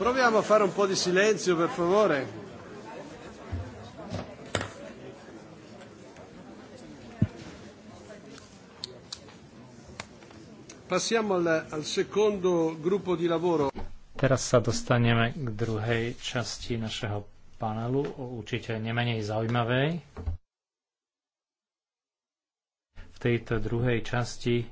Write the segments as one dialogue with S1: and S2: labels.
S1: Proviamo a fare un po' di silenzio, per favore.
S2: Passiamo al, al secondo gruppo di lavoro.
S3: Teraz sa dostaneme k druhej časti našeho panelu, určite nemenej zaujímavej. V tejto druhej časti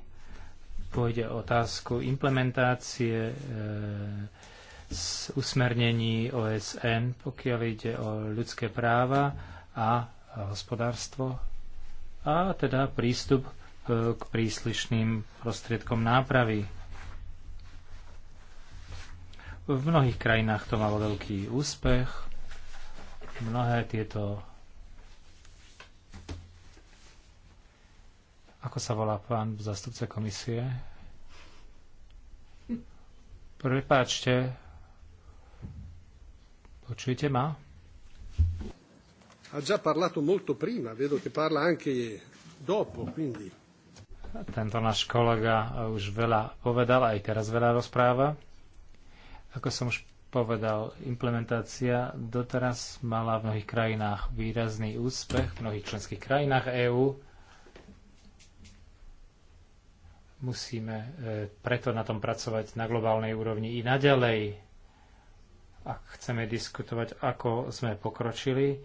S3: pôjde o otázku implementácie e, z usmernení OSN, pokiaľ ide o ľudské práva a hospodárstvo a teda prístup e, k príslušným prostriedkom nápravy. V mnohých krajinách to malo veľký úspech. Mnohé tieto Ako sa volá pán zastupca komisie? Prepáčte, Počujete ma? Ha già parlato molto prima, vedo che parla anche dopo, quindi. Tento náš kolega eh, už veľa povedal, aj teraz veľa rozpráva. Ako som už povedal, implementácia doteraz mala v mnohých krajinách výrazný úspech, v mnohých členských krajinách EÚ. Musíme eh, preto na tom pracovať na globálnej úrovni i naďalej ak chceme diskutovať, ako sme pokročili.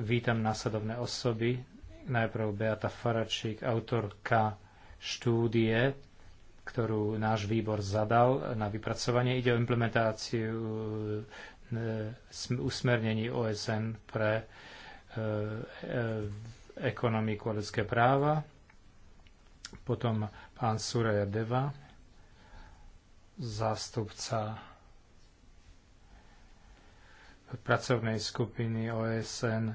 S3: Vítam následovné osoby. Najprv Beata Faračík, autorka štúdie, ktorú náš výbor zadal na vypracovanie. Ide o implementáciu e, usmernení OSN pre e, e, ekonomiku a ľudské práva. Potom pán Suraja Deva, zástupca pracovnej skupiny OSN e,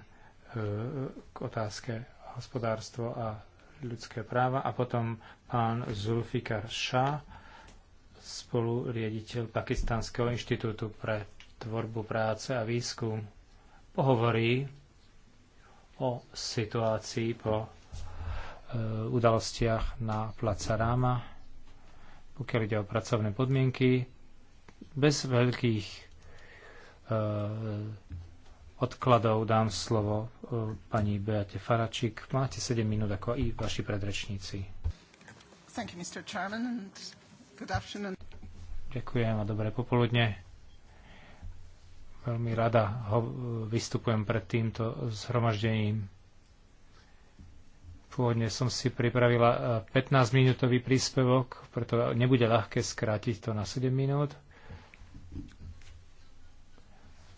S3: k otázke hospodárstvo a ľudské práva a potom pán Zulfikar Shah, spoluriaditeľ Pakistanského inštitútu pre tvorbu práce a výskum, pohovorí o situácii po e, udalostiach na Placa Ráma, pokiaľ ide o pracovné podmienky, bez veľkých Eh, odkladov dám slovo eh, pani Beate Faračík. Máte 7 minút ako i vaši predrečníci. You, Ďakujem a dobré popoludne. Veľmi rada ho, eh, vystupujem pred týmto zhromaždením. Pôvodne som si pripravila 15-minútový príspevok, preto nebude ľahké skrátiť to na 7 minút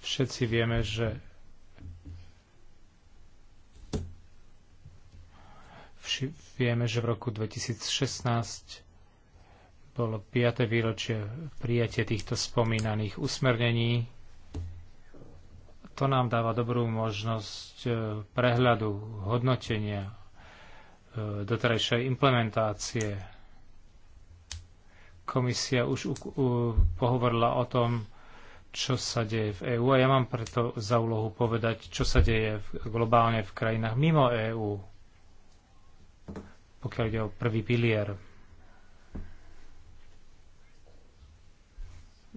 S3: Všetci vieme, že vieme, že v roku 2016 bolo 5. výročie prijatie týchto spomínaných usmernení. To nám dáva dobrú možnosť e, prehľadu, hodnotenia e, doterajšej implementácie. Komisia už pohovorila o tom, čo sa deje v EÚ a ja mám preto za úlohu povedať, čo sa deje v, globálne v krajinách mimo EÚ, pokiaľ ide o prvý pilier.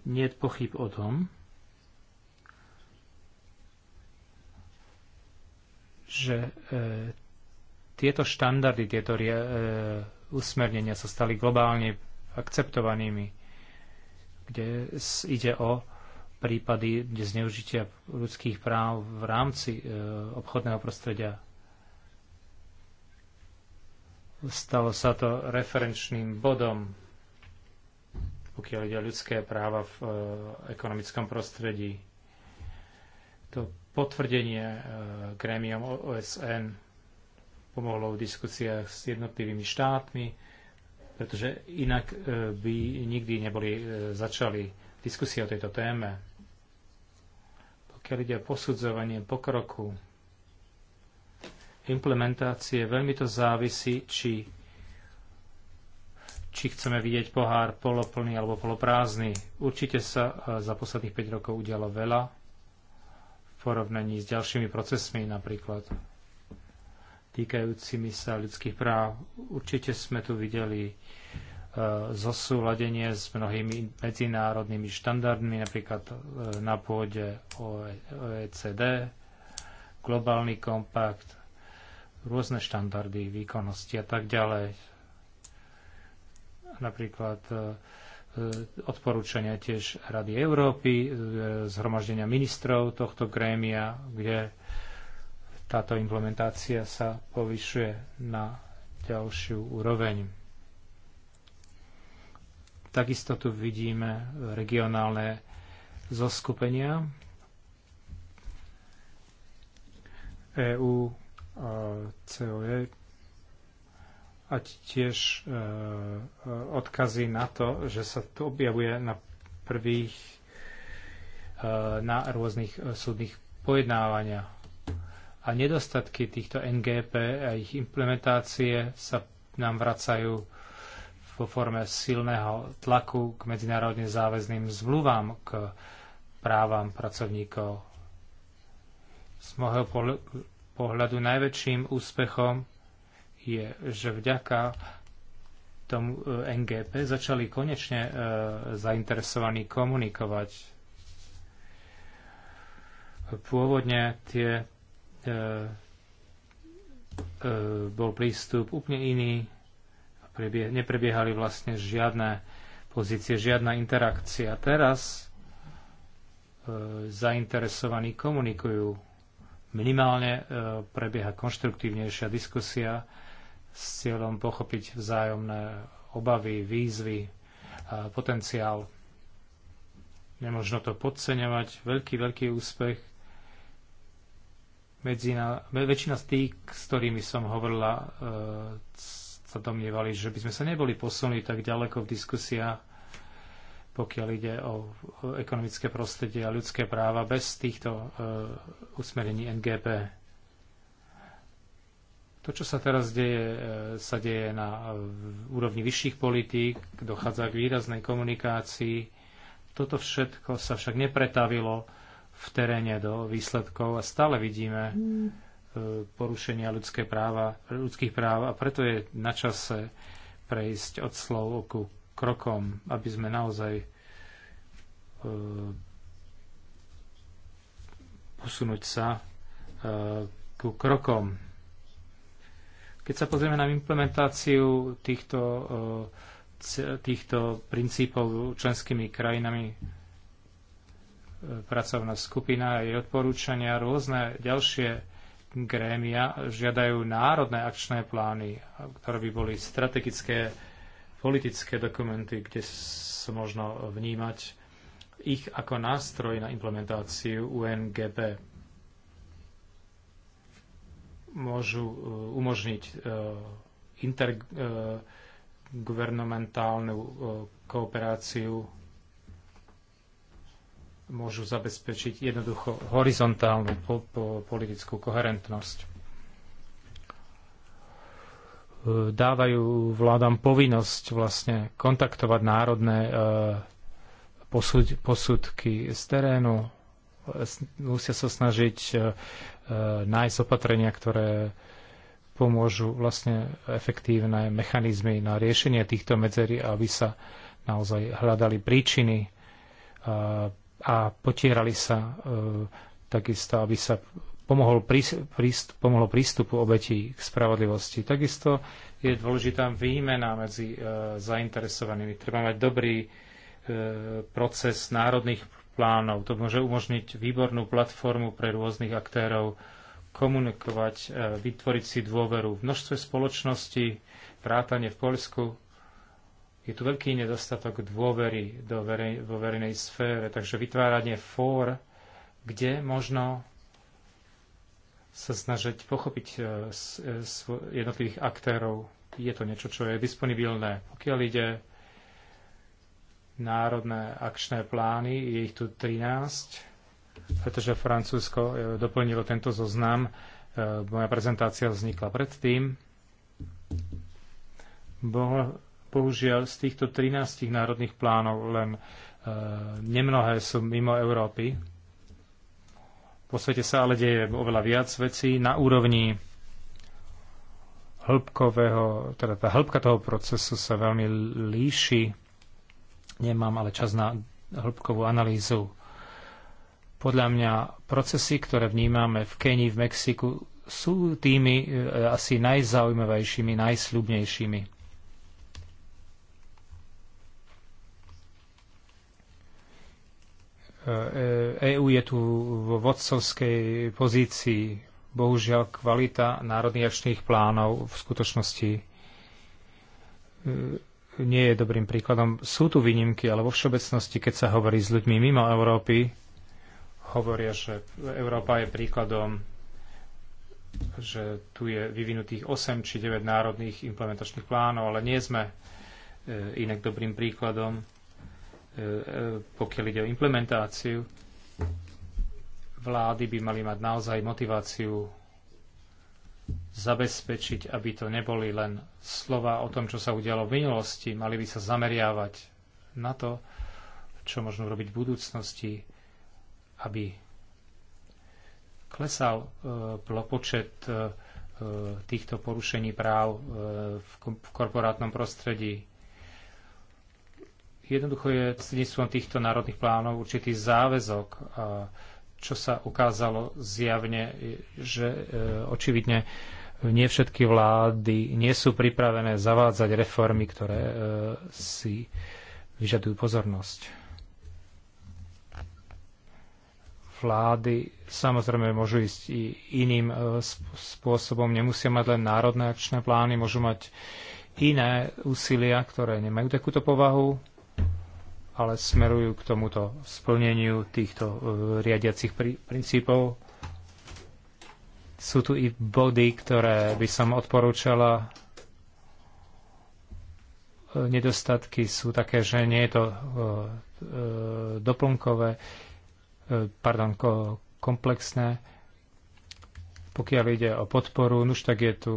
S3: Nie je pochyb o tom, že e, tieto štandardy, tieto e, usmernenia sa stali globálne akceptovanými, kde ide o prípady kde zneužitia ľudských práv v rámci e, obchodného prostredia. Stalo sa to referenčným bodom, pokiaľ ide o ľudské práva v e, ekonomickom prostredí. To potvrdenie e, grémiom OSN pomohlo v diskusiách s jednotlivými štátmi, pretože inak by nikdy neboli začali diskusie o tejto téme pokiaľ ide o posudzovanie pokroku implementácie, veľmi to závisí, či, či chceme vidieť pohár poloplný alebo poloprázdny. Určite sa e, za posledných 5 rokov udialo veľa v porovnaní s ďalšími procesmi napríklad týkajúcimi sa ľudských práv. Určite sme tu videli zosúladenie s mnohými medzinárodnými štandardmi, napríklad e, na pôde OECD, globálny kompakt, rôzne štandardy výkonnosti a tak ďalej. Napríklad e, e, odporúčania tiež Rady Európy, zhromaždenia ministrov tohto grémia, kde táto implementácia sa povyšuje na ďalšiu úroveň Takisto tu vidíme regionálne zoskupenia EU, COE a tiež e, e, odkazy na to, že sa to objavuje na prvých e, na rôznych súdnych pojednávania. A nedostatky týchto NGP a ich implementácie sa nám vracajú vo forme silného tlaku k medzinárodne záväzným zmluvám k právam pracovníkov. Z môjho pohľadu najväčším úspechom je, že vďaka tomu e, NGP začali konečne e, zainteresovaní komunikovať. Pôvodne tie e, bol prístup úplne iný, prebie- neprebiehali vlastne žiadne pozície, žiadna interakcia. Teraz e, zainteresovaní komunikujú. Minimálne e, prebieha konštruktívnejšia diskusia s cieľom pochopiť vzájomné obavy, výzvy, a potenciál. Nemožno to podceňovať. Veľký, veľký úspech. Medzina, väčšina z tých, s ktorými som hovorila, e, sa domnievali, že by sme sa neboli posunuli tak ďaleko v diskusiách, pokiaľ ide o ekonomické prostredie a ľudské práva bez týchto e, usmerení NGP. To, čo sa teraz deje, e, sa deje na úrovni vyšších politík, dochádza k výraznej komunikácii. Toto všetko sa však nepretavilo v teréne do výsledkov a stále vidíme, mm E, porušenia ľudské práva, ľudských práv a preto je na čase prejsť od slov ku krokom, aby sme naozaj e, posunúť sa e, ku krokom. Keď sa pozrieme na implementáciu týchto, týchto princípov členskými krajinami, pracovná skupina a jej odporúčania, rôzne ďalšie grémia žiadajú národné akčné plány, ktoré by boli strategické, politické dokumenty, kde sa možno vnímať ich ako nástroj na implementáciu UNGP. Môžu e, umožniť e, intergovernmentálnu e, kooperáciu môžu zabezpečiť jednoducho horizontálnu po, po, politickú koherentnosť. E, dávajú vládam povinnosť vlastne kontaktovať národné e, posud, posudky z terénu, musia sa snažiť e, e, nájsť opatrenia, ktoré pomôžu vlastne efektívne mechanizmy na riešenie týchto medzerí, aby sa naozaj hľadali príčiny a potierali sa e, takisto, aby sa pomohol pomohlo prístupu obetí k spravodlivosti. Takisto je dôležitá výmena medzi e, zainteresovanými. Treba mať dobrý e, proces národných plánov. To môže umožniť výbornú platformu pre rôznych aktérov komunikovať, vytvoriť si dôveru. V množstve spoločnosti, vrátane v Poľsku, je tu veľký nedostatok dôvery do verej, vo verejnej sfére, takže vytváranie fór, kde možno sa snažiť pochopiť e, e, jednotlivých aktérov. Je to niečo, čo je disponibilné. Pokiaľ ide národné akčné plány, je ich tu 13, pretože Francúzsko e, doplnilo tento zoznam. Moja prezentácia vznikla predtým. Bol Bohužiaľ, z týchto 13 národných plánov len e, nemnohé sú mimo Európy. Po svete sa ale deje oveľa viac vecí na úrovni hĺbkového, teda tá hĺbka toho procesu sa veľmi líši. Nemám ale čas na hĺbkovú analýzu. Podľa mňa procesy, ktoré vnímame v Kenii, v Mexiku, sú tými e, asi najzaujímavejšími, najsľubnejšími. EÚ e je tu vo vodcovskej pozícii. Bohužiaľ, kvalita národných akčných plánov v skutočnosti e, nie je dobrým príkladom. Sú tu výnimky, ale vo všeobecnosti, keď sa hovorí s ľuďmi mimo Európy, hovoria, že Európa je príkladom, že tu je vyvinutých 8 či 9 národných implementačných plánov, ale nie sme e, inak dobrým príkladom E, pokiaľ ide o implementáciu, vlády by mali mať naozaj motiváciu zabezpečiť, aby to neboli len slova o tom, čo sa udialo v minulosti. Mali by sa zameriavať na to, čo možno robiť v budúcnosti, aby klesal e, počet e, týchto porušení práv v korporátnom prostredí. Jednoducho je prostredníctvom týchto národných plánov určitý záväzok, čo sa ukázalo zjavne, že e, očividne nie všetky vlády nie sú pripravené zavádzať reformy, ktoré e, si vyžadujú pozornosť. Vlády samozrejme môžu ísť i iným e, spôsobom, nemusia mať len národné akčné plány, môžu mať iné úsilia, ktoré nemajú takúto povahu ale smerujú k tomuto splneniu týchto e, riadiacich princípov. Sú tu i body, ktoré by som odporúčala. E, nedostatky sú také, že nie je to e, doplnkové, pardon, komplexné. Pokiaľ ide o podporu, už tak je tu,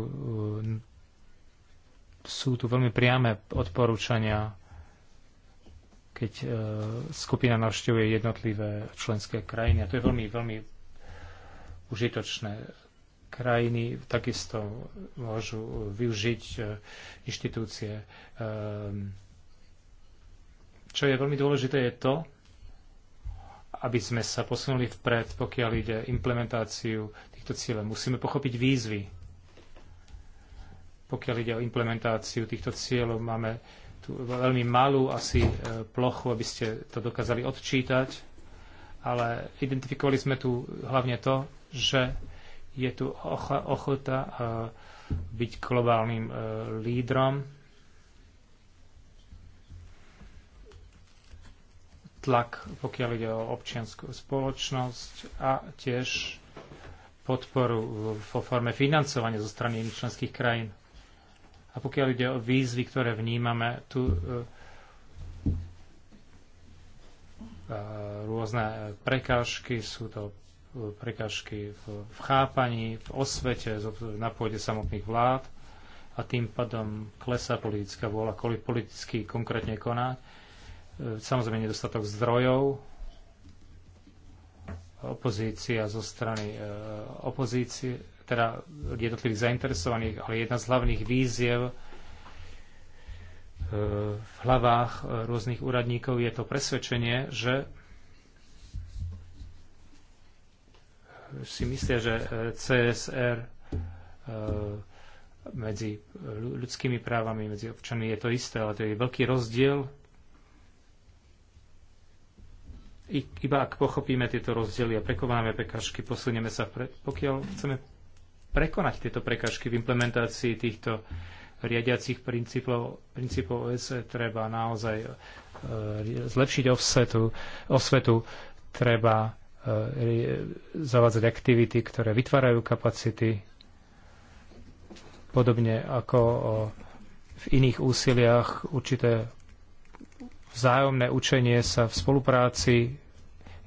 S3: sú tu veľmi priame odporúčania keď e, skupina navštevuje jednotlivé členské krajiny. A to je veľmi, veľmi užitočné. Krajiny takisto môžu využiť e, inštitúcie. E, čo je veľmi dôležité je to, aby sme sa posunuli vpred, pokiaľ ide implementáciu týchto cieľov. Musíme pochopiť výzvy. Pokiaľ ide o implementáciu týchto cieľov, máme tú veľmi malú asi e, plochu, aby ste to dokázali odčítať, ale identifikovali sme tu hlavne to, že je tu ochota e, byť globálnym e, lídrom. Tlak, pokiaľ ide o občianskú spoločnosť a tiež podporu vo forme financovania zo strany členských krajín. A pokiaľ ide o výzvy, ktoré vnímame, tu e, e, rôzne prekážky, sú to e, prekážky v chápaní, v osvete na pôde samotných vlád a tým pádom klesá politická vôľa politicky konkrétne konať. Samozrejme nedostatok zdrojov, opozícia zo strany opozície, teda jednotlivých zainteresovaných, ale jedna z hlavných víziev e, v hlavách e, rôznych úradníkov je to presvedčenie, že si myslia, že e, CSR medzi ľudskými právami, medzi občanmi je to isté, ale to je veľký rozdiel. Iba ak pochopíme tieto rozdiely a prekonáme pekažky, posunieme sa vpred. Pokiaľ chceme prekonať tieto prekažky v implementácii týchto riadiacich princípov, princípov OSE treba naozaj e, zlepšiť offsetu, osvetu, treba e, zavádzať aktivity, ktoré vytvárajú kapacity, podobne ako e, v iných úsiliach určité vzájomné učenie sa v spolupráci,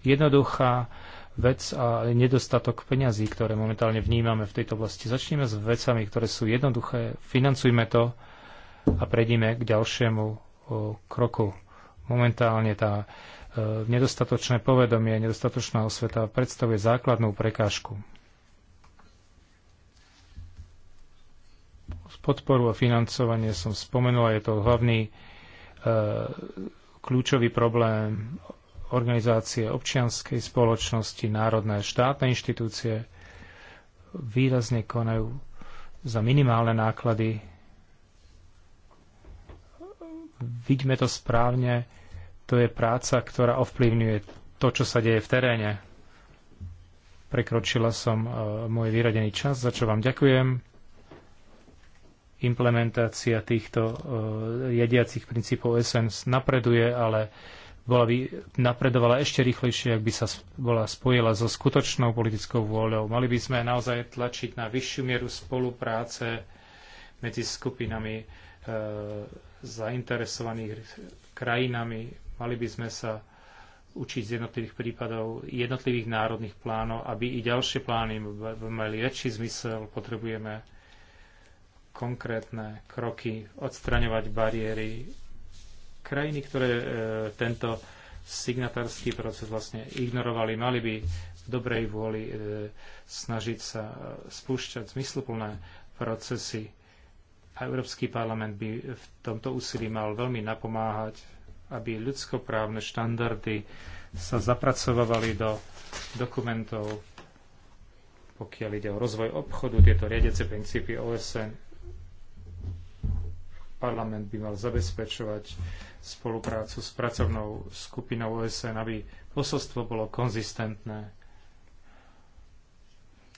S3: jednoduchá vec a nedostatok peňazí, ktoré momentálne vnímame v tejto oblasti. Začneme s vecami, ktoré sú jednoduché, financujme to a prejdime k ďalšiemu kroku. Momentálne tá e, nedostatočné povedomie, nedostatočná osveta predstavuje základnú prekážku. Podporu a financovanie som spomenul, je to hlavný e, kľúčový problém organizácie občianskej spoločnosti, národné štátne inštitúcie výrazne konajú za minimálne náklady. Vidíme to správne, to je práca, ktorá ovplyvňuje to, čo sa deje v teréne. Prekročila som e, môj vyradený čas, za čo vám ďakujem implementácia týchto e, jediacich princípov SNS napreduje, ale bola by napredovala ešte rýchlejšie, ak by sa bola spojila so skutočnou politickou vôľou. Mali by sme naozaj tlačiť na vyššiu mieru spolupráce medzi skupinami e, zainteresovaných krajinami. Mali by sme sa učiť z jednotlivých prípadov, jednotlivých národných plánov, aby i ďalšie plány mali väčší zmysel. Potrebujeme konkrétne kroky, odstraňovať bariéry, Krajiny, ktoré e, tento signatársky proces vlastne ignorovali, mali by v dobrej vôli e, snažiť sa e, spúšťať zmysluplné procesy. A Európsky parlament by v tomto úsilí mal veľmi napomáhať, aby ľudskoprávne štandardy sa zapracovávali do dokumentov, pokiaľ ide o rozvoj obchodu, tieto riadiace princípy OSN Parlament by mal zabezpečovať spoluprácu s pracovnou skupinou OSN, aby posolstvo bolo konzistentné,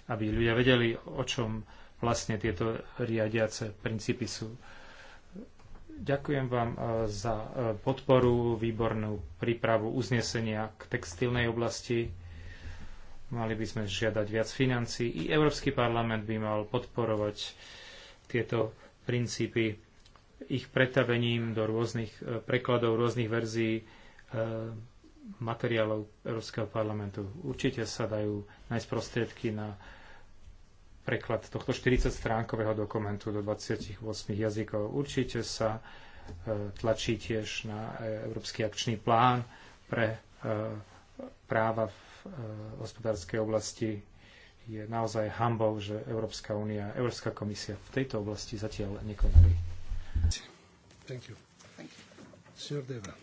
S3: aby ľudia vedeli, o čom vlastne tieto riadiace princípy sú. Ďakujem vám e, za e, podporu, výbornú prípravu uznesenia k textilnej oblasti. Mali by sme žiadať viac financí. I Európsky parlament by mal podporovať tieto princípy ich pretavením do rôznych e, prekladov, rôznych verzií e, materiálov Európskeho parlamentu. Určite sa dajú nájsť prostriedky na preklad tohto 40-stránkového dokumentu do 28 jazykov. Určite sa e, tlačí tiež na Európsky akčný plán pre práva v hospodárskej oblasti. Je naozaj hambou, že Európska únia, Európska komisia v tejto oblasti zatiaľ nekonali.
S1: Thank you. Thank you. Deva.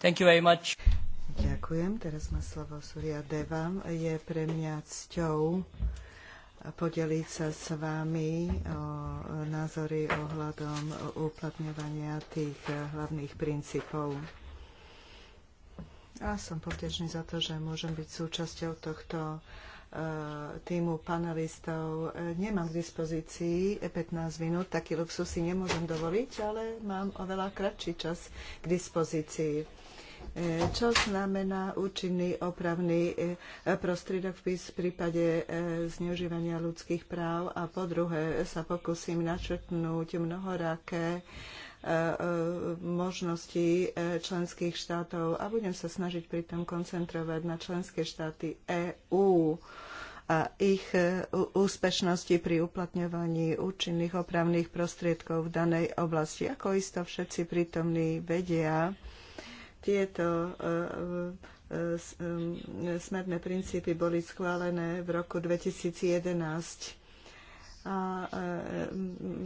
S1: Thank you very much. Ďakujem. Teraz má slovo Surya Deva. Je pre mňa cťou podeliť sa s vami o názory ohľadom uplatňovania tých hlavných princípov. A som potešný za to, že môžem byť súčasťou tohto Eh, týmu panelistov. Eh, nemám k dispozícii 15 minút, taký luxus si nemôžem dovoliť, ale mám oveľa kratší čas k dispozícii. Eh, čo znamená účinný opravný prostriedok v prípade zneužívania ľudských práv? A po druhé sa pokúsim načrtnúť mnohoraké E, e, možností e, členských štátov a budem sa snažiť pritom koncentrovať na členské štáty EÚ a ich úspešnosti pri uplatňovaní účinných opravných prostriedkov v danej oblasti. Ako isto všetci prítomní vedia, tieto smerné princípy boli schválené v roku 2011 a e,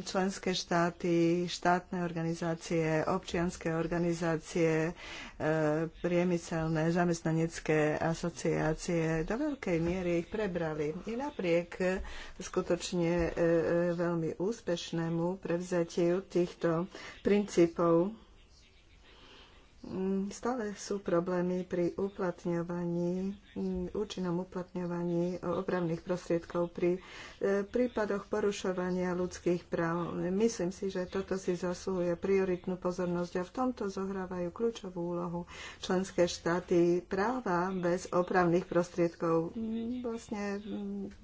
S1: členské štáty, štátne organizácie, občianské organizácie, e, priemyselné, zamestnanecké asociácie do veľkej miery ich prebrali. I napriek e, skutočne veľmi úspešnému prevzatiu týchto princípov Mm, stále sú problémy pri uplatňovaní, mm, účinnom uplatňovaní obravných prostriedkov pri e, prípadoch porušovania ľudských práv. Myslím si, že toto si zasluhuje prioritnú pozornosť a v tomto zohrávajú kľúčovú úlohu členské štáty práva bez opravných prostriedkov. Mm, vlastne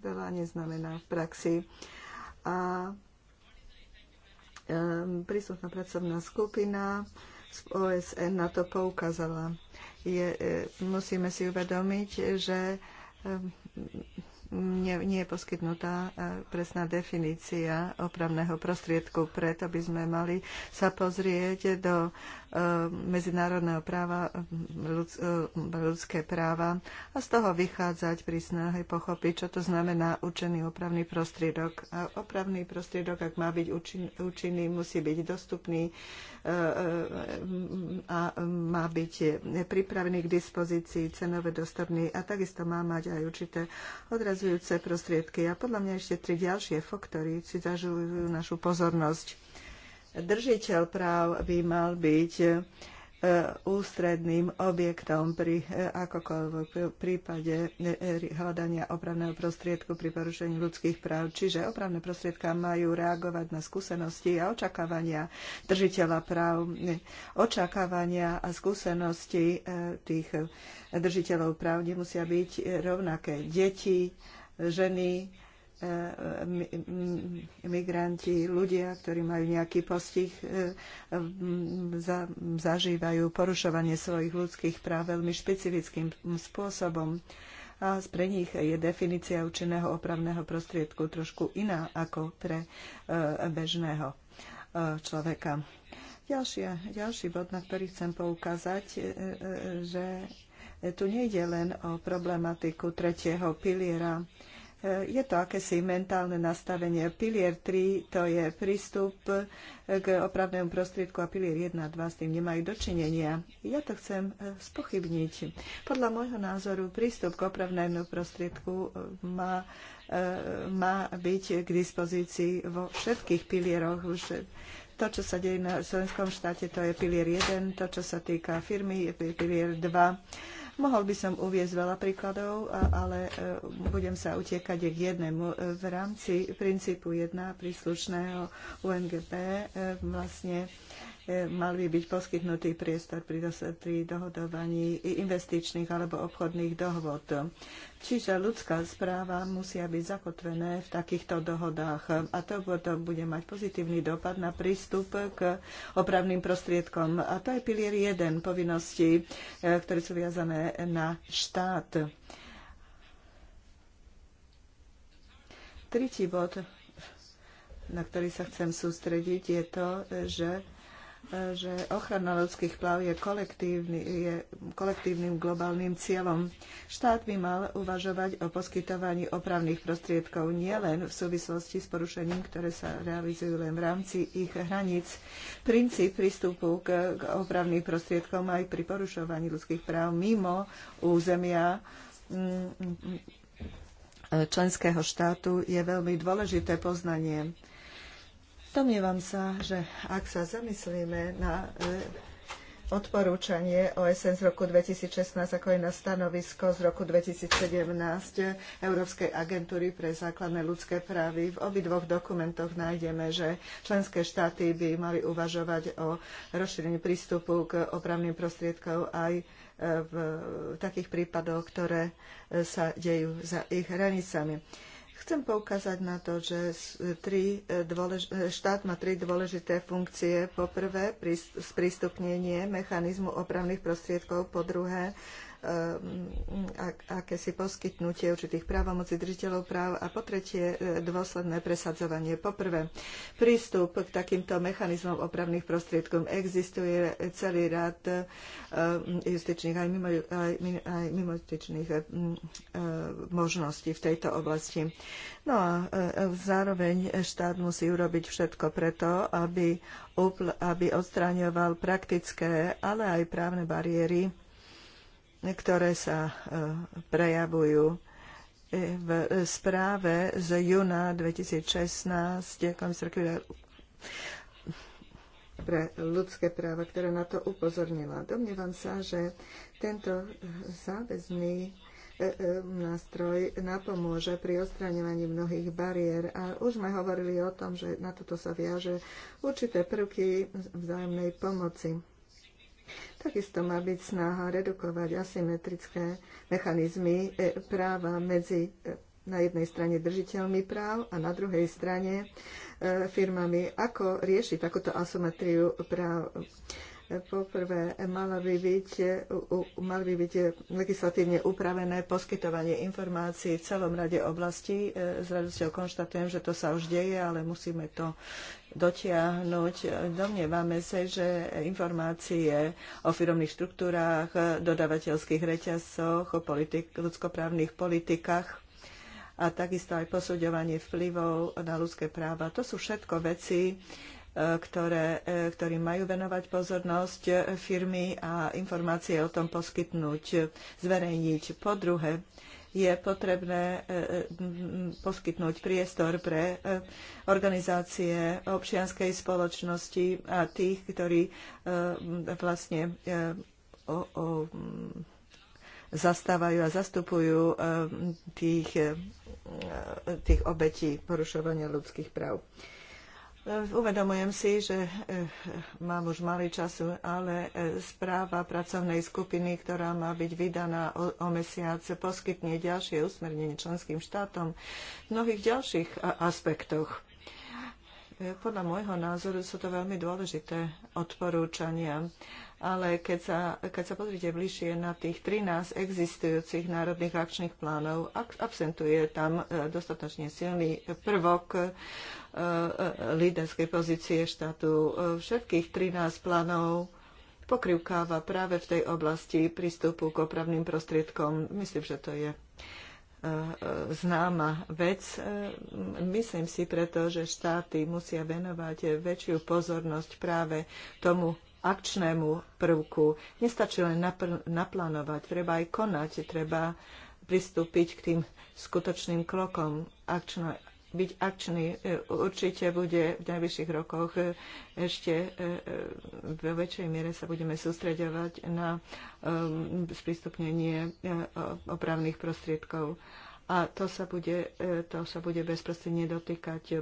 S1: veľa neznamená v praxi. A príslušná pracovná skupina z OSN na to poukázala. Je, e, musíme si uvedomiť, že e, nie, nie je poskytnutá e, presná definícia opravného prostriedku. Preto by sme mali sa pozrieť do Eh, medzinárodného práva, eh, eh, ľudské práva a z toho vychádzať pri snahe pochopiť, čo to znamená účinný opravný prostriedok. A opravný prostriedok, ak má byť účinný, musí byť dostupný a má byť pripravený k dispozícii, cenové dostupný a takisto má mať aj určité odrazujúce prostriedky. A podľa mňa ešte tri ďalšie faktory si zažujú našu pozornosť držiteľ práv by mal byť e, ústredným objektom pri e, akokoľvek prípade e, hľadania opravného prostriedku pri porušení ľudských práv. Čiže opravné prostriedka majú reagovať na skúsenosti a očakávania držiteľa práv, očakávania a skúsenosti tých držiteľov práv nemusia byť rovnaké. Deti, ženy, E, migranti, ľudia, ktorí majú nejaký postih, e, zažívajú porušovanie svojich ľudských práv veľmi špecifickým spôsobom. A pre nich je definícia účinného opravného prostriedku trošku iná ako pre e, bežného človeka. Ďalšia, ďalší bod, na ktorý chcem poukázať, že tu nejde len o problematiku tretieho piliera, je to akési mentálne nastavenie. Pilier 3 to je prístup e, k opravnému prostriedku a pilier 1 a 2 s tým nemajú dočinenia. Ja to chcem e, spochybniť. Podľa môjho názoru prístup k opravnému prostriedku e, má, má byť k dispozícii vo všetkých pilieroch. to, čo sa deje na slovenskom štáte, to je pilier 1, to, čo sa týka firmy, je pilier 2 Mohol by som uviezť veľa príkladov, ale e, budem sa utiekať k jednému. E, v rámci princípu 1 príslušného UNGP e, vlastne E, mal by byť poskytnutý priestor pri, pri dohodovaní investičných alebo obchodných dohod. Čiže ľudská správa musia byť zakotvené v takýchto dohodách a to bude mať pozitívny dopad na prístup k opravným prostriedkom. A to je pilier 1 povinností, e, ktoré sú viazané na štát. Tretí bod, na ktorý sa chcem sústrediť, je to, že že ochrana ľudských práv je, kolektívny, je kolektívnym globálnym cieľom. Štát by mal uvažovať o poskytovaní opravných prostriedkov nielen v súvislosti s porušením, ktoré sa realizujú len v rámci ich hraníc. Princíp prístupu k, k opravným prostriedkom aj pri porušovaní ľudských práv mimo územia mm, mm, mm, členského štátu je veľmi dôležité poznanie Domnievam sa, že ak sa zamyslíme na e, odporúčanie OSN z roku 2016, ako aj na stanovisko z roku 2017 Európskej agentúry pre základné ľudské právy. V obidvoch dokumentoch nájdeme, že členské štáty by mali uvažovať o rozšírení prístupu k opravným prostriedkom aj e, v takých prípadoch, ktoré e, sa dejú za ich hranicami. Chcem poukázať na to, že e, tri e, dôlež- e, štát má tri dôležité funkcie. Po prvé, sprístupnenie mechanizmu opravných prostriedkov, po druhé, Ehm, akési poskytnutie určitých právomocí držiteľov práv a po tretie e, dôsledné presadzovanie. Poprvé, prístup k takýmto mechanizmom opravných prostriedkom existuje celý rad e, justičných aj, mimo, aj, aj mimojustičných e, možností v tejto oblasti. No a zároveň štát musí urobiť všetko preto, aby, aby odstráňoval praktické, ale aj právne bariéry ktoré sa e, prejavujú e, v správe z júna 2016 komisár pre ľudské práva, ktorá na to upozornila. Domnievam sa, že tento záväzný e, nástroj napomôže pri odstraňovaní mnohých bariér. A už sme hovorili o tom, že na toto sa viaže určité prvky vzájomnej pomoci. Takisto má byť snaha redukovať asymetrické mechanizmy e, práva medzi e, na jednej strane držiteľmi práv a na druhej strane e, firmami. Ako riešiť takúto asymetriu práv? Poprvé, mala by byť, mal by byť legislatívne upravené poskytovanie informácií v celom rade oblasti. E, s radosťou konštatujem, že to sa už deje, ale musíme to dotiahnuť. Domnievame sa, že informácie o firmných štruktúrách, dodavateľských reťazcoch, o politik, ľudskoprávnych politikách a takisto aj posuďovanie vplyvov na ľudské práva. To sú všetko veci, E, ktoré, e, ktorým majú venovať pozornosť e, firmy a informácie o tom poskytnúť, zverejniť. Po druhé, je potrebné poskytnúť priestor pre organizácie občianskej spoločnosti a tých, ktorí vlastne o, o, zastávajú a zastupujú tých, tých obetí porušovania ľudských práv. E, uvedomujem si, že e, mám už malý času, ale e, správa pracovnej skupiny, ktorá má byť vydaná o, o mesiac, poskytne ďalšie usmernenie členským štátom v mnohých ďalších aspektoch. Podľa môjho názoru sú to veľmi dôležité odporúčania ale keď sa, keď sa pozrite bližšie na tých 13 existujúcich národných akčných plánov, absentuje tam e, dostatočne silný prvok e, e, líderskej pozície štátu. Všetkých 13 plánov pokrivkáva práve v tej oblasti prístupu k opravným prostriedkom. Myslím, že to je známa vec. Myslím si preto, že štáty musia venovať väčšiu pozornosť práve tomu akčnému prvku. Nestačí len napr- naplánovať, treba aj konať, treba pristúpiť k tým skutočným krokom. Akčno, byť akčný e, určite bude v najvyšších rokoch e, ešte e, vo väčšej miere sa budeme sústreďovať na sprístupnenie opravných prostriedkov. A to sa bude, to sa bude bezprostredne dotýkať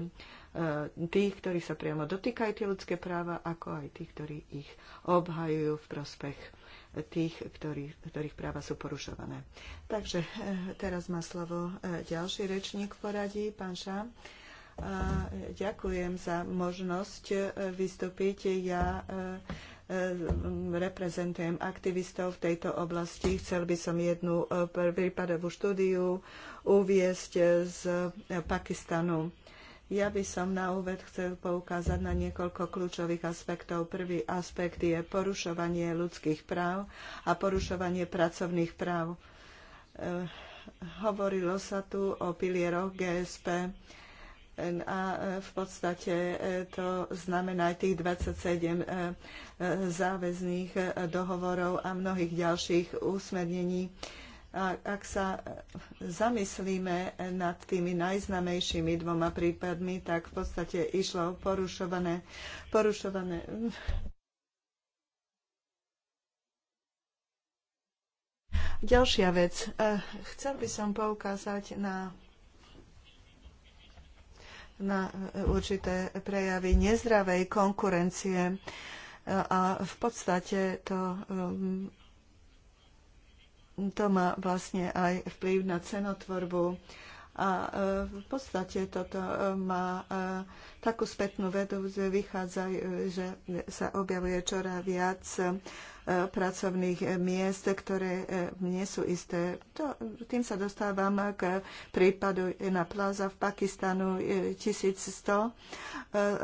S1: E, tých, ktorí sa priamo dotýkajú tie ľudské práva, ako aj tých, ktorí ich obhajujú v prospech tých, ktorí, ktorých práva sú porušované. Takže e, teraz má slovo e, ďalší rečník v poradí, pán Ša. A ďakujem za možnosť vystúpiť. Ja reprezentujem aktivistov v tejto oblasti. Chcel by som jednu prípadovú štúdiu uviesť z Pakistanu ja by som na úved chcel poukázať na niekoľko kľúčových aspektov. Prvý aspekt je porušovanie ľudských práv a porušovanie pracovných práv. E, hovorilo sa tu o pilieroch GSP e, a e, v podstate to znamená aj tých 27 záväzných dohovorov a mnohých ďalších úsmernení a ak sa e, zamyslíme nad tými najznamejšími dvoma prípadmi, tak v podstate išlo o porušované, porušované mm. Ďalšia vec. E, chcel by som poukázať na na určité prejavy nezdravej konkurencie e, a v podstate to to má vlastne aj vplyv na cenotvorbu. A e, v podstate toto e, má e, takú spätnú vedu, že vychádza, že sa objavuje čoraz viac pracovných miest, ktoré e, nie sú isté. To, tým sa dostávam k prípadu na plaza v Pakistanu 1100 e, e,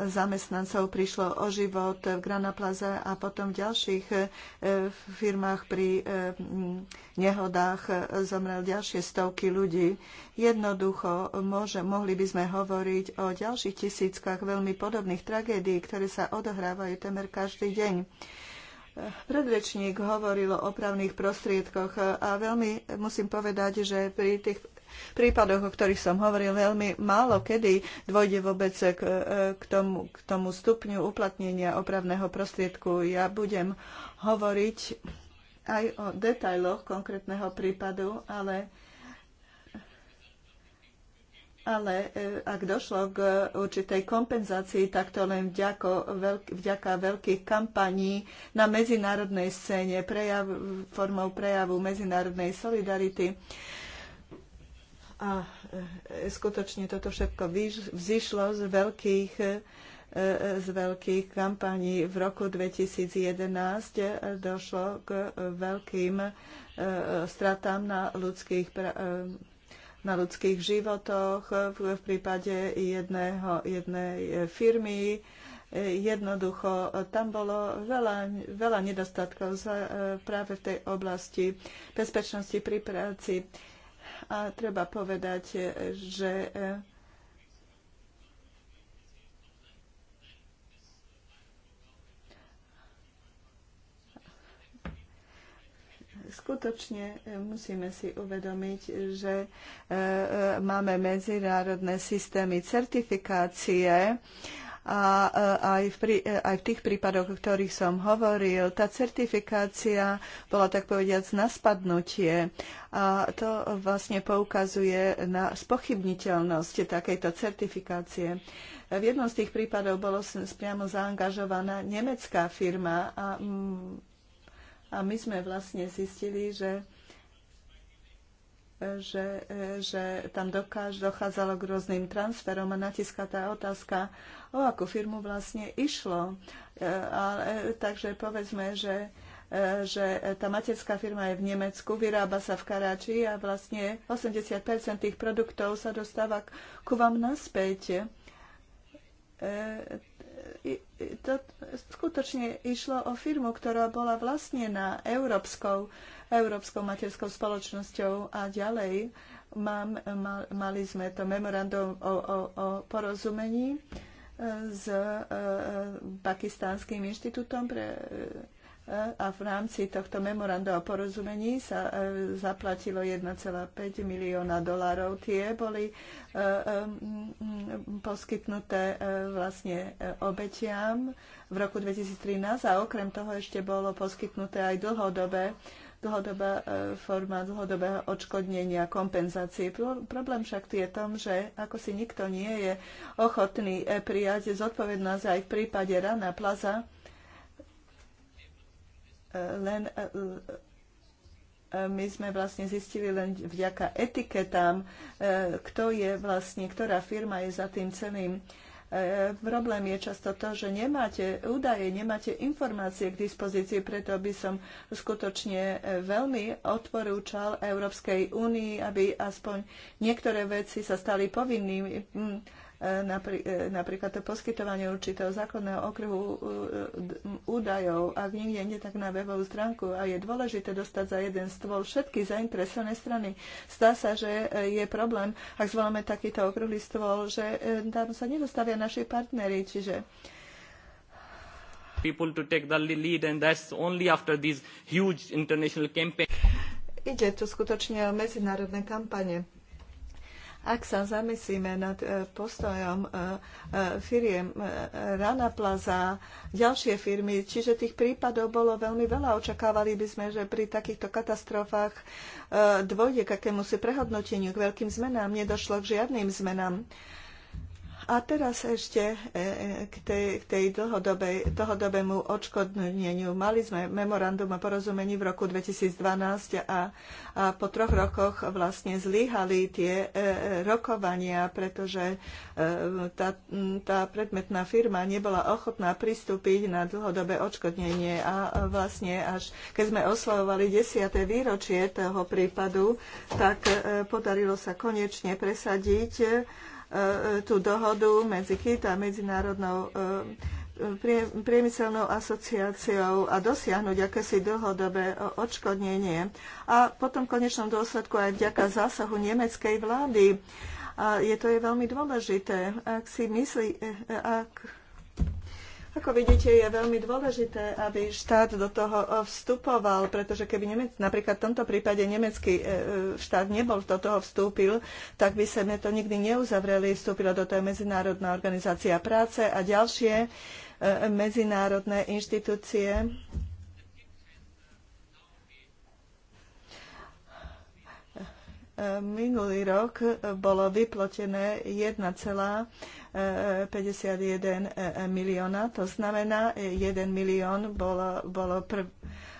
S1: zamestnancov prišlo o život v Grana Plaza a potom v ďalších firmách pri nehodách zomrel ďalšie stovky ľudí. Jednoducho môže, mohli by sme hovoriť o ďalších tisíckach veľmi podobných tragédií, ktoré sa odohrávajú temer každý deň. Predrečník hovoril o opravných prostriedkoch a veľmi musím povedať, že pri tých prípadoch, o ktorých som hovoril, veľmi málo kedy dôjde vôbec k, k, tomu, k tomu stupňu uplatnenia opravného prostriedku. Ja budem hovoriť aj o detailoch konkrétneho prípadu, ale ale e, ak došlo k e, určitej kompenzácii, tak to len vďako, veľk, vďaka veľkých kampaní na medzinárodnej scéne, prejav, formou prejavu medzinárodnej solidarity. A e, skutočne toto všetko vzýšlo z veľkých z veľkých kampaní. V roku 2011 došlo k veľkým stratám na ľudských na ľudských životoch v prípade jedného, jednej firmy. Jednoducho, tam bolo veľa, veľa nedostatkov e, práve v tej oblasti bezpečnosti pri práci. A treba povedať, že e, skutočne e, musíme si uvedomiť, že e, e, máme medzinárodné systémy certifikácie a aj v, prí, aj v tých prípadoch, o ktorých som hovoril, tá certifikácia bola tak povediac na spadnutie a to vlastne poukazuje na spochybniteľnosť takejto certifikácie. V jednom z tých prípadov bolo priamo zaangažovaná nemecká firma a a my sme vlastne zistili, že že, že tam dokáž, dochádzalo k rôznym transferom a natiska tá otázka, o akú firmu vlastne išlo. E, a, takže povedzme, že, e, že tá materská firma je v Nemecku, vyrába sa v Karáči a vlastne 80 tých produktov sa dostáva ku vám naspäť. E, to skutočne išlo o firmu, ktorá bola vlastnená európskou, európskou materskou spoločnosťou a ďalej mám, mal, mali sme to memorandum o, o, o porozumení e, s e, e Pakistánskym inštitútom pre e, a v rámci tohto memoranda o porozumení sa e, zaplatilo 1,5 milióna dolárov. Tie boli e, e, poskytnuté vlastne obetiam v roku 2013 a okrem toho ešte bolo poskytnuté aj dlhodobé dlhodobá forma dlhodobého odškodnenia, kompenzácie. Problém však je tom, že ako si nikto nie je ochotný prijať zodpovednosť aj v prípade rana plaza, len e, e, my sme vlastne zistili len vďaka etiketám, e, kto je vlastne, ktorá firma je za tým celým. Problém je často to, že nemáte údaje, nemáte informácie k dispozícii, preto by som skutočne veľmi odporúčal Európskej únii, aby aspoň niektoré veci sa stali povinnými mm, E, napríklad to poskytovanie určitého zákonného okruhu e, údajov, ak niekde nie tak na webovú stránku a je dôležité dostať za jeden stôl všetky zainteresované strany. Zdá sa, že e, je problém, ak zvoláme takýto okruhý stôl, že tam sa nedostavia naši partnery, čiže
S3: people to take the lead and that's only after these huge international campaigns.
S1: Ide tu skutočne o medzinárodné kampane ak sa zamyslíme nad e, postojom e, e, firiem Rana Plaza, ďalšie firmy, čiže tých prípadov bolo veľmi veľa. Očakávali by sme, že pri takýchto katastrofách dôjde k akémusi prehodnoteniu, k veľkým zmenám. Nedošlo k žiadnym zmenám. A teraz ešte e, e, k, tej, k tej dlhodobej, dlhodobému odškodneniu. Mali sme memorandum o porozumení v roku 2012 a, a po troch rokoch vlastne zlyhali tie e, rokovania, pretože tá, tá predmetná firma nebola ochotná pristúpiť na dlhodobé odškodnenie a vlastne až keď sme oslavovali desiate výročie toho prípadu, tak podarilo sa konečne presadiť E, tú dohodu medzi KIT a Medzinárodnou e, priemyselnou asociáciou a dosiahnuť akési dlhodobé odškodnenie. A potom v konečnom dôsledku aj vďaka zásahu nemeckej vlády. A je to je veľmi dôležité. Ak si myslí, e, ak ako vidíte, je veľmi dôležité, aby štát do toho e, vstupoval, pretože keby Nemec, napríklad v tomto prípade nemecký e, e, štát nebol do toho vstúpil, tak by sme to nikdy neuzavreli. Vstúpila do toho Medzinárodná organizácia práce a ďalšie medzinárodné inštitúcie. Minulý rok bolo vyplotené 1, 51 milióna. To znamená, 1 milión bolo, bolo, prv,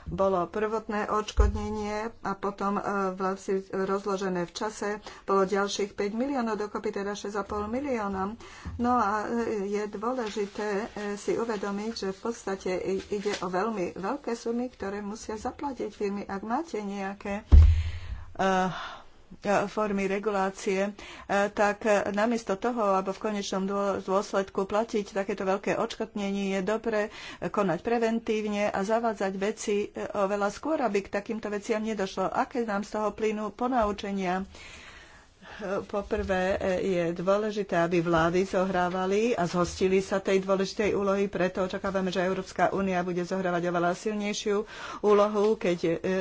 S1: bolo prvotné odškodnenie a potom vlastne rozložené v čase bolo ďalších 5 miliónov, dokopy teda 6,5 milióna. No a e, je dôležité e, si uvedomiť, že v podstate ide o veľmi veľké sumy, ktoré musia zaplatiť firmy. Ak máte nejaké E, formy regulácie, e, tak namiesto toho, alebo v konečnom dôsledku platiť takéto veľké odškotnenie, je dobre konať preventívne a zavádzať veci e, oveľa skôr, aby k takýmto veciam nedošlo. Aké nám z toho plynú ponaučenia? Poprvé e, je dôležité, aby vlády zohrávali a zhostili sa tej dôležitej úlohy, preto očakávame, že Európska únia bude zohrávať oveľa silnejšiu úlohu, keď e, e,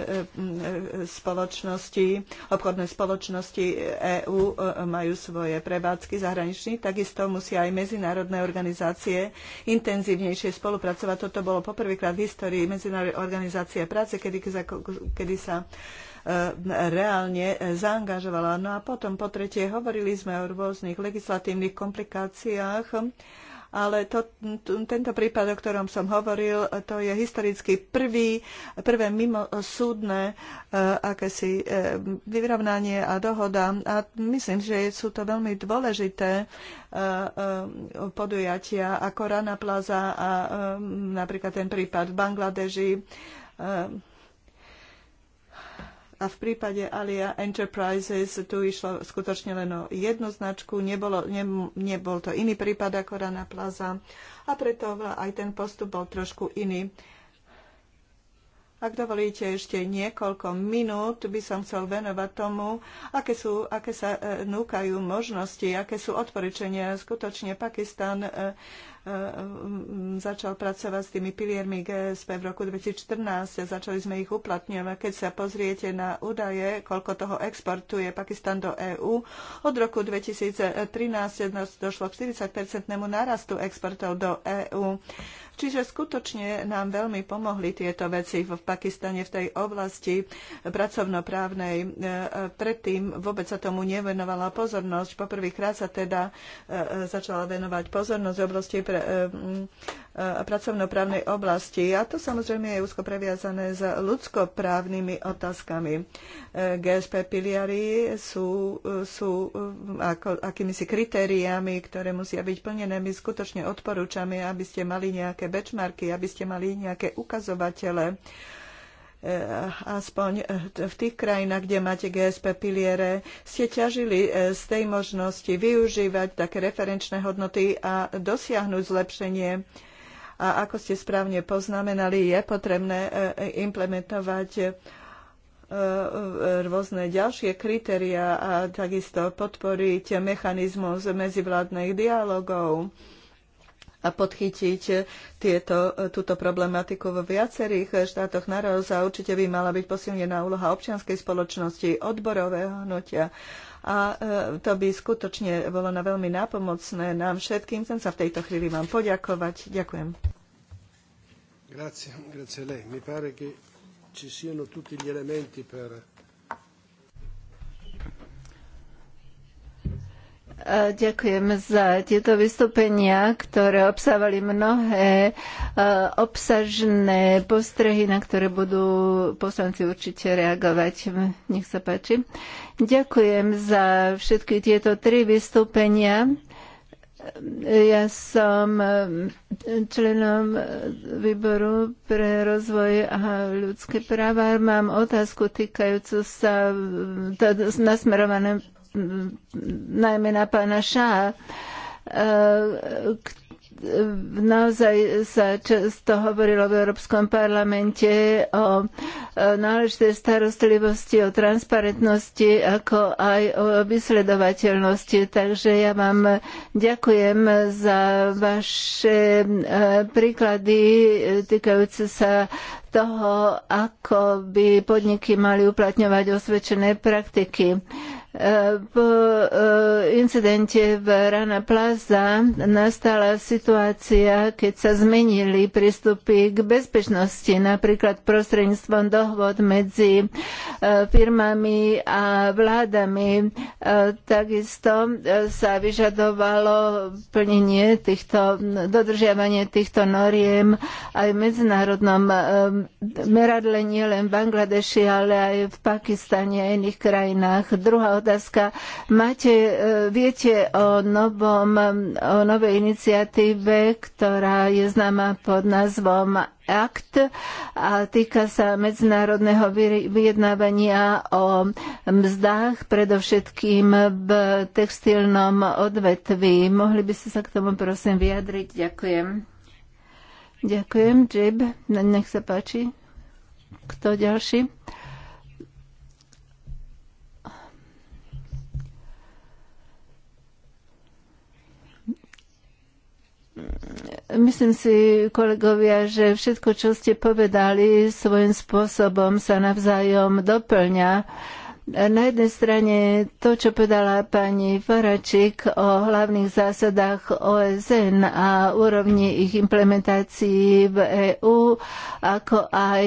S1: spoločnosti, obchodné spoločnosti EÚ majú svoje prevádzky zahraniční, takisto musia aj medzinárodné organizácie intenzívnejšie spolupracovať. Toto bolo poprvýkrát v histórii Medzinárodnej organizácie práce, kedy sa, kedy sa E, reálne zaangažovala. No a potom po tretie hovorili sme o rôznych legislatívnych komplikáciách ale to, tento prípad, o ktorom som hovoril, to je historicky prvý, prvé mimosúdne e, akési e, vyrovnanie a dohoda. A myslím, že sú to veľmi dôležité podujatia ako Rana Plaza a napríklad ten prípad v Bangladeži a v prípade Alia Enterprises tu išlo skutočne len o jednu značku, nebolo, ne, nebol to iný prípad ako Rana Plaza a preto aj ten postup bol trošku iný. Ak dovolíte ešte niekoľko minút, by som chcel venovať tomu, aké, sú, aké sa e, núkajú možnosti, aké sú odporičenia. Skutočne Pakistan e, Eh, začal pracovať s tými piliermi GSP v roku 2014 a začali sme ich uplatňovať. Keď sa pozriete na údaje, koľko toho exportuje Pakistan do EÚ, od roku 2013 došlo k 40-percentnému nárastu exportov do EÚ. Čiže skutočne nám veľmi pomohli tieto veci v Pakistane v tej oblasti pracovnoprávnej. Eh, predtým vôbec sa tomu nevenovala pozornosť. Poprvýkrát sa teda eh, začala venovať pozornosť v oblasti pre E, pracovnoprávnej oblasti. A to samozrejme je úzko previazané s ľudskoprávnymi otázkami. E, GSP piliary sú, e, sú ako, akýmisi kritériami, ktoré musia byť plnené. My skutočne odporúčame, aby ste mali nejaké benchmarky, aby ste mali nejaké ukazovatele Eh, aspoň eh, v tých krajinách, kde máte GSP piliere, ste ťažili eh, z tej možnosti využívať také referenčné hodnoty a dosiahnuť zlepšenie. A ako ste správne poznamenali, je potrebné implementovať rôzne ďalšie kritériá a takisto podporiť mechanizmus medzivládnych dialogov a podchytiť tieto, túto problematiku vo viacerých štátoch naroz a určite by mala byť posilnená úloha občianskej spoločnosti, odborového hnutia. A e, to by skutočne bolo na veľmi nápomocné nám všetkým. Chcem sa v tejto chvíli vám poďakovať. Ďakujem.
S3: Grazie, grazie lei. Mi pare che ci siano tutti gli elementi per
S2: E, ďakujem za tieto vystúpenia, ktoré obsávali mnohé e, obsažné postrehy, na ktoré budú poslanci určite reagovať. Nech sa páči. Ďakujem za všetky tieto tri vystúpenia. Ja som e, členom výboru pre rozvoj a ľudské práva. Mám otázku týkajúcu sa nasmerovanú najmä na pána Šáha, naozaj sa často hovorilo v Európskom parlamente o náležitej starostlivosti, o transparentnosti, ako aj o vysledovateľnosti. Takže ja vám ďakujem za vaše e, príklady týkajúce sa toho, ako by podniky mali uplatňovať osvedčené praktiky. Po e, incidente v Rana Plaza nastala situácia, keď sa zmenili prístupy k bezpečnosti, napríklad prostredníctvom dohôd medzi e, firmami a vládami. E, takisto sa vyžadovalo plnenie týchto, dodržiavanie týchto noriem aj v medzinárodnom meradle nielen v Bangladeši, ale aj v Pakistane a iných krajinách. Druhá otázka. Máte, e, viete o, novom, o novej iniciatíve, ktorá je známa pod názvom ACT, a týka sa medzinárodného vyjednávania o mzdách, predovšetkým v textilnom odvetví. Mohli by ste sa k tomu prosím vyjadriť? Ďakujem. Ďakujem, Jib. Nech sa páči. Kto ďalší? myslím si, kolegovia, že všetko, čo ste povedali, svojím spôsobom sa navzájom doplňa. Na jednej strane to, čo povedala pani Faračik o hlavných zásadách OSN a úrovni ich implementácií v EÚ, ako aj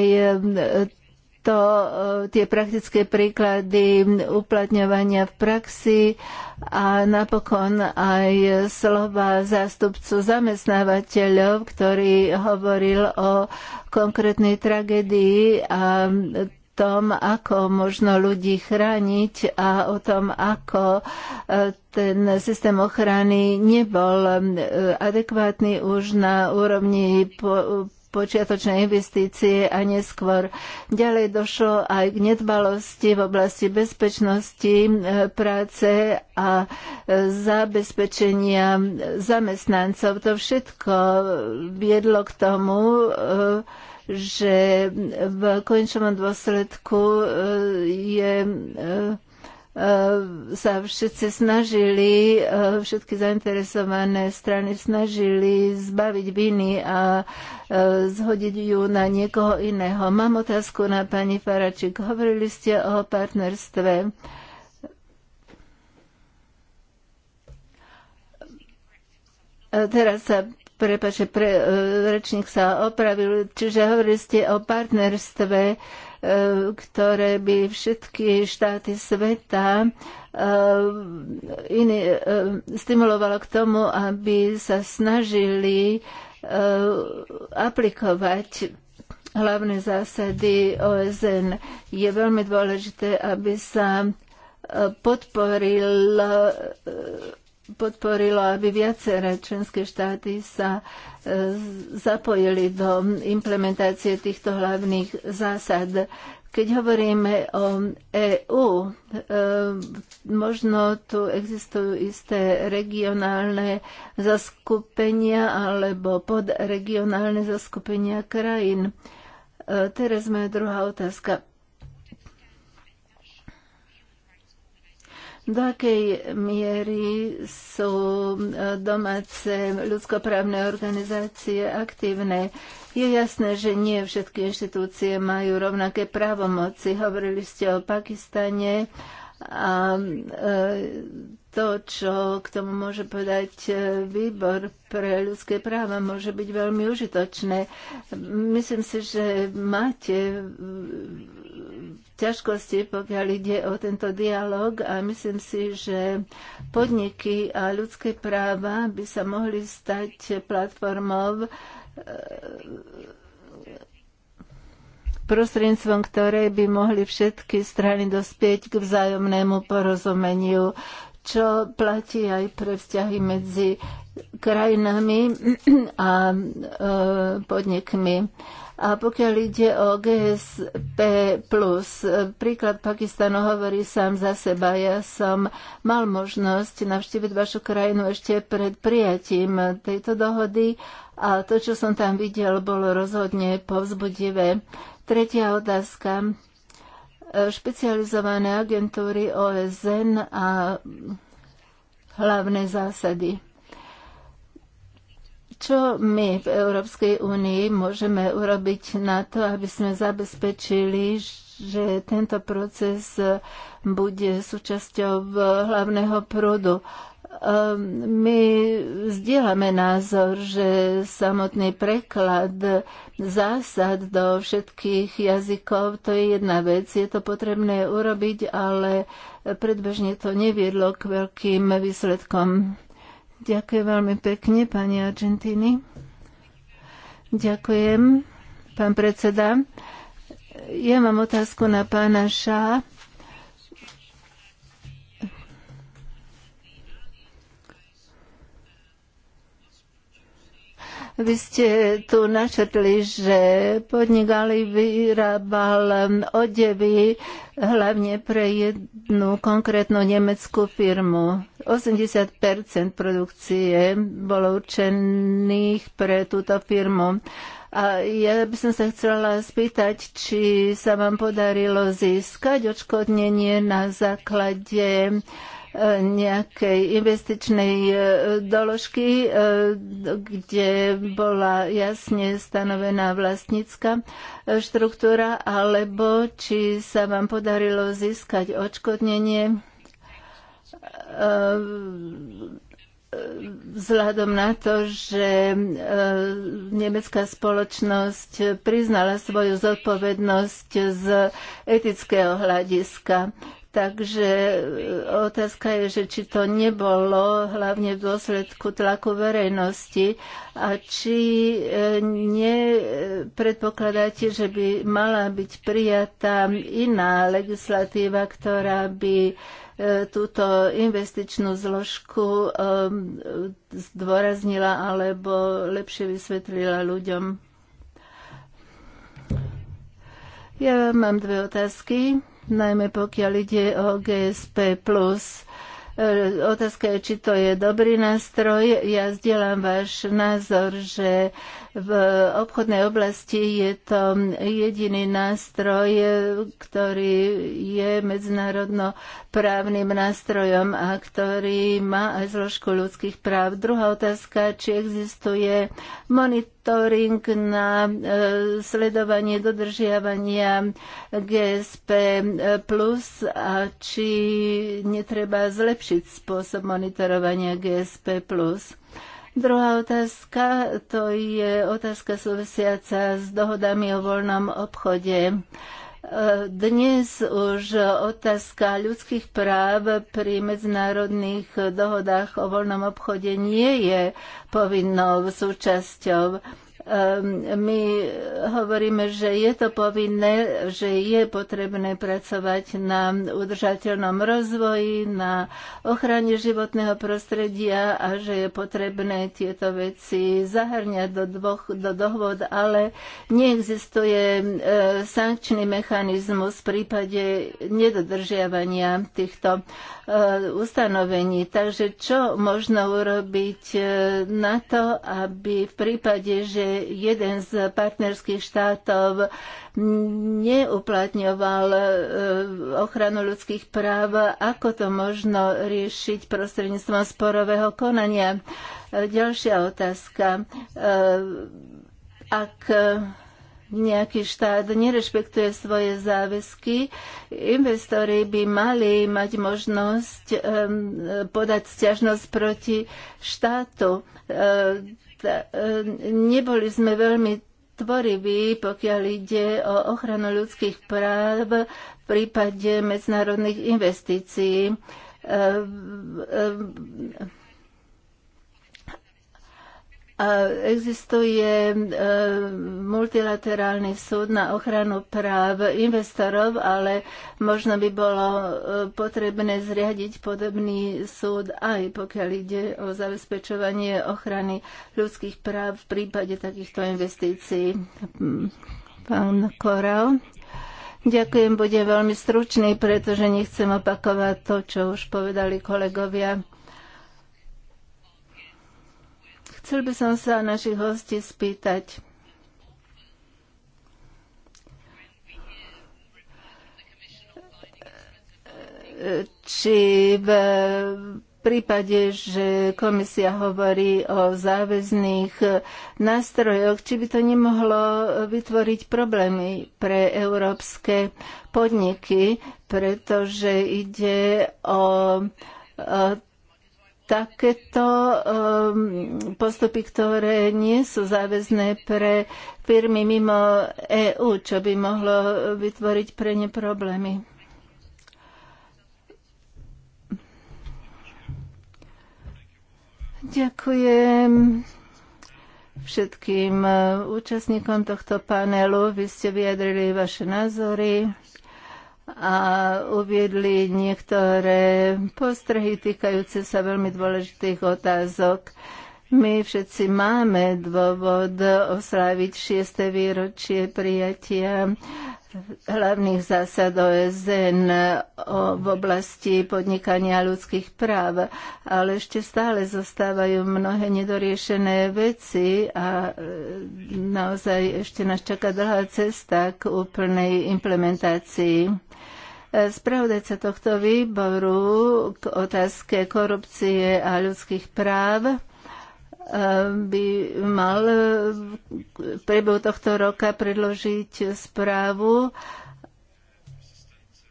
S2: to, e, tie praktické príklady uplatňovania v praxi a napokon aj slova zástupcu zamestnávateľov, ktorý hovoril o konkrétnej tragédii a tom, ako možno ľudí chrániť a o tom, ako e, ten systém ochrany nebol e, adekvátny už na úrovni počiatočné investície a neskôr. Ďalej došlo aj k nedbalosti v oblasti bezpečnosti e, práce a e, zabezpečenia zamestnancov. To všetko viedlo k tomu, e, že v končnom dôsledku je Eh, sa všetci snažili, eh, všetky zainteresované strany snažili zbaviť viny a eh, zhodiť ju na niekoho iného. Mám otázku na pani Faračik. Hovorili ste o partnerstve. Teraz sa prepáče, pre, rečník sa opravil, čiže hovorili ste o partnerstve E, ktoré by všetky štáty sveta e, iný, e, stimulovalo k tomu, aby sa snažili aplikovať hlavné zásady OSN. Je veľmi dôležité, aby sa podporil podporilo, aby viaceré členské štáty sa e, zapojili do implementácie týchto hlavných zásad. Keď hovoríme o EÚ, e, možno tu existujú isté regionálne zaskupenia alebo podregionálne zaskupenia krajín. E, teraz moja druhá otázka do akej miery sú e, domáce ľudskoprávne organizácie aktívne. Je jasné, že nie všetky inštitúcie majú rovnaké právomoci. Hovorili ste o Pakistane a e, to, čo k tomu môže povedať e, výbor pre ľudské práva, môže byť veľmi užitočné. Myslím si, že máte ťažkosti, pokiaľ ide o tento dialog a myslím si, že podniky a ľudské práva by sa mohli stať platformou e, prostredníctvom ktorej by mohli všetky strany dospieť k vzájomnému porozumeniu, čo platí aj pre vzťahy medzi krajinami a e, podnikmi. A pokiaľ ide o GSP+, e, príklad Pakistanu hovorí sám za seba. Ja som mal možnosť navštíviť vašu krajinu ešte pred prijatím tejto dohody a to, čo som tam videl, bolo rozhodne povzbudivé. Tretia otázka. E, špecializované agentúry OSN a hlavné zásady. Čo my v Európskej únii môžeme urobiť na to, aby sme zabezpečili, že tento proces e, bude súčasťou e, hlavného prúdu? E, my zdieľame názor, že samotný preklad zásad do všetkých jazykov, to je jedna vec, je to potrebné urobiť, ale predbežne to neviedlo k veľkým výsledkom. Ďakujem veľmi pekne, pani Argentíny. Ďakujem, pán predseda. Ja mám otázku na pána Šá. Vy ste tu načrtli, že podnik Ali vyrábal odevy hlavne pre jednu konkrétnu nemeckú firmu. 80 produkcie bolo určených pre túto firmu. A ja by som sa chcela spýtať, či sa vám podarilo získať odškodnenie na základe nejakej investičnej e, doložky, e, kde bola jasne stanovená vlastnícka e, štruktúra, alebo či sa vám podarilo získať odškodnenie vzhľadom na to, že nemecká spoločnosť priznala svoju zodpovednosť z etického hľadiska. Takže e, otázka je, že či to nebolo hlavne v dôsledku tlaku verejnosti a či e, nepredpokladáte, že by mala byť prijatá iná legislatíva, ktorá by e, túto investičnú zložku zdôraznila alebo lepšie vysvetlila ľuďom. Ja mám dve otázky najmä pokiaľ ide o GSP+. E, otázka je, či to je dobrý nástroj. Ja zdieľam váš názor, že v obchodnej oblasti je to jediný nástroj, ktorý je medzinárodno právnym nástrojom a ktorý má aj zložku ľudských práv. Druhá otázka, či existuje monitoring na e, sledovanie dodržiavania GSP plus a či netreba zlepšiť spôsob monitorovania GSP plus. Druhá otázka, to je otázka súvisiaca s dohodami o voľnom obchode. E, dnes už otázka ľudských práv pri medzinárodných dohodách o voľnom obchode nie je povinnou súčasťou Ehm, my hovoríme, že je to povinné, že je potrebné pracovať na udržateľnom rozvoji, na ochrane životného prostredia a že je potrebné tieto veci zahrňať do, dvoch, do dohod, ale neexistuje ehm, sankčný mechanizmus v prípade nedodržiavania týchto ehm, ustanovení. Takže čo možno urobiť na to, aby v prípade, že jeden z partnerských štátov neuplatňoval e, ochranu ľudských práv, ako to možno riešiť prostredníctvom sporového konania. E, ďalšia otázka. E, ak nejaký štát nerešpektuje svoje záväzky, investori by mali mať možnosť podať sťažnosť proti štátu neboli sme veľmi tvoriví, pokiaľ ide o ochranu ľudských práv v prípade medzinárodných investícií. Ehm, ehm, Existuje e, multilaterálny súd na ochranu práv investorov, ale možno by bolo e, potrebné zriadiť podobný súd aj pokiaľ ide o zabezpečovanie ochrany ľudských práv v prípade takýchto investícií. Pán Korau. Ďakujem, budem veľmi stručný, pretože nechcem opakovať to, čo už povedali kolegovia. Chcel by som sa našich hostí spýtať, či v prípade, že komisia hovorí o záväzných nástrojoch, či by to nemohlo vytvoriť problémy pre európske podniky, pretože ide o, o takéto ehm, postupy, ktoré nie sú záväzné pre firmy mimo EÚ, čo by mohlo vytvoriť pre ne problémy. Ďakujem všetkým eh, účastníkom tohto panelu. Vy ste vyjadrili vaše názory a uviedli niektoré postrehy týkajúce sa veľmi dôležitých otázok. My všetci máme dôvod osláviť 6. výročie prijatia hlavných zásad OSN v oblasti podnikania ľudských práv, ale ešte stále zostávajú mnohé nedoriešené veci a e, naozaj ešte nás čaká dlhá cesta k úplnej implementácii. Spravodajca tohto výboru k otázke korupcie a ľudských práv eh, by mal v priebehu tohto roka predložiť správu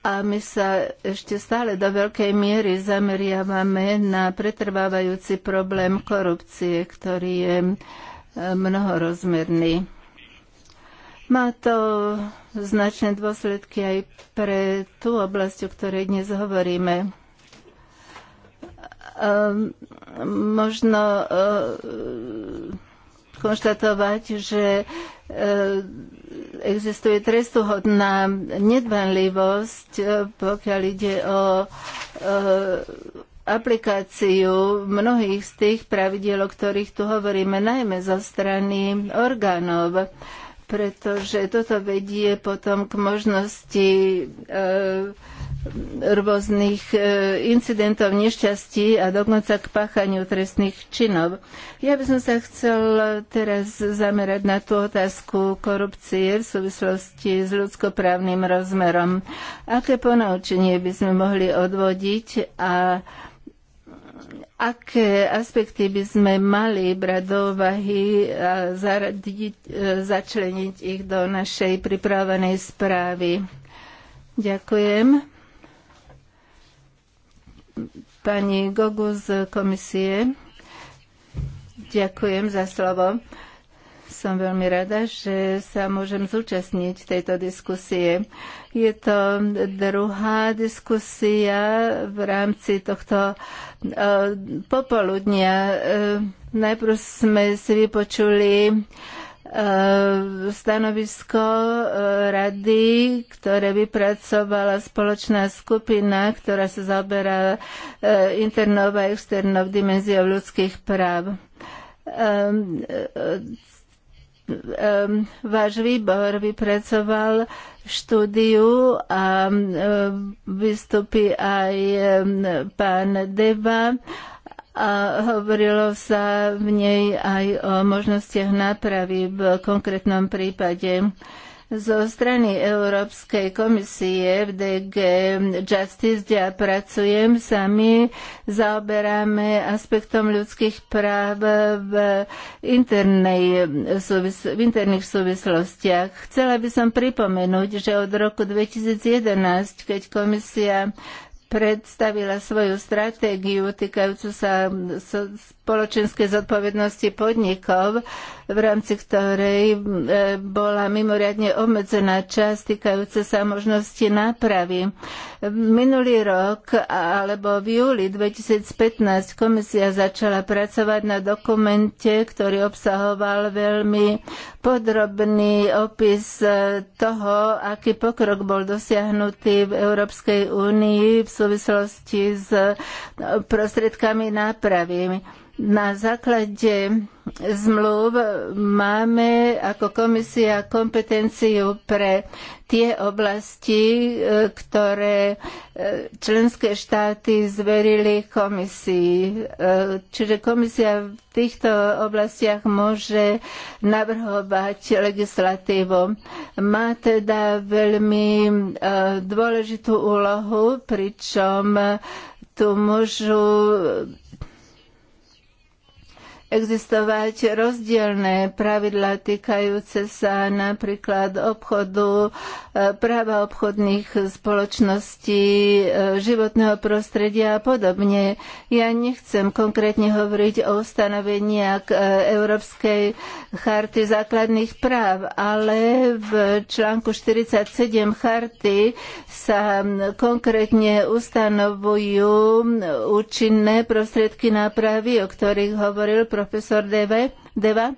S2: a my sa ešte stále do veľkej miery zameriavame na pretrvávajúci problém korupcie, ktorý je eh, mnohorozmerný. Má to značné dôsledky aj pre tú oblasť, o ktorej dnes hovoríme. Ehm, možno ehm, konštatovať, že ehm, existuje trestuhodná nedbanlivosť, e, pokiaľ ide o e, aplikáciu mnohých z tých pravidiel, o ktorých tu hovoríme, najmä zo strany orgánov pretože toto vedie potom k možnosti e, rôznych e, incidentov, nešťastí a dokonca k páchaniu trestných činov. Ja by som sa chcel teraz zamerať na tú otázku korupcie v súvislosti s ľudskoprávnym rozmerom. Aké ponaučenie by sme mohli odvodiť a aké aspekty by sme mali brať do ovahy a zaradiť, e, začleniť ich do našej pripravenej správy. Ďakujem. Pani Gogu z komisie, ďakujem za slovo. Som veľmi rada, že sa môžem zúčastniť tejto diskusie. Je to druhá diskusia v rámci tohto uh, Eh, popoludnia. Eh, najprv sme si vypočuli eh, stanovisko rady, ktoré vypracovala spoločná skupina, ktorá sa zaoberá internou a externou dimenziou ľudských práv. Ehm, ehm, váš výbor vypracoval štúdiu a um, vystupí aj um, pán Deva a hovorilo sa v nej aj o možnostiach nápravy v konkrétnom prípade. Zo strany Európskej komisie v DG Justice, kde ja pracujem, sa my zaoberáme aspektom ľudských práv v, internej, v interných súvislostiach. Chcela by som pripomenúť, že od roku 2011, keď komisia predstavila svoju stratégiu týkajúcu sa spoločenskej zodpovednosti podnikov, v rámci ktorej e, bola mimoriadne obmedzená časť týkajúca sa možnosti nápravy. Minulý rok alebo v júli 2015 komisia začala pracovať na dokumente, ktorý obsahoval veľmi podrobný opis e, toho, aký pokrok bol dosiahnutý v Európskej únii v súvislosti s prostriedkami nápravy. Na základe zmluv máme ako komisia kompetenciu pre tie oblasti, e, ktoré e, členské štáty zverili komisii. E, čiže komisia v týchto oblastiach môže navrhovať legislatívu. Má teda veľmi dôležitú úlohu, pričom tu môžu existovať rozdielne pravidla týkajúce sa napríklad obchodu, e, práva obchodných spoločností, e, životného prostredia a podobne. Ja nechcem konkrétne hovoriť o ustanoveniach e, Európskej charty základných práv, ale v článku 47 charty sa konkrétne ustanovujú účinné prostriedky nápravy, o ktorých hovoril profesor Deve, Deva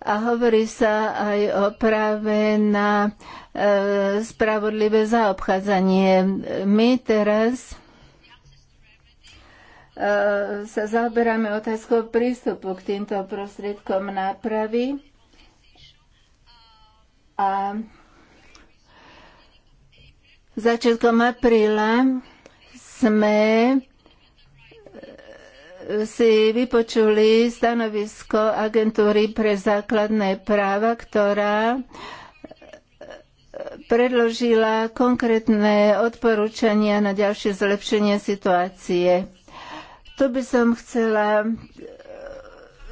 S2: a hovorí sa aj o práve na e, spravodlivé zaobchádzanie. My teraz e, sa zaoberáme otázkou prístupu k týmto prostriedkom nápravy a začiatkom apríla sme si vypočuli stanovisko agentúry pre základné práva, ktorá eh, predložila konkrétne odporúčania na ďalšie zlepšenie situácie. Tu by som chcela eh,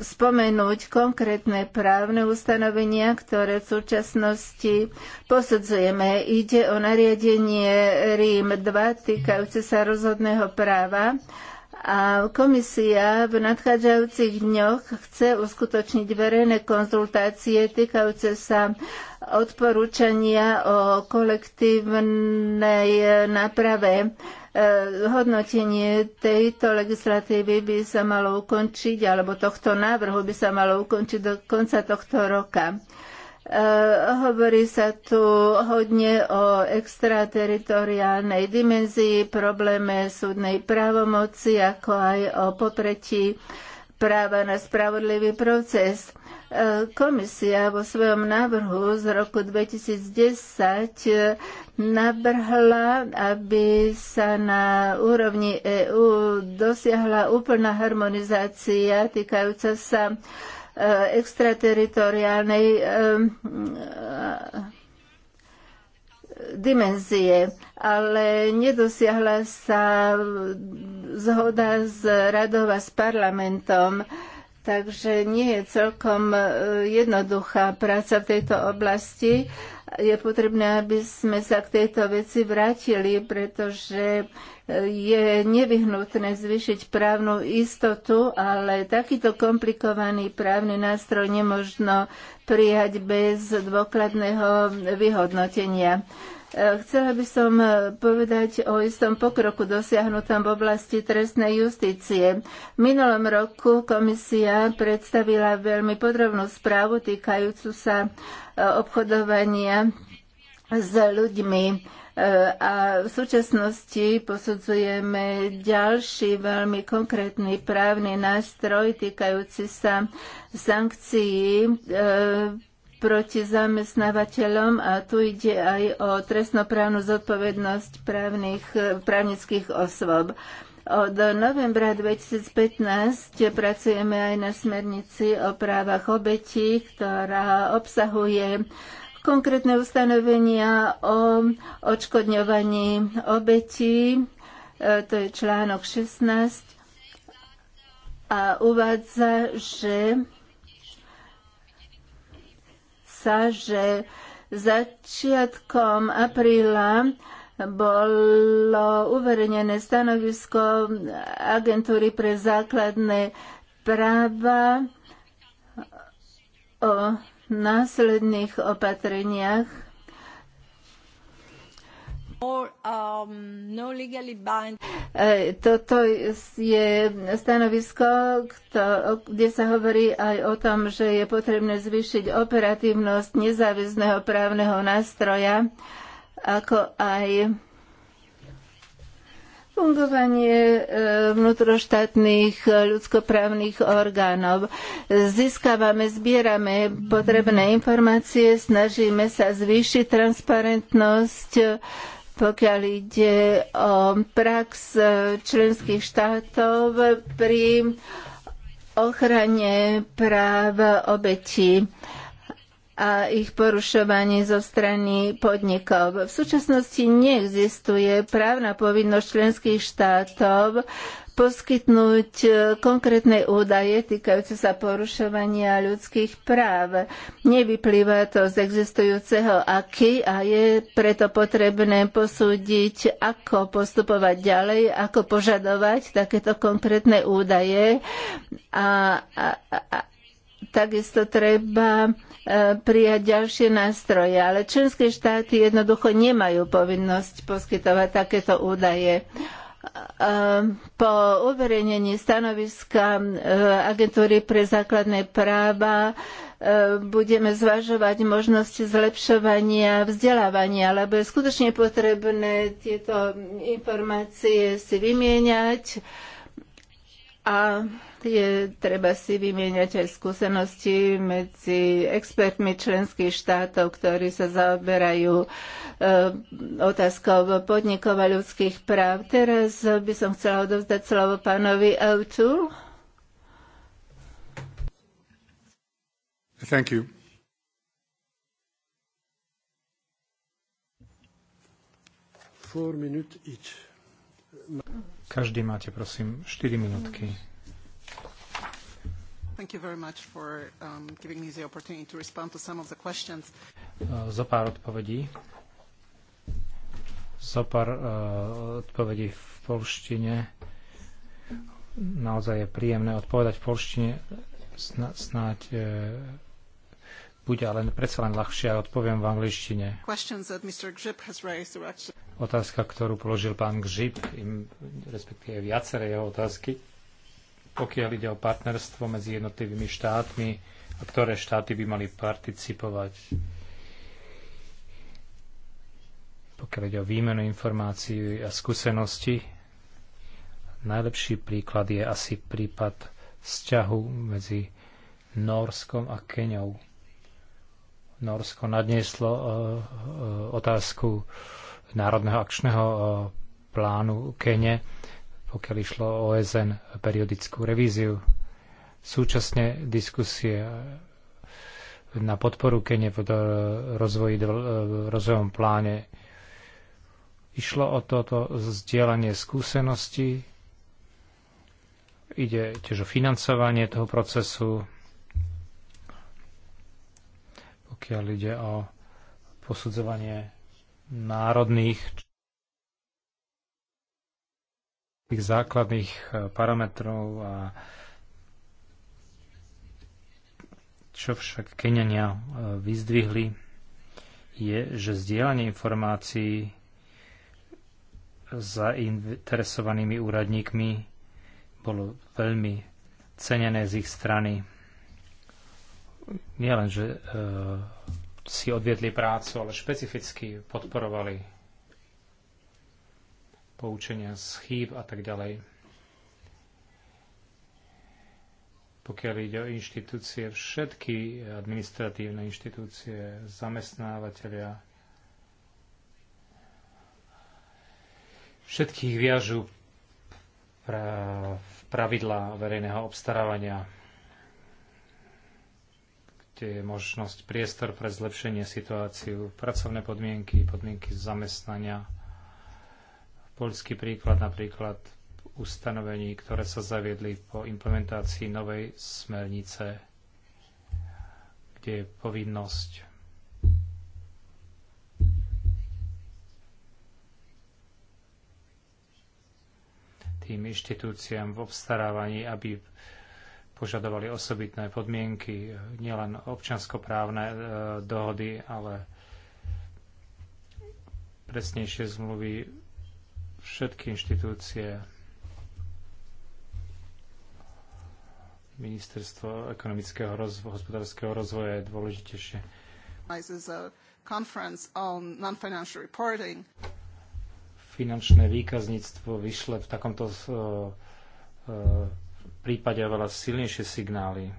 S2: spomenúť konkrétne právne ustanovenia, ktoré v súčasnosti posudzujeme. Ide o nariadenie Rím 2 týkajúce sa rozhodného práva a komisia v nadchádzajúcich dňoch chce uskutočniť verejné konzultácie týkajúce sa odporúčania o kolektívnej náprave. E, hodnotenie tejto legislatívy by sa malo ukončiť, alebo tohto návrhu by sa malo ukončiť do konca tohto roka. Eh, hovorí sa tu hodne o extrateritoriálnej dimenzii, probléme súdnej právomoci, ako aj o popretí práva na spravodlivý proces. Eh, komisia vo svojom návrhu z roku 2010 eh, nabrhla, aby sa na úrovni EÚ dosiahla úplná harmonizácia týkajúca sa Eh, extrateritoriálnej eh, eh, dimenzie, ale nedosiahla sa zhoda s radou a s parlamentom, takže nie je celkom jednoduchá práca v tejto oblasti. Je potrebné, aby sme sa k tejto veci vrátili, pretože je nevyhnutné zvýšiť právnu istotu, ale takýto komplikovaný právny nástroj nemožno prijať bez dôkladného vyhodnotenia. E, chcela by som povedať o istom pokroku dosiahnutom v oblasti trestnej justície. V minulom roku komisia predstavila veľmi podrobnú správu týkajúcu sa e, obchodovania s ľuďmi. A v súčasnosti posudzujeme ďalší veľmi konkrétny právny nástroj týkajúci sa sankcií e, proti zamestnávateľom a tu ide aj o trestnoprávnu zodpovednosť právnych, právnických osôb. Od novembra 2015 pracujeme aj na smernici o právach obetí, ktorá obsahuje konkrétne ustanovenia o odškodňovaní obetí, e, to je článok 16, a uvádza, že sa, že začiatkom apríla bolo uverejnené stanovisko agentúry pre základné práva o následných opatreniach um, no e, Toto je stanovisko, kde sa hovorí aj o tom, že je potrebné zvýšiť operatívnosť nezávislého právneho nástroja, ako aj fungovanie e, vnútroštátnych e, ľudskoprávnych orgánov. Získavame, zbierame potrebné informácie, snažíme sa zvýšiť transparentnosť e, pokiaľ ide o prax členských štátov pri ochrane práv obetí a ich porušovanie zo strany podnikov. V súčasnosti neexistuje právna povinnosť členských štátov poskytnúť e, konkrétne údaje týkajúce sa porušovania ľudských práv. Nevyplýva to z existujúceho aky a je preto potrebné posúdiť, ako postupovať ďalej, ako požadovať takéto konkrétne údaje a, a, a takisto treba e, prijať ďalšie nástroje, ale členské štáty jednoducho nemajú povinnosť poskytovať takéto údaje. E, po uverejnení stanoviska e, Agentúry pre základné práva budeme zvažovať možnosti zlepšovania vzdelávania, lebo je skutočne potrebné tieto informácie si vymieňať a je treba si vymieňať aj skúsenosti medzi expertmi členských štátov, ktorí sa zaoberajú e, otázkou podnikov a ľudských práv. Teraz by som chcela odovzdať slovo pánovi Autu. Thank you.
S3: Four minute each. Každý máte, prosím, 4 minútky. Mm-hmm.
S1: Thank you very much for um, giving me the opportunity to respond to some of the questions.
S3: Uh, zo pár odpovedí. Zo pár uh, odpovedí v polštine. Naozaj je príjemné odpovedať v polštine. Sna- snáď uh, bude ale predsa len ľahšie a odpoviem v angličtine. Otázka, ktorú položil pán Gžip, respektíve viaceré jeho otázky, pokiaľ ide o partnerstvo medzi jednotlivými štátmi a ktoré štáty by mali participovať. Pokiaľ ide o výmenu informácií a skúseností, najlepší príklad je asi prípad vzťahu medzi Norskom a Keňou. Norsko nadnieslo e, e, otázku Národného akčného e, plánu Kene pokiaľ išlo o OSN periodickú revíziu. Súčasne diskusie na podporu Kenie v rozvoji, rozvojom pláne išlo o toto zdieľanie skúseností, ide tiež o financovanie toho procesu, pokiaľ ide o posudzovanie národných tých základných eh, parametrov a čo však Keniania eh, vyzdvihli, je, že zdieľanie informácií za interesovanými úradníkmi bolo veľmi cenené z ich strany. Nielen, že e, si odviedli prácu, ale špecificky podporovali poučenia z chýb a tak ďalej. Pokiaľ ide o inštitúcie, všetky administratívne inštitúcie, zamestnávateľia, všetkých viažu pravidla verejného obstarávania, kde je možnosť priestor pre zlepšenie situáciu, pracovné podmienky, podmienky zamestnania, Polský príklad napríklad ustanovení, ktoré sa zaviedli po implementácii novej smernice, kde je povinnosť tým inštitúciám v obstarávaní, aby požadovali osobitné podmienky, nielen občanskoprávne e, dohody, ale presnejšie zmluvy všetky inštitúcie, ministerstvo ekonomického rozvo- hospodárskeho rozvoja je dôležitejšie. Finančné výkazníctvo vyšle v takomto uh, uh, prípade oveľa silnejšie signály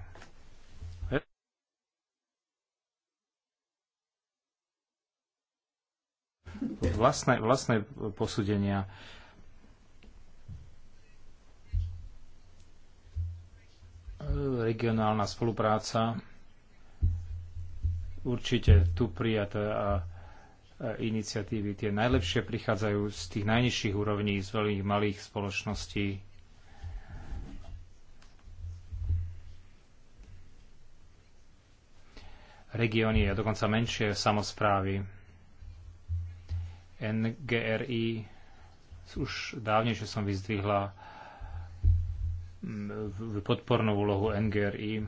S3: vlastné, vlastné posúdenia. Regionálna spolupráca určite tu prijaté a iniciatívy. Tie najlepšie prichádzajú z tých najnižších úrovní, z veľmi malých spoločností. Regióny a dokonca menšie samozprávy. NGRI už dávnejšie som vyzdvihla mm, podpornú úlohu NGRI.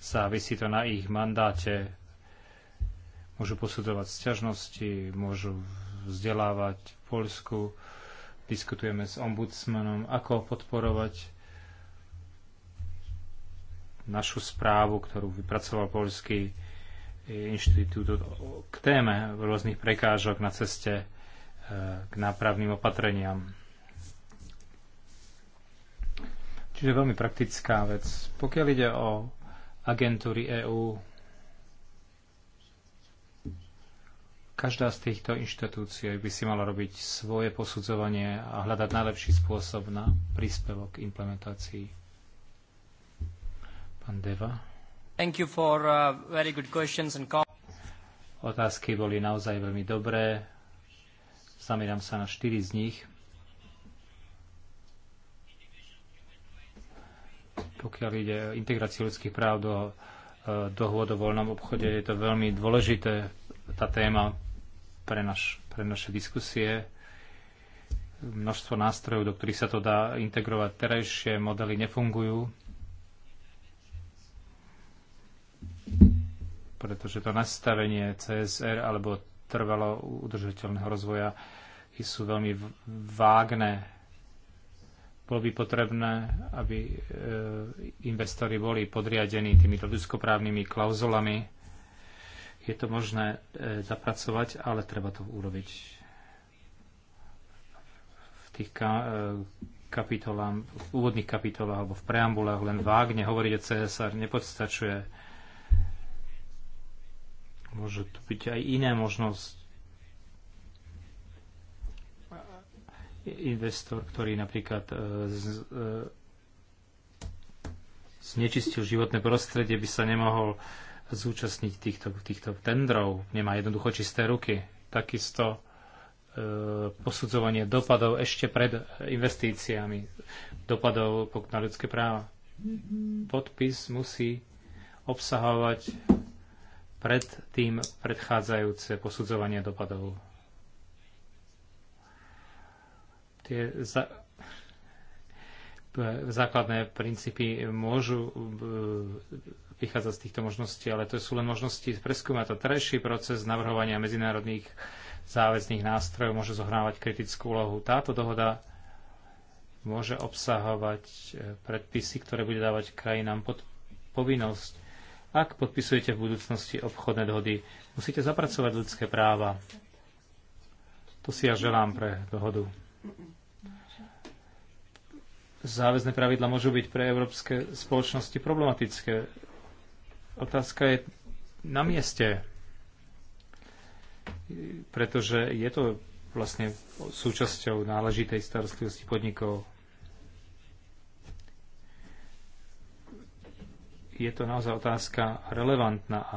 S3: Závisí to na ich mandáte. Môžu posudovať sťažnosti, môžu vzdelávať v Polsku. Diskutujeme s ombudsmanom, ako podporovať našu správu, ktorú vypracoval polský inštitútu k téme rôznych prekážok na ceste e, k nápravným opatreniam. Čiže veľmi praktická vec. Pokiaľ ide o agentúry EÚ, každá z týchto inštitúcií by si mala robiť svoje posudzovanie a hľadať najlepší spôsob na príspevok k implementácii. Pán Deva. Thank you for uh, very good questions and Otázky boli naozaj veľmi dobré. Zamerám sa na štyri z nich. Pokiaľ ide o integráciu ľudských práv do e, dohôd o voľnom obchode, je to veľmi dôležité tá téma pre, naš, pre naše diskusie. Množstvo nástrojov, do ktorých sa to dá integrovať, terajšie modely nefungujú pretože to nastavenie CSR alebo trvalo udržateľného rozvoja sú veľmi vágne. Bolo by potrebné, aby e, investori boli podriadení týmito ľudskoprávnymi klauzulami. Je to možné e, zapracovať, ale treba to urobiť v tých e, kapitolách, v úvodných kapitolách alebo v preambulách len vágne hovoriť o CSR nepodstačuje Môže tu byť aj iné možnosť. Investor, ktorý napríklad e, e, znečistil životné prostredie, by sa nemohol zúčastniť týchto, týchto tendrov. Nemá jednoducho čisté ruky. Takisto e, posudzovanie dopadov ešte pred investíciami, dopadov na ľudské práva. Podpis musí obsahovať pred tým predchádzajúce posudzovanie dopadov. Tie za, základné princípy môžu e, vychádzať z týchto možností, ale to sú len možnosti preskúmať. A trejší proces navrhovania medzinárodných záväzných nástrojov môže zohrávať kritickú úlohu. Táto dohoda môže obsahovať e, predpisy, ktoré bude dávať krajinám pod povinnosť ak podpisujete v budúcnosti obchodné dohody, musíte zapracovať ľudské práva. To si ja želám pre dohodu. Záväzné pravidla môžu byť pre európske spoločnosti problematické. Otázka je na mieste, pretože je to vlastne súčasťou náležitej starostlivosti podnikov. je to naozaj otázka relevantná a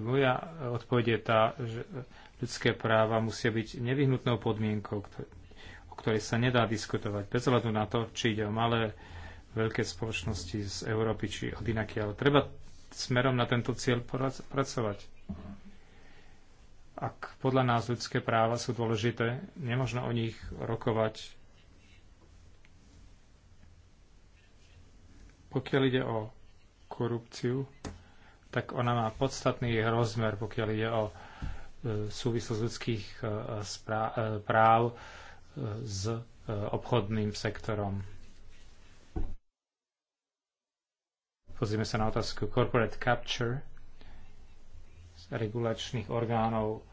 S3: moja odpoveď je tá, že ľudské práva musia byť nevyhnutnou podmienkou, o ktorej sa nedá diskutovať, bez hľadu na to, či ide o malé, veľké spoločnosti z Európy či od inakiaľ. Treba smerom na tento cieľ pracovať. Ak podľa nás ľudské práva sú dôležité, nemožno o nich rokovať. Pokiaľ ide o korupciu, tak ona má podstatný rozmer, pokiaľ ide o e, súvislosť ľudských e, e, práv s obchodným sektorom. Pozrieme sa na otázku corporate capture z regulačných orgánov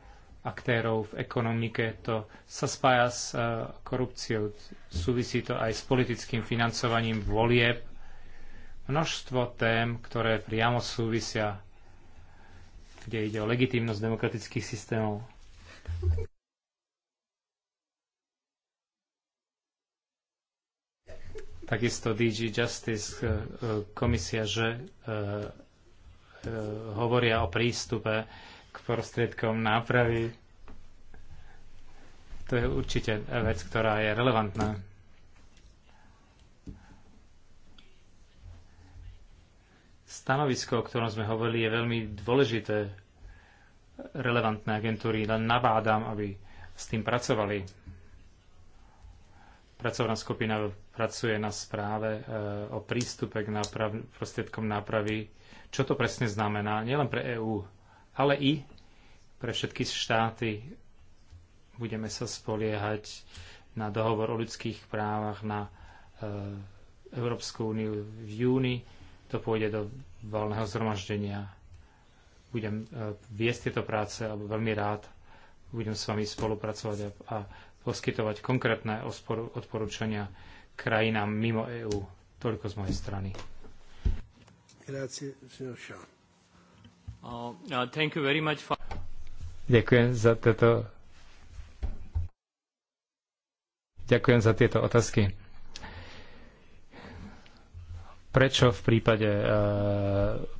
S3: aktérov v ekonomike. To sa spája s korupciou. Súvisí to aj s politickým financovaním volieb množstvo tém, ktoré priamo súvisia, kde ide o legitimnosť demokratických systémov. Takisto DG Justice e, e, komisia, že e, hovoria o prístupe k prostriedkom nápravy. To je určite vec, ktorá je relevantná. Stanovisko, o ktorom sme hovorili, je veľmi dôležité. Relevantné agentúry len nabádam, aby s tým pracovali. Pracovná skupina pracuje na správe e, o prístupe k náprav, prostriedkom nápravy. Čo to presne znamená? Nielen pre EÚ, ale i pre všetky štáty. Budeme sa spoliehať na dohovor o ľudských právach na e, Európsku úniu v júni to pôjde do valného zhromaždenia. Budem e, viesť tieto práce a veľmi rád budem s vami spolupracovať a, a poskytovať konkrétne odporúčania krajinám mimo EÚ. Toľko z mojej strany. Uh, uh, Ďakujem za tieto Ďakujem za tieto otázky prečo v prípade eh,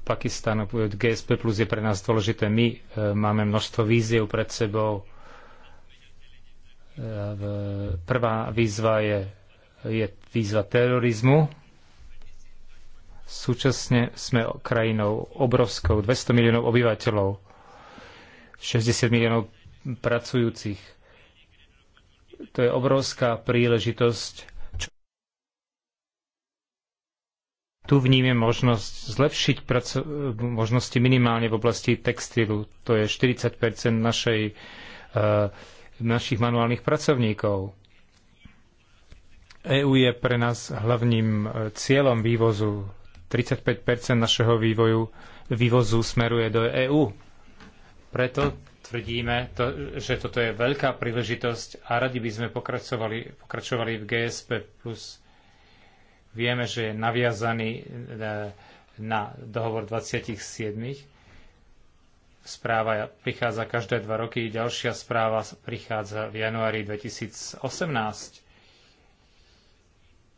S3: Pakistanu GSP plus je pre nás dôležité. My eh, máme množstvo víziev pred sebou. Eh, prvá výzva je, je výzva terorizmu. Súčasne sme krajinou obrovskou, 200 miliónov obyvateľov, 60 miliónov pracujúcich. To je obrovská príležitosť Tu vníme možnosť zlepšiť možnosti minimálne v oblasti textilu. To je 40 našej, eh, našich manuálnych pracovníkov. EÚ je pre nás hlavným eh, cieľom vývozu. 35 našeho vývoju, vývozu smeruje do EÚ. Preto tvrdíme, to, že toto je veľká príležitosť a radi by sme pokračovali, pokračovali v GSP plus Vieme, že je naviazaný e, na dohovor 27. Správa prichádza každé dva roky, ďalšia správa prichádza v januári 2018.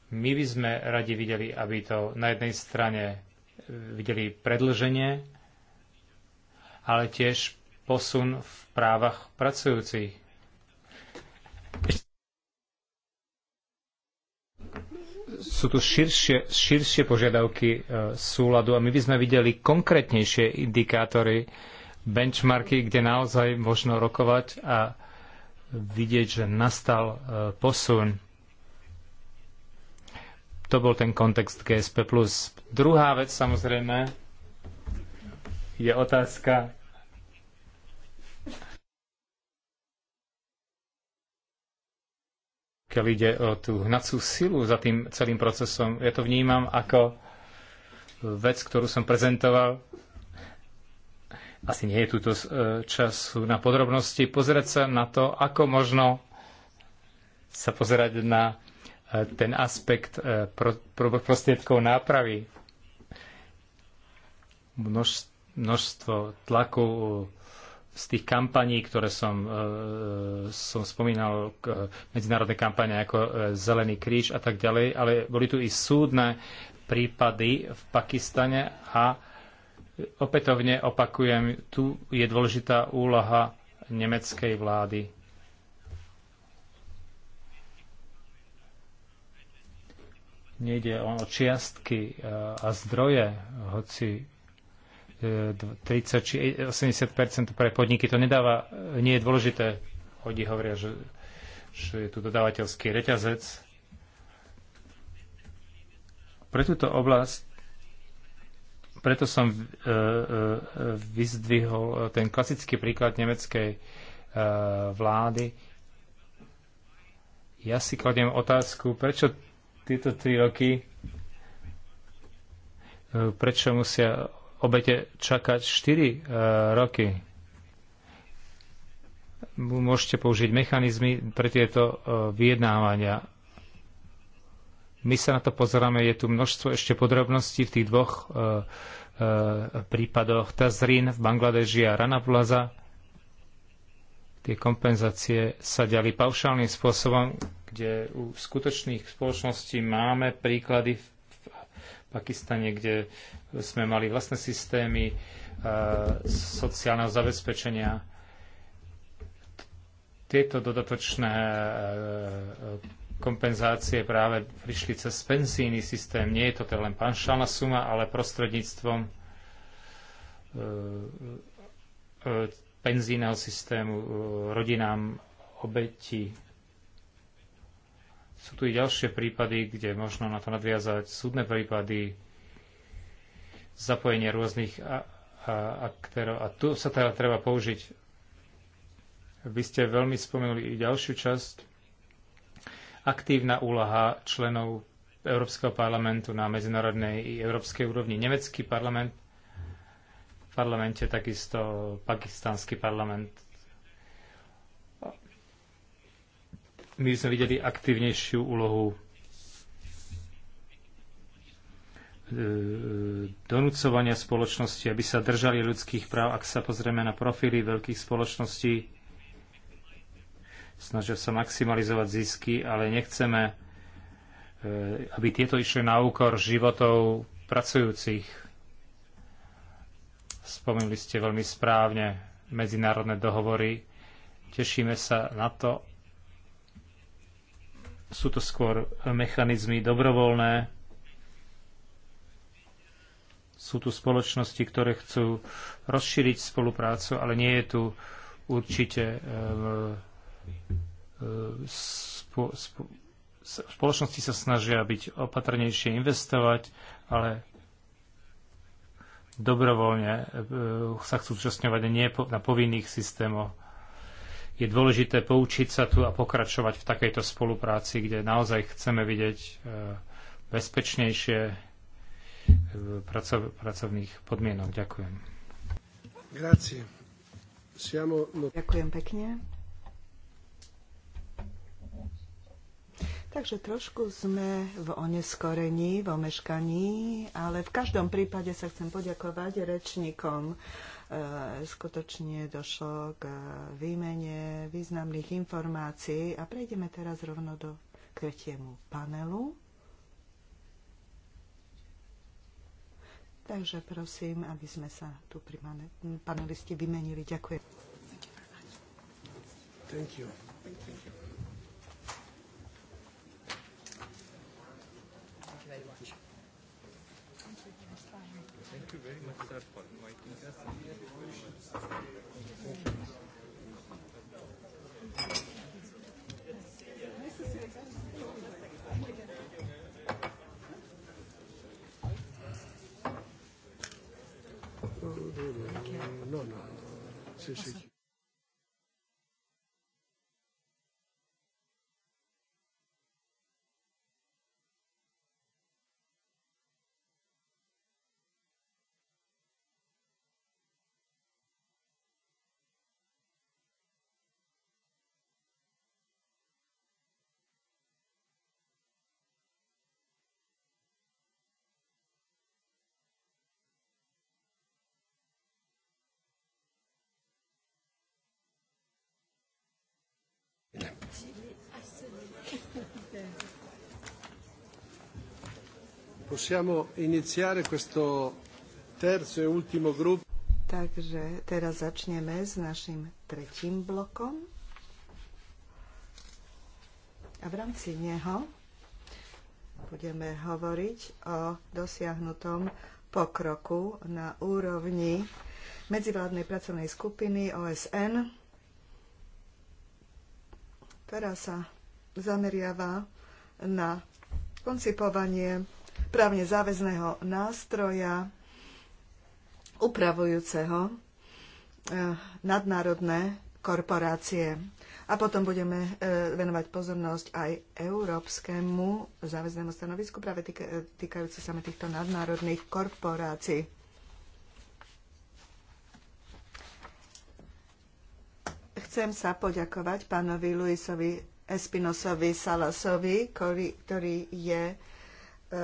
S3: My by sme radi videli, aby to na jednej strane videli predlženie, ale tiež posun v právach pracujúcich. sú tu širšie, širšie požiadavky e, súladu a my by sme videli konkrétnejšie indikátory, benchmarky, kde naozaj možno rokovať a vidieť, že nastal e, posun. To bol ten kontext GSP+. Druhá vec samozrejme je otázka keď ide o tú hnacú silu za tým celým procesom. Ja to vnímam ako vec, ktorú som prezentoval. Asi nie je túto e, času na podrobnosti. Pozerať sa na to, ako možno sa pozerať na e, ten aspekt e, prostriedkov nápravy. množstvo tlaku z tých kampaní, ktoré som, e, som spomínal, e, medzinárodné kampane ako e, Zelený kríž a tak ďalej, ale boli tu i súdne prípady v Pakistane a opätovne opakujem, tu je dôležitá úloha nemeckej vlády. Nejde o čiastky a zdroje, hoci 30 či 80 pre podniky to nedáva, nie je dôležité. Oni hovoria, že, že je tu dodávateľský reťazec. Pre túto oblasť preto som e, e, vyzdvihol ten klasický príklad nemeckej e, vlády. Ja si kladiem otázku, prečo tieto tri roky prečo musia obete čakať 4 e, roky. Môžete použiť mechanizmy pre tieto e, vyjednávania. My sa na to pozeráme, je tu množstvo ešte podrobností v tých dvoch e, prípadoch Tazrin v Bangladeži a Rana Plaza. Tie kompenzácie sa ďali paušálnym spôsobom, kde u skutočných spoločností máme príklady v Pakistane, kde sme mali vlastné systémy e, sociálneho zabezpečenia. Tieto dodatočné e, kompenzácie práve prišli cez pensijný systém. Nie je to teda len panšálna suma, ale prostredníctvom e, penzijného systému rodinám obetí sú tu i ďalšie prípady, kde možno na to nadviazať súdne prípady, zapojenie rôznych a, a, aktérov. A tu sa teda treba použiť. Vy ste veľmi spomenuli i ďalšiu časť. Aktívna úlaha členov Európskeho parlamentu na medzinárodnej i európskej úrovni. Nemecký parlament, v parlamente takisto pakistanský parlament my sme videli aktívnejšiu úlohu e, donúcovania spoločnosti, aby sa držali ľudských práv. Ak sa pozrieme na profily veľkých spoločností, snažia sa maximalizovať zisky, ale nechceme, e, aby tieto išli na úkor životov pracujúcich. Spomínali ste veľmi správne medzinárodné dohovory. Tešíme sa na to, sú to skôr mechanizmy dobrovoľné. Sú tu spoločnosti, ktoré chcú rozšíriť spoluprácu, ale nie je tu určite e, e, spoločnosti sa snažia byť opatrnejšie investovať, ale dobrovoľne e, sa chcú zúčastňovať nie na povinných systémoch je dôležité poučiť sa tu a pokračovať v takejto spolupráci, kde naozaj chceme vidieť e, bezpečnejšie e, pracovných podmienok. Ďakujem.
S1: No- Ďakujem pekne. Takže trošku sme v oneskorení, v omeškaní, ale v každom prípade sa chcem poďakovať rečníkom E, skutočne došlo k výmene významných informácií a prejdeme teraz rovno do tretiemu panelu. Takže prosím, aby sme sa tu pri panelisti vymenili. Ďakujem. Thank you. Thank you. no, no. Sì, no. sì.
S3: Possiamo iniziare questo terzo e ultimo gruppo.
S1: Takže teraz začneme s našim tretím blokom. A v rámci neho budeme hovoriť o dosiahnutom pokroku na úrovni medzivládnej pracovnej skupiny OSN Teraz sa zameriava na koncipovanie právne záväzného nástroja upravujúceho eh, nadnárodné korporácie. A potom budeme eh, venovať pozornosť aj európskemu záväznému stanovisku práve týkajúce sa týchto nadnárodných korporácií. Chcem sa poďakovať pánovi Luisovi Espinosovi Salasovi, ktorý je e, e,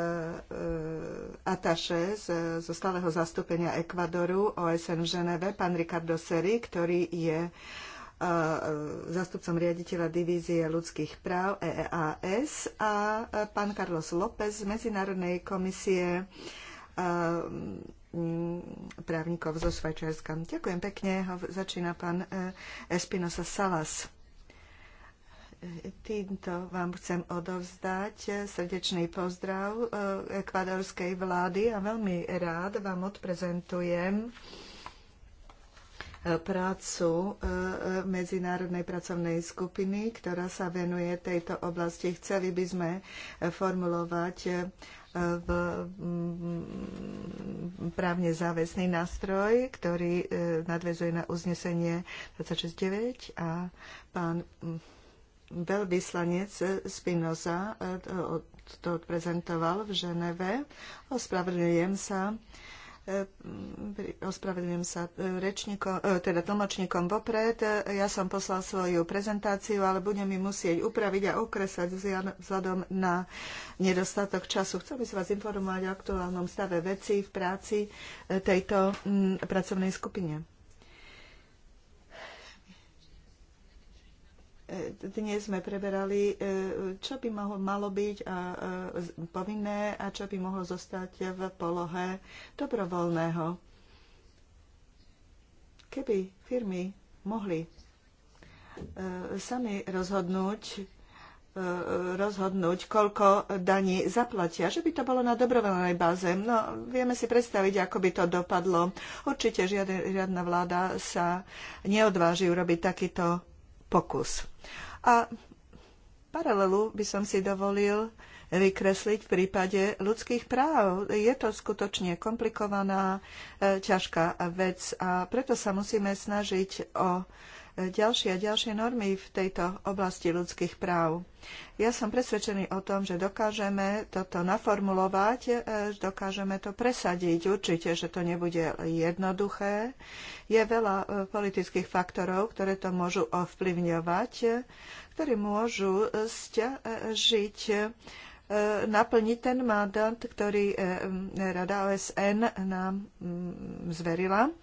S1: ataše zo stáleho zastúpenia Ekvadoru OSN v Ženeve, pán Ricardo Seri, ktorý je e, zastupcom riaditeľa divízie ľudských práv EEAS a pán Carlos López z Medzinárodnej komisie Mm, právnikov zo Švajčiarska. Ďakujem pekne. Začína pán e, Espinosa Salas. E, týmto vám chcem odovzdať e, srdečný pozdrav ekvadorskej vlády a veľmi rád vám odprezentujem prácu medzinárodnej pracovnej skupiny, ktorá sa venuje tejto oblasti. Chceli by sme formulovať v mm, právne záväzný nástroj, ktorý e, nadvezuje na uznesenie 26.9 a pán mm, veľvyslanec Spinoza e, to odprezentoval v Ženeve. Ospravedlňujem sa E, ospravedlňujem sa e, rečníkom, e, teda tlmočníkom vopred. Ja som poslal svoju prezentáciu, ale budem ju musieť upraviť a okresať vzhľadom na nedostatok času. Chcem by som vás informovať o aktuálnom stave veci v práci tejto pracovnej skupine. Dnes sme preberali, e, čo by mohlo, malo byť a, e, povinné a čo by mohlo zostať v polohe dobrovoľného. Keby firmy mohli e, sami rozhodnúť, rozhodnúť, koľko daní zaplatia, že by to bolo na dobrovoľnej báze. No, vieme si predstaviť, ako by to dopadlo. Určite žiadna vláda sa neodváži urobiť takýto pokus. A paralelu by som si dovolil vykresliť v prípade ľudských práv. Je to skutočne komplikovaná, e, ťažká vec a preto sa musíme snažiť o ďalšie a ďalšie normy v tejto oblasti ľudských práv. Ja som presvedčený o tom, že dokážeme toto naformulovať, e, dokážeme to presadiť. Určite, že to nebude jednoduché. Je veľa e, politických faktorov, ktoré to môžu ovplyvňovať, e, ktorí môžu žiť naplniť ten mandát, ktorý Rada OSN nám zverila.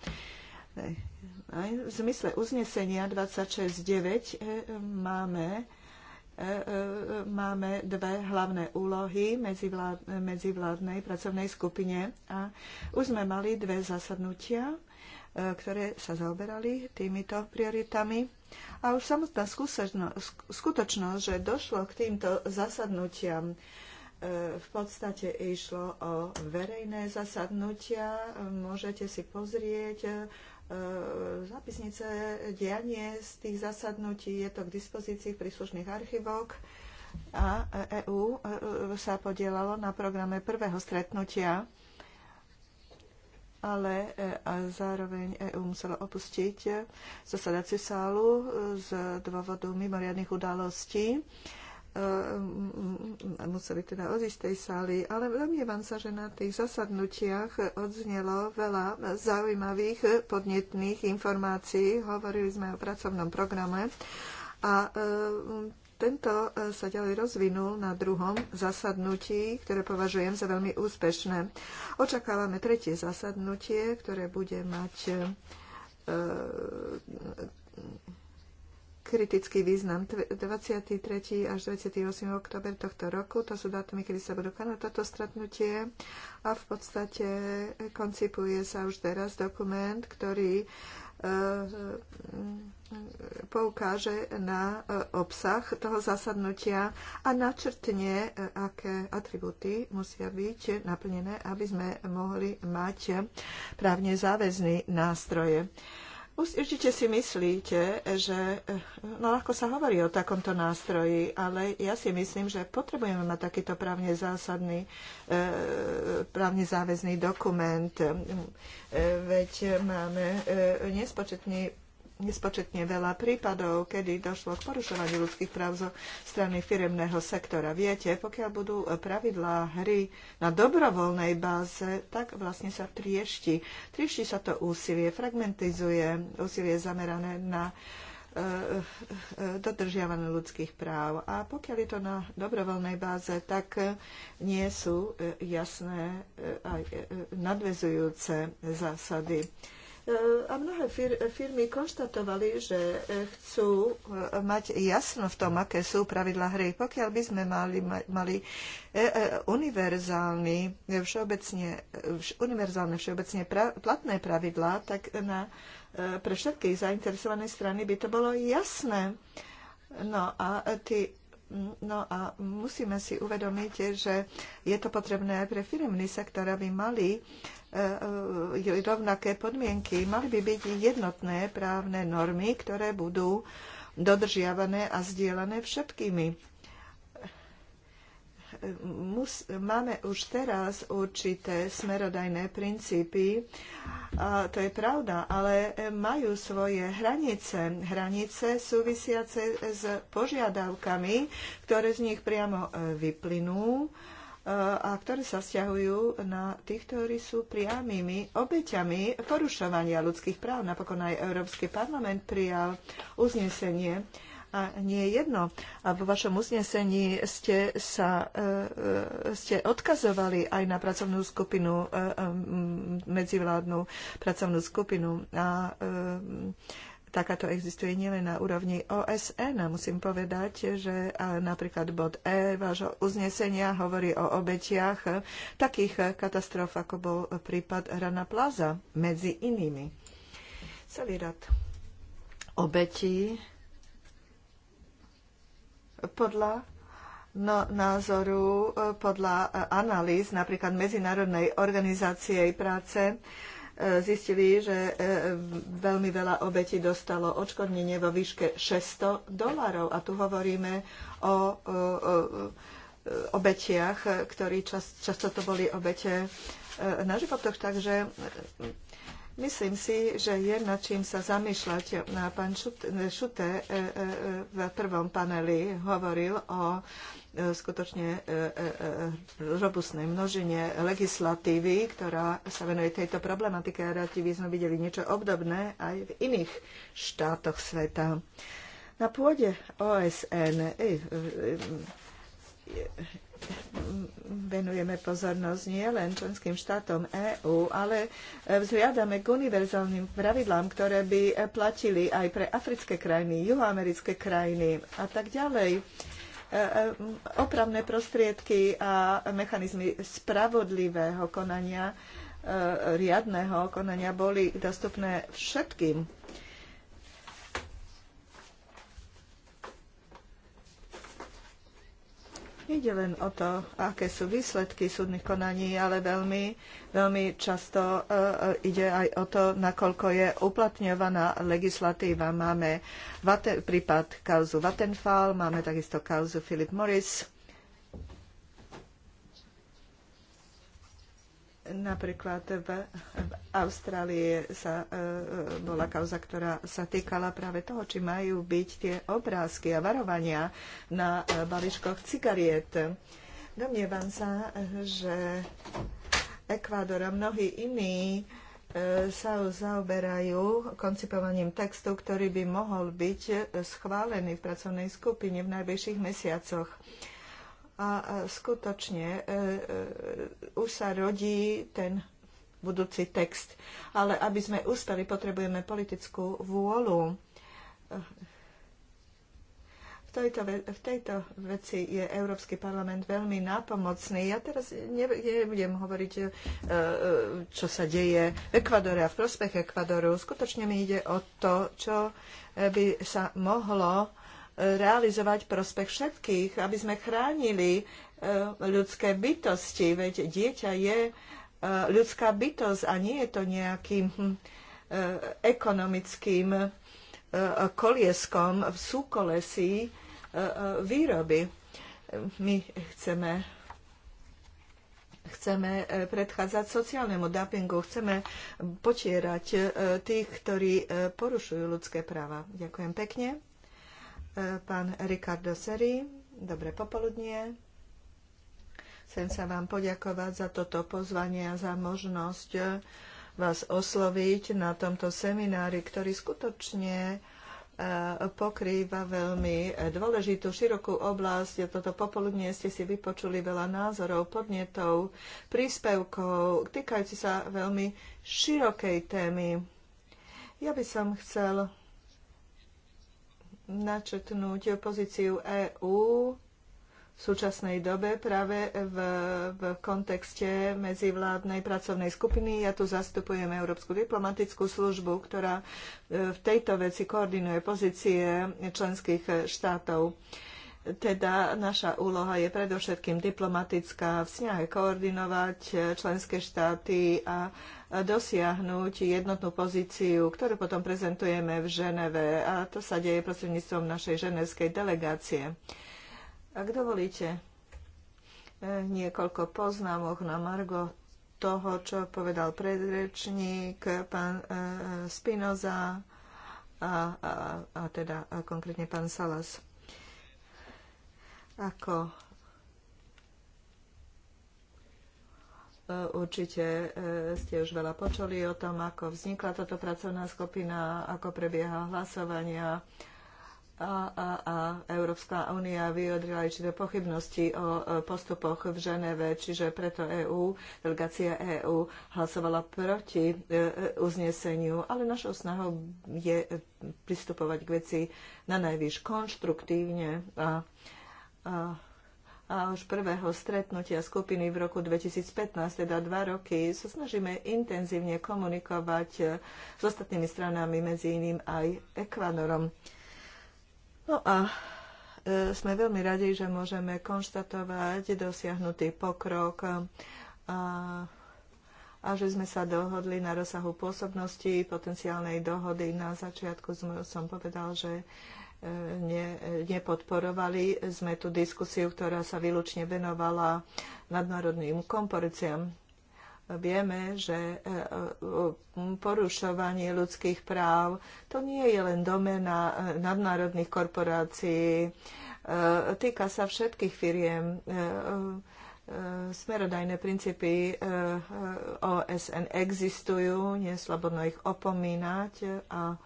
S1: Aj v zmysle uznesenia 26.9 e, e, máme e, máme dve hlavné úlohy medzivládnej pracovnej skupine a už sme mali dve zasadnutia, ktoré sa zaoberali týmito prioritami. A už samotná skutočnosť, že došlo k týmto zasadnutiam, v podstate išlo o verejné zasadnutia. Môžete si pozrieť e, zápisnice, dianie z tých zasadnutí. Je to k dispozícii v príslušných archívok A EÚ e, sa podielalo na programe prvého stretnutia, ale e, zároveň EÚ muselo opustiť zasadaciu sálu z dôvodu mimoriadných udalostí museli teda odísť tej sály, ale domnievam sa, že na tých zasadnutiach odznelo veľa zaujímavých podnetných informácií. Hovorili sme o pracovnom programe a e, tento sa ďalej rozvinul na druhom zasadnutí, ktoré považujem za veľmi úspešné. Očakávame tretie zasadnutie, ktoré bude mať e, kritický význam. 23. až 28. október tohto roku, to sú dátumy, kedy sa budú konať toto stretnutie a v podstate koncipuje sa už teraz dokument, ktorý eh, poukáže na eh, obsah toho zasadnutia a načrtne, eh, aké atributy musia byť naplnené, aby sme mohli mať právne záväzný nástroje. Určite si myslíte, že no ako sa hovorí o takomto nástroji, ale ja si myslím, že potrebujeme mať takýto právne zásadný, e, právne záväzný dokument. E, veď máme e, nespočetný nespočetne veľa prípadov, kedy došlo k porušovaniu ľudských práv zo strany firemného sektora. Viete, pokiaľ budú pravidlá hry na dobrovoľnej báze, tak vlastne sa triešti. Triešti sa to úsilie, fragmentizuje úsilie zamerané na eh, eh, dodržiavané ľudských práv. A pokiaľ je to na dobrovoľnej báze, tak nie sú eh, jasné aj nadvezujúce zásady. E, a mnohé firmy konštatovali, že e, chcú e, mať jasno v tom, aké sú pravidla hry. Pokiaľ by sme mali, mali univerzálny, všeobecne, univerzálne všeobecne platné pravidlá, tak na, pre všetky zainteresované strany by to bolo jasné. No a ty, No a musíme si uvedomiť, že je to potrebné aj pre firmný sektor, aby mali E, e, e, rovnaké podmienky. Mali by byť jednotné právne normy, ktoré budú dodržiavané a zdieľané všetkými. Mus, máme už teraz určité smerodajné princípy, a to je pravda, ale majú svoje hranice. Hranice súvisiace s požiadavkami, ktoré z nich priamo vyplynú. A, a ktoré sa vzťahujú na tých, ktorí sú priamými obeťami porušovania ľudských práv. Napokon aj Európsky parlament prijal uznesenie a nie jedno. A vo vašom uznesení ste sa e, e, ste odkazovali aj na pracovnú skupinu, e, medzivládnu pracovnú skupinu. A Takáto existuje nielen na úrovni OSN. Musím povedať, že napríklad bod E vášho uznesenia hovorí o obetiach takých katastrof, ako bol prípad Rana Plaza, medzi inými. Celý rad obetí podľa no, názoru, podľa analýz napríklad Medzinárodnej organizácie práce, zistili, že e, veľmi veľa obetí dostalo odškodnenie vo výške 600 dolarov. A tu hovoríme o, obetiach, ktorí často to boli obete e, na životoch. Takže Myslím si, že je nad čím sa zamýšľať. Pán eh, Šute eh, eh, v prvom paneli hovoril o skutočne robustnej množine legislatívy, ktorá sa venuje tejto problematike a rádi by sme videli niečo obdobné aj v iných štátoch sveta. Na pôde OSN venujeme pozornosť nie len členským štátom EÚ, ale vzhľadáme k univerzálnym pravidlám, ktoré by platili aj pre africké krajiny, juhoamerické krajiny a tak ďalej e, e, opravné prostriedky a mechanizmy spravodlivého konania, e, riadného konania boli dostupné všetkým Nejde len o to, aké sú výsledky súdnych konaní, ale veľmi, veľmi často e, e, ide aj o to, nakoľko je uplatňovaná legislatíva. Máme prípad kauzu Vattenfall, máme takisto kauzu Philip Morris, Napríklad v, v Austrálii sa, e, e, bola kauza, ktorá sa týkala práve toho, či majú byť tie obrázky a varovania na e, balíčkoch cigariet. Domnievam sa, že Ekvádor a mnohí iní e, sa zaoberajú koncipovaním textu, ktorý by mohol byť schválený v pracovnej skupine v najbližších mesiacoch a skutočne e, e, už sa rodí ten budúci text. Ale aby sme uspeli, potrebujeme politickú vôľu. V tejto, v tejto veci je Európsky parlament veľmi nápomocný. Ja teraz nebudem hovoriť, e, čo sa deje v Ekvadore a v prospech Ekvadoru. Skutočne mi ide o to, čo by sa mohlo realizovať prospech všetkých, aby sme chránili e, ľudské bytosti. Veď dieťa je e, ľudská bytosť a nie je to nejakým hm, e, ekonomickým kolieskom v súkolesí výroby. My chceme chceme predchádzať sociálnemu dumpingu, chceme potierať tých, ktorí porušujú ľudské práva. Ďakujem pekne pán Ricardo Seri. Dobré popoludnie. Chcem sa vám poďakovať za toto pozvanie a za možnosť vás osloviť na tomto seminári, ktorý skutočne e, pokrýva veľmi dôležitú, širokú oblasť. Toto popoludne ste si vypočuli veľa názorov, podnetov, príspevkov, týkajúci sa veľmi širokej témy. Ja by som chcel načrtnúť pozíciu EÚ v súčasnej dobe práve v, v kontexte medzivládnej pracovnej skupiny. Ja tu zastupujem Európsku diplomatickú službu, ktorá e, v tejto veci koordinuje pozície členských štátov. Teda naša úloha je predovšetkým diplomatická v snahe koordinovať členské štáty a, dosiahnuť jednotnú pozíciu, ktorú potom prezentujeme v Ženeve. A to sa deje prostredníctvom našej ženevskej delegácie. Ak dovolíte, e, niekoľko poznámok na Margo toho, čo povedal predrečník, pán e, Spinoza a, a, a teda a konkrétne pán Salas. Ako Určite e, ste už veľa počuli o tom, ako vznikla táto pracovná skupina, ako prebieha hlasovania a, a, a Európska únia vyjadrila určité pochybnosti o e, postupoch v Ženeve, čiže preto EÚ, delegácia EÚ hlasovala proti e, uzneseniu, ale našou snahou je pristupovať k veci na najvyš konštruktívne a, a a už prvého stretnutia skupiny v roku 2015, teda dva roky, sa snažíme intenzívne komunikovať e, s ostatnými stranami, medzi iným aj Ekvadorom. No a e, sme veľmi radi, že môžeme konštatovať dosiahnutý pokrok a, a že sme sa dohodli na rozsahu pôsobnosti potenciálnej dohody. Na začiatku som povedal, že ne, nepodporovali. Sme tú diskusiu, ktorá sa výlučne venovala nadnárodným komporciám. Vieme, že e, e, porušovanie ľudských práv to nie je len domena e, nadnárodných korporácií. Týka sa všetkých firiem smerodajné princípy OSN existujú, neslobodno ich opomínať a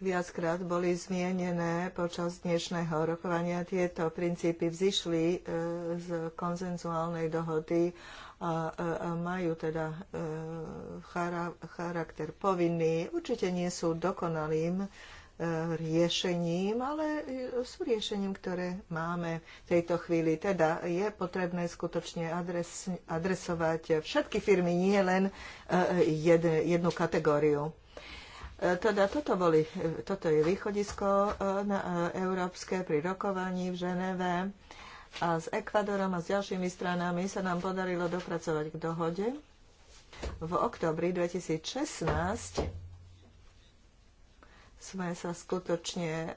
S1: viackrát boli zmienené počas dnešného rokovania. Tieto princípy vzýšli e, z konzenzuálnej dohody a, majú teda e, charakter povinný. Určite nie sú dokonalým e, riešením, ale sú riešením, ktoré máme v tejto chvíli. Teda je potrebné skutočne adres, adresovať všetky firmy, nie len jednu kategóriu. E, teda toto, boli, e, toto je východisko e, na európske pri rokovaní v Ženeve a s Ekvadorom a s ďalšími stranami sa nám podarilo dopracovať k dohode. V oktobri 2016 sme sa skutočne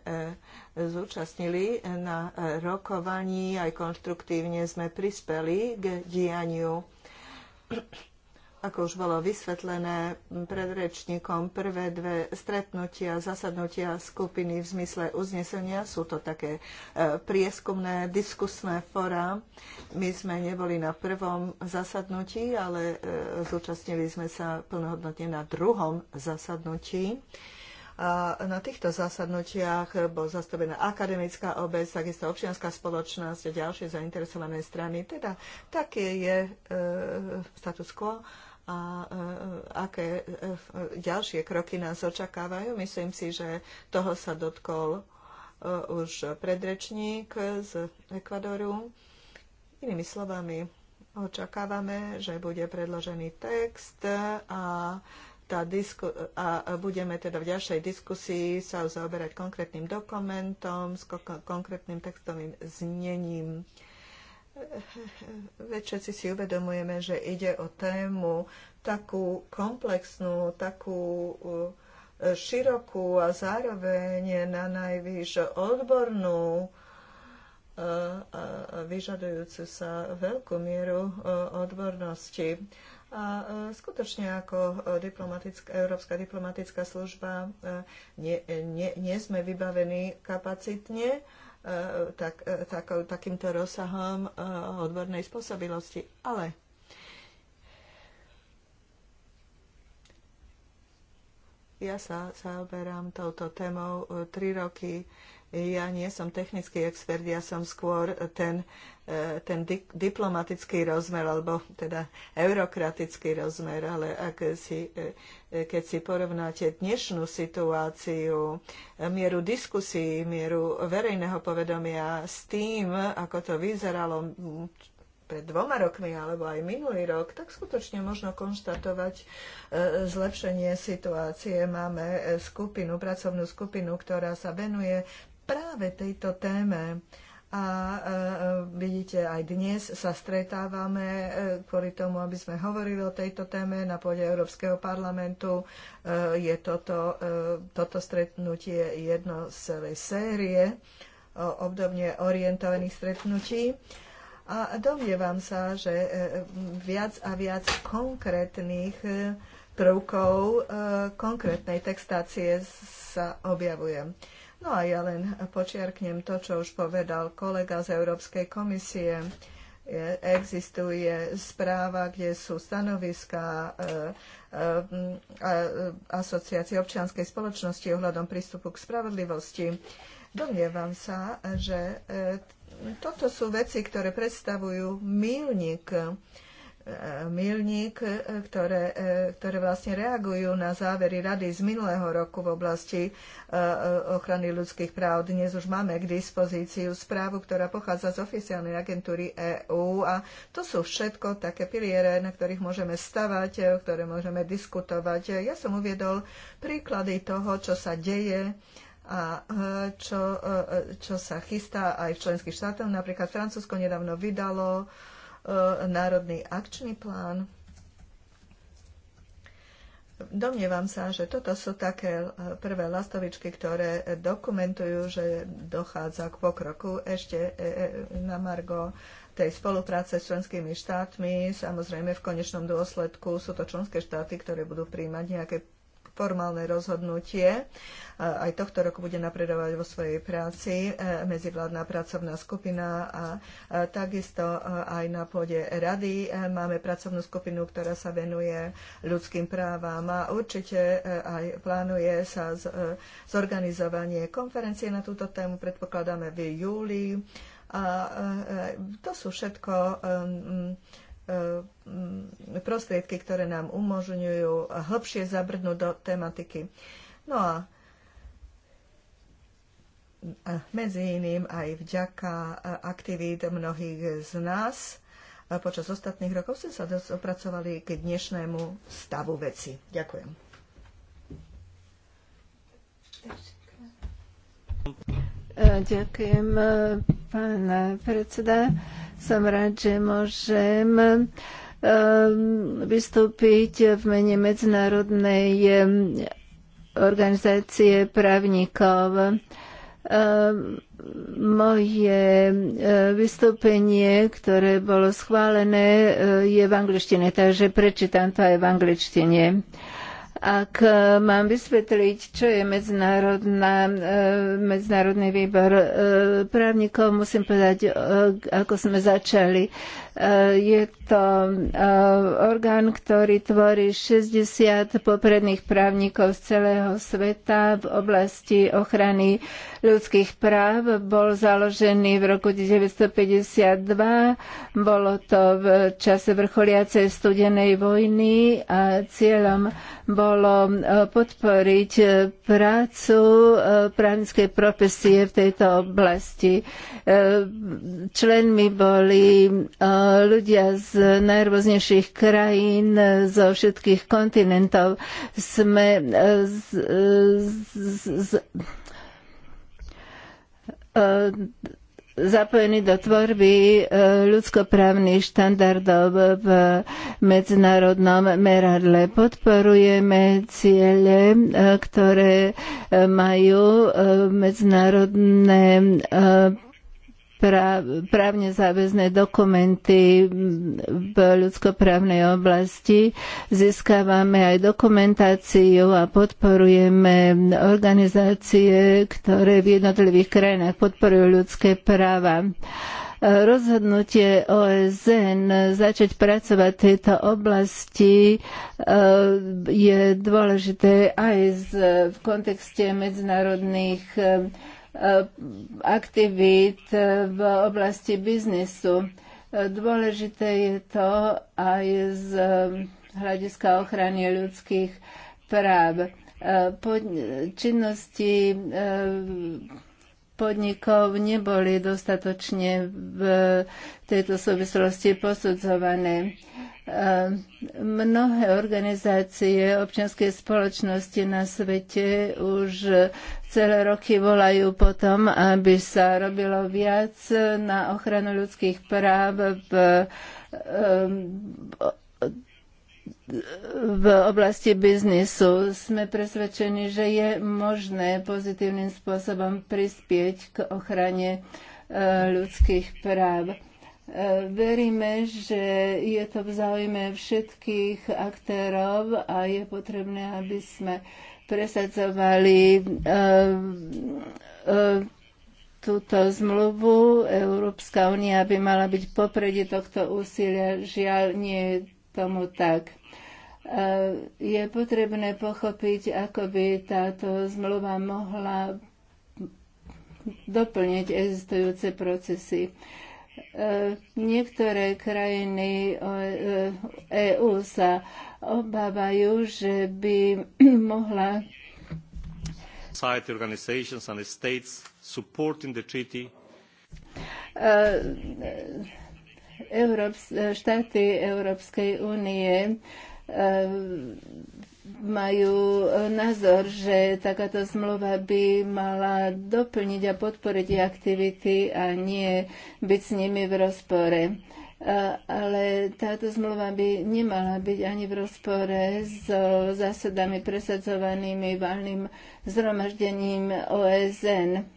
S1: zúčastnili na rokovaní, aj konštruktívne sme prispeli k dianiu ako už bolo vysvetlené pred rečníkom prvé dve stretnutia, zasadnutia skupiny v zmysle uznesenia sú to také e, prieskumné, diskusné fora. My sme neboli na prvom zasadnutí, ale e, zúčastnili sme sa plnohodnotne na druhom zasadnutí. A na týchto zasadnutiach bol zastavená akademická obec, takisto občianská spoločnosť a ďalšie zainteresované strany. Teda také je e, status quo a e, e, aké e, ďalšie kroky nás očakávajú. Myslím si, že toho sa dotkol už predrečník z Ekvadoru. Inými slovami, očakávame, že bude predložený text a tá disku- a budeme teda v ďalšej diskusii sa zaoberať konkrétnym dokumentom s ko- konkrétnym textovým znením. Uh, veď všetci si uvedomujeme, že ide o tému takú komplexnú, takú e, širokú a zároveň na najvyš odbornú, e, vyžadujúcu sa veľkú mieru e, odbornosti. A skutočne ako diplomatická, Európska diplomatická služba nie, nie, nie sme vybavení kapacitne E, tak, e, tak, takýmto rozsahom e, odbornej spôsobilosti. Ale ja sa zaoberám touto témou tri roky ja nie som technický expert, ja som skôr ten, e, ten di- diplomatický rozmer, alebo teda eurokratický rozmer, ale ak si, e, e, keď si porovnáte dnešnú situáciu, mieru diskusí, mieru verejného povedomia s tým, ako to vyzeralo pred dvoma rokmi alebo aj minulý rok, tak skutočne možno konštatovať zlepšenie situácie. Máme skupinu, pracovnú skupinu, ktorá sa venuje práve tejto téme. A e, e, vidíte, aj dnes sa stretávame e, kvôli tomu, aby sme hovorili o tejto téme na pôde Európskeho parlamentu. Je toto, toto stretnutie jedno z celej série o obdobne orientovaných stretnutí. A domnievam sa, že viac a viac konkrétnych prvkov konkrétnej textácie sa objavuje. No a ja len počiarknem to, čo už povedal kolega z Európskej komisie. Existuje správa, kde sú stanoviska e, e, e, asociácie občianskej spoločnosti ohľadom prístupu k spravodlivosti. Domnievam sa, že toto sú veci, ktoré predstavujú mílnik E, milník, e, ktoré, e, ktoré vlastne reagujú na závery rady z minulého roku v oblasti ochrany ľudských práv. Dnes už máme k dispozíciu správu, ktorá pochádza z oficiálnej agentúry EÚ a to sú všetko také piliere, na ktorých môžeme stavať, ktoré môžeme diskutovať. Ja som uviedol príklady toho, čo sa deje a čo, čo sa chystá aj v členských štátoch. Napríklad Francúzsko nedávno vydalo E, národný akčný plán. Domnievam sa, že toto sú také e, prvé lastovičky, ktoré dokumentujú, že dochádza k pokroku ešte e, na Margo tej spolupráce s členskými štátmi. Samozrejme, v konečnom dôsledku sú to členské štáty, ktoré budú príjmať nejaké formálne rozhodnutie. Aj tohto roku bude napredovať vo svojej práci e, medzivládna pracovná skupina a takisto e, aj na pôde rady e, máme pracovnú skupinu, ktorá sa venuje ľudským právam a určite aj plánuje sa zorganizovanie konferencie na túto tému, predpokladáme v júli. A to sú všetko E, prostriedky, ktoré nám umožňujú hĺbšie zabrnúť do tematiky. No a medzi iným aj vďaka aktivít mnohých z nás počas ostatných rokov sme sa dopracovali k dnešnému stavu veci. Ďakujem.
S2: E, ďakujem, e, pán predseda. Som rád, že môžem ehm, vystúpiť v mene Medzinárodnej ehm, organizácie právnikov. Ehm, moje vystúpenie, ktoré bolo schválené, je v angličtine, takže prečítam to aj v angličtine. Ak e, mám vysvetliť, čo je medzinárodná, e, medzinárodný výbor e, právnikov, musím povedať, ako sme začali. Eh, je to eh, orgán, ktorý tvorí 60 popredných právnikov z celého sveta v oblasti ochrany ľudských práv. Bol založený v roku 1952. Bolo to v čase vrcholiacej studenej vojny a cieľom bolo eh, podporiť prácu právnickej profesie v tejto oblasti. Členmi boli ľudia z najrôznejších krajín, zo všetkých kontinentov. Sme e, z, z, e, zapojení do tvorby e, ľudskoprávnych štandardov v medzinárodnom meradle. Podporujeme ciele, ktoré majú medzinárodné právne záväzné dokumenty v ľudskoprávnej oblasti. Získavame aj dokumentáciu a podporujeme organizácie, ktoré v jednotlivých krajinách podporujú ľudské práva rozhodnutie OSN začať pracovať v tejto oblasti eh, je dôležité aj v kontexte medzinárodných eh, Eh, aktivít eh, v oblasti biznisu. Eh, dôležité je to aj z hľadiska ochrany ľudských práv. činnosti podnikov neboli dostatočne v tejto súvislosti posudzované. Mnohé organizácie občianskej spoločnosti na svete už celé roky volajú potom, aby sa robilo viac na ochranu ľudských práv v um, v oblasti biznisu. Sme presvedčení, že je možné pozitívnym spôsobom prispieť k ochrane e, ľudských práv. E, veríme, že je to v záujme všetkých aktérov a je potrebné, aby sme presadzovali e, túto zmluvu. Európska únia by mala byť popredi tohto úsilia. Žiaľ, nie je tomu tak e, je potrebné pochopiť, ako by táto zmluva mohla doplniť existujúce procesy. E, niektoré krajiny EÚ e sa obávajú, že by mohla
S3: organizations and states supporting the treaty
S2: Európs- štáty Európskej únie eh, majú názor, že takáto zmluva by mala doplniť a podporiť aktivity a nie byť s nimi v rozpore. Ale táto zmluva by nemala byť ani v rozpore s zásadami presadzovanými valným zhromaždením OSN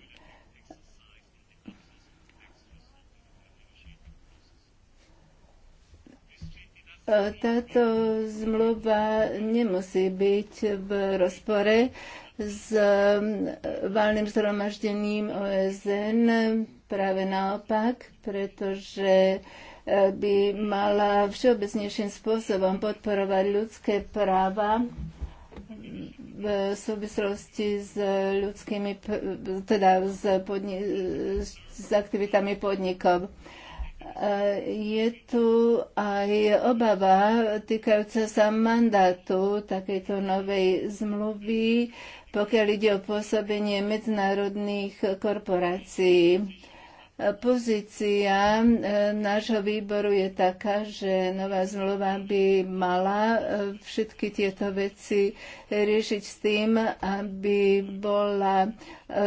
S2: Táto zmluva nemusí byť v rozpore s um, valným zhromaždením OSN, práve naopak, pretože eh, by mala všeobecnejším spôsobom podporovať ľudské práva v súvislosti s ľudskými, teda s, podni- s aktivitami podnikov je tu aj obava týkajúca sa mandátu takejto novej zmluvy, pokiaľ ide o pôsobenie medzinárodných korporácií. Pozícia e, nášho výboru je taká, že nová zmluva by mala e, všetky tieto veci riešiť s tým, aby bola e,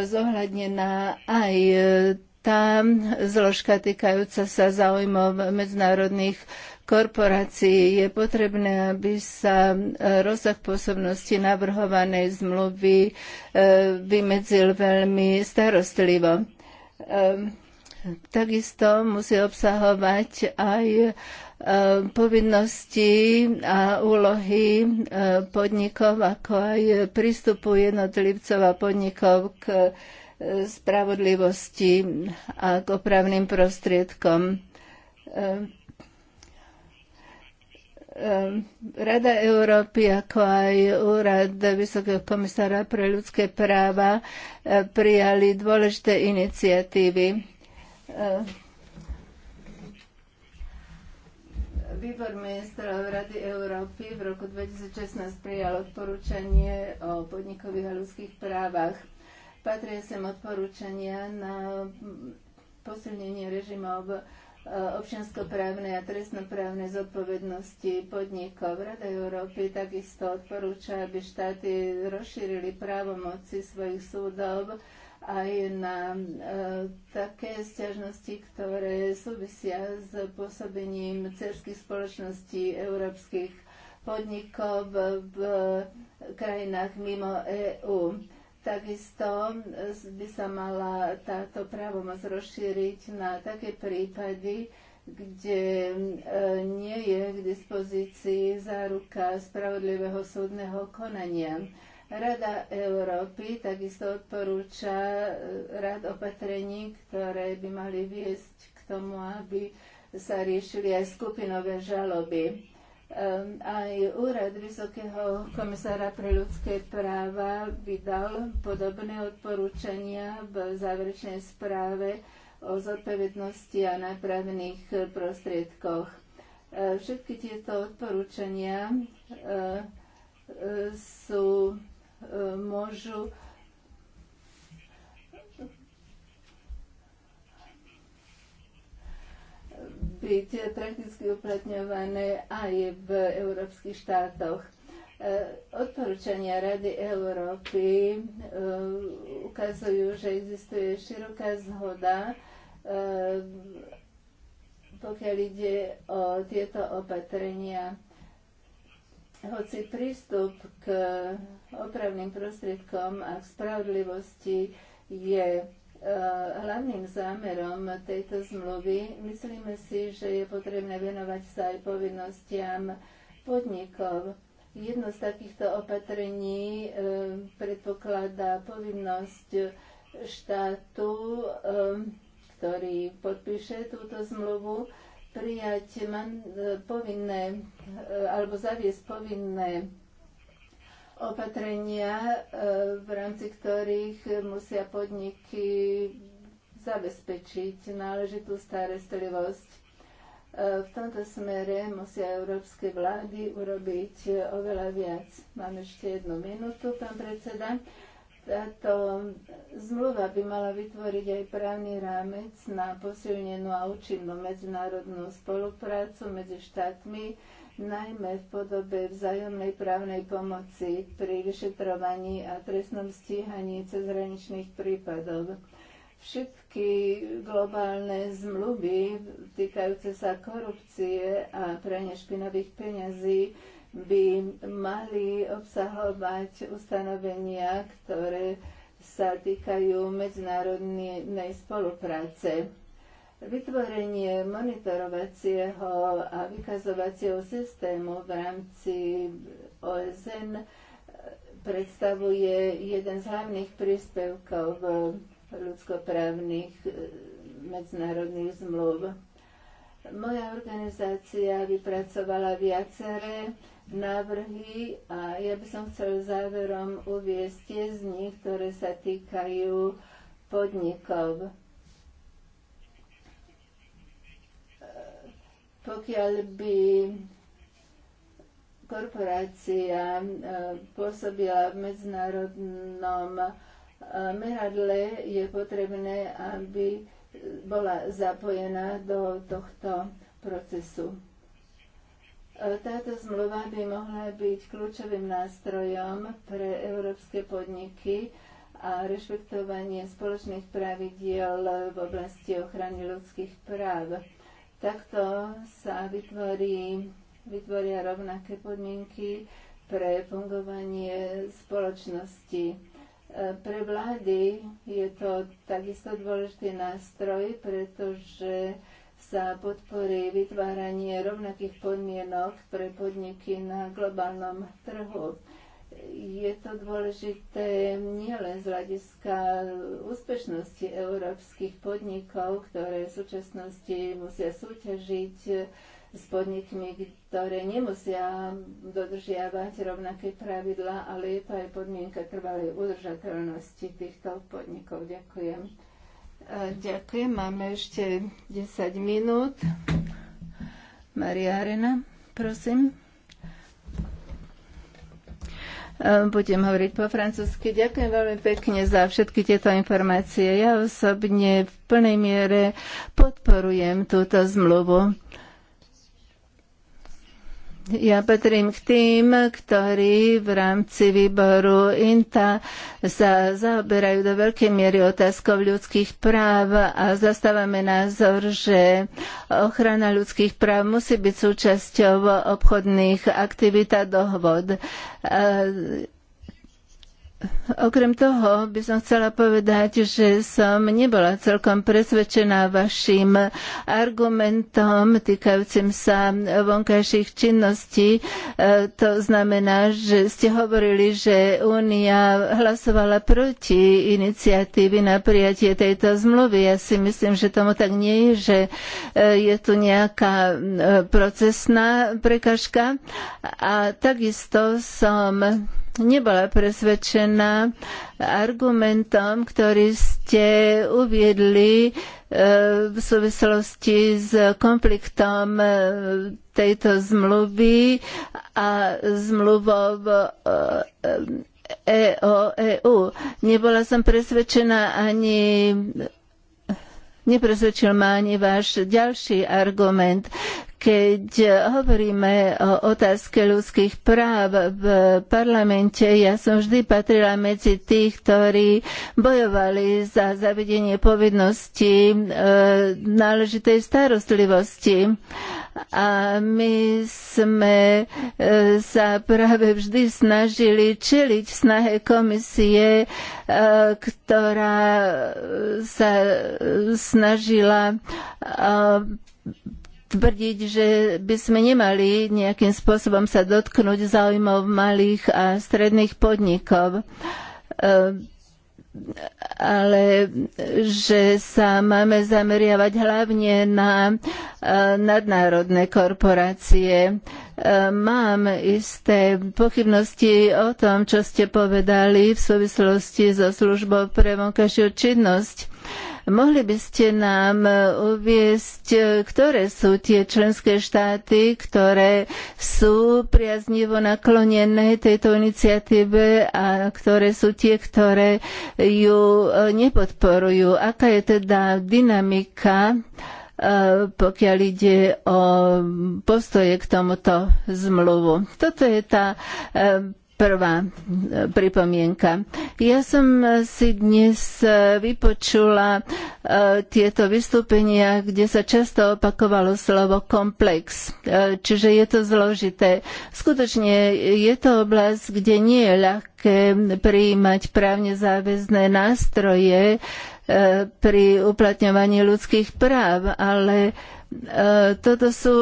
S2: zohľadnená aj tá zložka týkajúca sa záujmov medzinárodných korporácií je potrebné, aby sa e, rozsah pôsobnosti navrhovanej zmluvy e, vymedzil veľmi starostlivo. E, takisto musí obsahovať aj povinnosti a úlohy podnikov, ako aj prístupu jednotlivcov a podnikov k spravodlivosti a k opravným prostriedkom. Ehm, ehm, Rada Európy, ako aj Úrad Vysokého komisára pre ľudské práva e, prijali dôležité iniciatívy. Ehm, Výbor ministrov Rady Európy v roku 2016 prijal odporúčanie o podnikových a ľudských právach Patria sem odporúčania na posilnenie režimov občianskoprávnej a trestnoprávnej zodpovednosti podnikov. Rada Európy takisto odporúča, aby štáty rozšírili právomoci svojich súdov aj na e, také stiažnosti, ktoré súvisia s pôsobením cerských spoločností európskych podnikov v, v krajinách mimo EÚ. Takisto eh, by sa mala táto právomoc rozšíriť na také prípady, kde eh, nie je k dispozícii záruka spravodlivého súdneho konania. Rada Európy takisto odporúča eh, rad opatrení, ktoré by mali viesť k tomu, aby sa riešili aj skupinové žaloby Ehm, aj úrad Vysokého komisára pre ľudské práva vydal podobné odporúčania v záverečnej správe o zodpovednosti a nápravných prostriedkoch. Ehm, všetky tieto odporúčania ehm, sú, môžu byť prakticky uplatňované aj v európskych štátoch. E, odporúčania Rady Európy e, ukazujú, že existuje široká zhoda, e, pokiaľ ide o tieto opatrenia. Hoci prístup k opravným prostriedkom a k spravodlivosti je Eh, hlavným zámerom tejto zmluvy. Myslíme si, že je potrebné venovať sa aj povinnostiam podnikov. Jedno z takýchto opatrení eh, predpokladá povinnosť štátu, eh, ktorý podpíše túto zmluvu, prijať povinné alebo zaviesť povinné opatrenia, e, v rámci ktorých musia podniky zabezpečiť náležitú starostlivosť. E, v tomto smere musia európske vlády urobiť oveľa viac. Mám ešte jednu minútu, pán predseda. Táto zmluva by mala vytvoriť aj právny rámec na posilnenú a účinnú medzinárodnú spoluprácu medzi štátmi, najmä v podobe vzájomnej právnej pomoci pri vyšetrovaní a trestnom stíhaní cezhraničných prípadov. Všetky globálne zmluvy týkajúce sa korupcie a prania špinavých peňazí by mali obsahovať ustanovenia, ktoré sa týkajú medzinárodnej spolupráce Vytvorenie monitorovacieho a vykazovacieho systému v rámci OSN eh, predstavuje jeden z hlavných príspevkov v ľudskoprávnych eh, medzinárodných zmluv. Moja organizácia vypracovala viaceré návrhy a ja by som chcel záverom uviesť tie z nich, ktoré sa týkajú podnikov. Pokiaľ by korporácia e, pôsobila v medzinárodnom e, meradle, je potrebné, aby bola zapojená do tohto procesu. E, táto zmluva by mohla byť kľúčovým nástrojom pre európske podniky a rešpektovanie spoločných pravidiel v oblasti ochrany ľudských práv. Takto sa vytvorí, vytvoria rovnaké podmienky pre fungovanie spoločnosti. E, pre vlády je to takisto dôležitý nástroj, pretože sa podporí vytváranie rovnakých podmienok pre podniky na globálnom trhu je to dôležité nielen z hľadiska úspešnosti európskych podnikov, ktoré v súčasnosti musia súťažiť s podnikmi, ktoré nemusia dodržiavať rovnaké pravidla, ale je to aj podmienka trvalej udržateľnosti týchto podnikov. Ďakujem. Ďakujem. Máme ešte 10 minút. Maria Arena, prosím. Ehm, budem hovoriť po francúzsky. Ďakujem veľmi pekne za všetky tieto informácie. Ja osobne v plnej miere podporujem túto zmluvu. Ja patrím k tým, ktorí v rámci výboru INTA sa zaoberajú do veľkej miery otázkov ľudských práv a zastávame názor, že ochrana ľudských práv musí byť súčasťou obchodných aktivít a dohod Okrem toho by som chcela povedať, že som nebola celkom presvedčená vašim argumentom týkajúcim sa vonkajších činností. E, to znamená, že ste hovorili, že Únia hlasovala proti iniciatívy na prijatie tejto zmluvy. Ja si myslím, že tomu tak nie je, že e, je tu nejaká e, procesná prekažka. A takisto som nebola presvedčená argumentom, ktorý ste uviedli eh, v súvislosti s konfliktom eh, tejto zmluvy a zmluvou eh, e e EOEU. Nebola som presvedčená ani Neprezvedčil ma ani váš ďalší argument, keď hovoríme o otázke ľudských práv v parlamente, ja som vždy patrila medzi tých, ktorí bojovali za zavedenie povinnosti e, náležitej starostlivosti. A my sme e, sa práve vždy snažili čeliť v snahe komisie, e, ktorá sa snažila e, tvrdiť, že by sme nemali nejakým spôsobom sa dotknúť záujmov malých a stredných podnikov ale že sa máme zameriavať hlavne na e, nadnárodné korporácie. E, mám isté pochybnosti o tom, čo ste povedali v súvislosti so službou pre vonkajšiu činnosť Mohli by ste nám e, uviesť, e, ktoré sú tie členské štáty, ktoré sú priaznivo naklonené tejto iniciatíve a ktoré sú tie, ktoré ju e, nepodporujú. Aká je teda dynamika pokiaľ ide o postoje k tomuto zmluvu. Toto je tá prvá e, pripomienka. Ja som e, si dnes e, vypočula tieto vystúpenia, kde sa často opakovalo slovo komplex, čiže je to zložité. Skutočne je to oblasť, kde nie je ľahké prijímať právne záväzné nástroje pri uplatňovaní ľudských práv, ale E, toto sú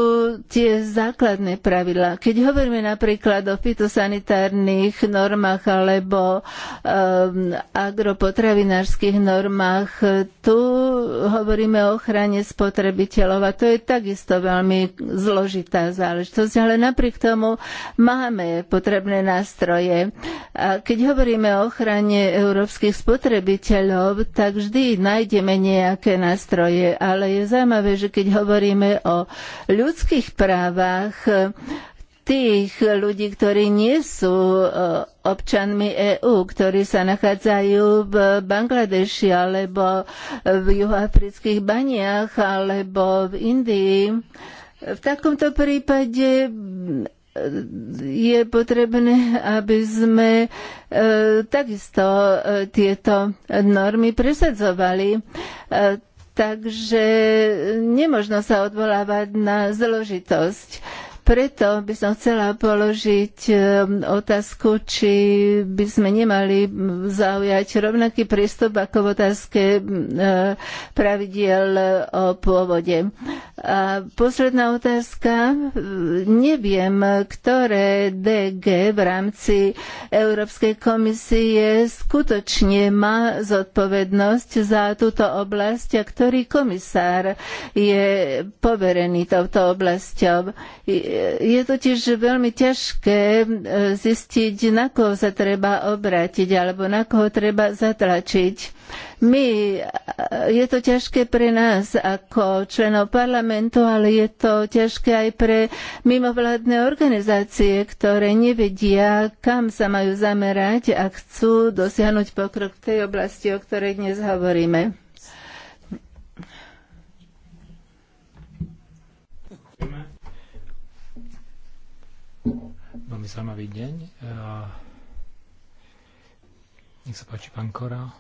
S2: tie základné pravidlá. Keď hovoríme napríklad o fitosanitárnych normách alebo um, agropotravinárskych normách, tu hovoríme o ochrane spotrebiteľov a to je takisto veľmi zložitá záležitosť, ale napriek tomu máme potrebné nástroje. A keď hovoríme o ochrane európskych spotrebiteľov, tak vždy nájdeme nejaké nástroje, ale je zaujímavé, že keď hovoríme hovoríme o ľudských právach tých ľudí, ktorí nie sú e, občanmi EÚ, ktorí sa nachádzajú v Bangladeši alebo v juhoafrických baniach alebo v Indii. V takomto prípade e, je potrebné, aby sme e, takisto tieto normy presadzovali. Takže nemožno sa odvolávať na zložitosť preto by som chcela položiť e, otázku, či by sme nemali zaujať rovnaký prístup ako v otázke e, pravidiel e, o pôvode. A posledná otázka. Neviem, ktoré DG v rámci Európskej komisie skutočne má zodpovednosť za túto oblasť a ktorý komisár je poverený touto oblasťou je totiž veľmi ťažké e, zistiť, na koho sa treba obrátiť alebo na koho treba zatlačiť. My, e, je to ťažké pre nás ako členov parlamentu, ale je to ťažké aj pre mimovládne organizácie, ktoré nevedia, kam sa majú zamerať a chcú dosiahnuť pokrok v tej oblasti, o ktorej dnes hovoríme.
S3: Veľmi zaujímavý deň. Nech sa páči, pán Kora.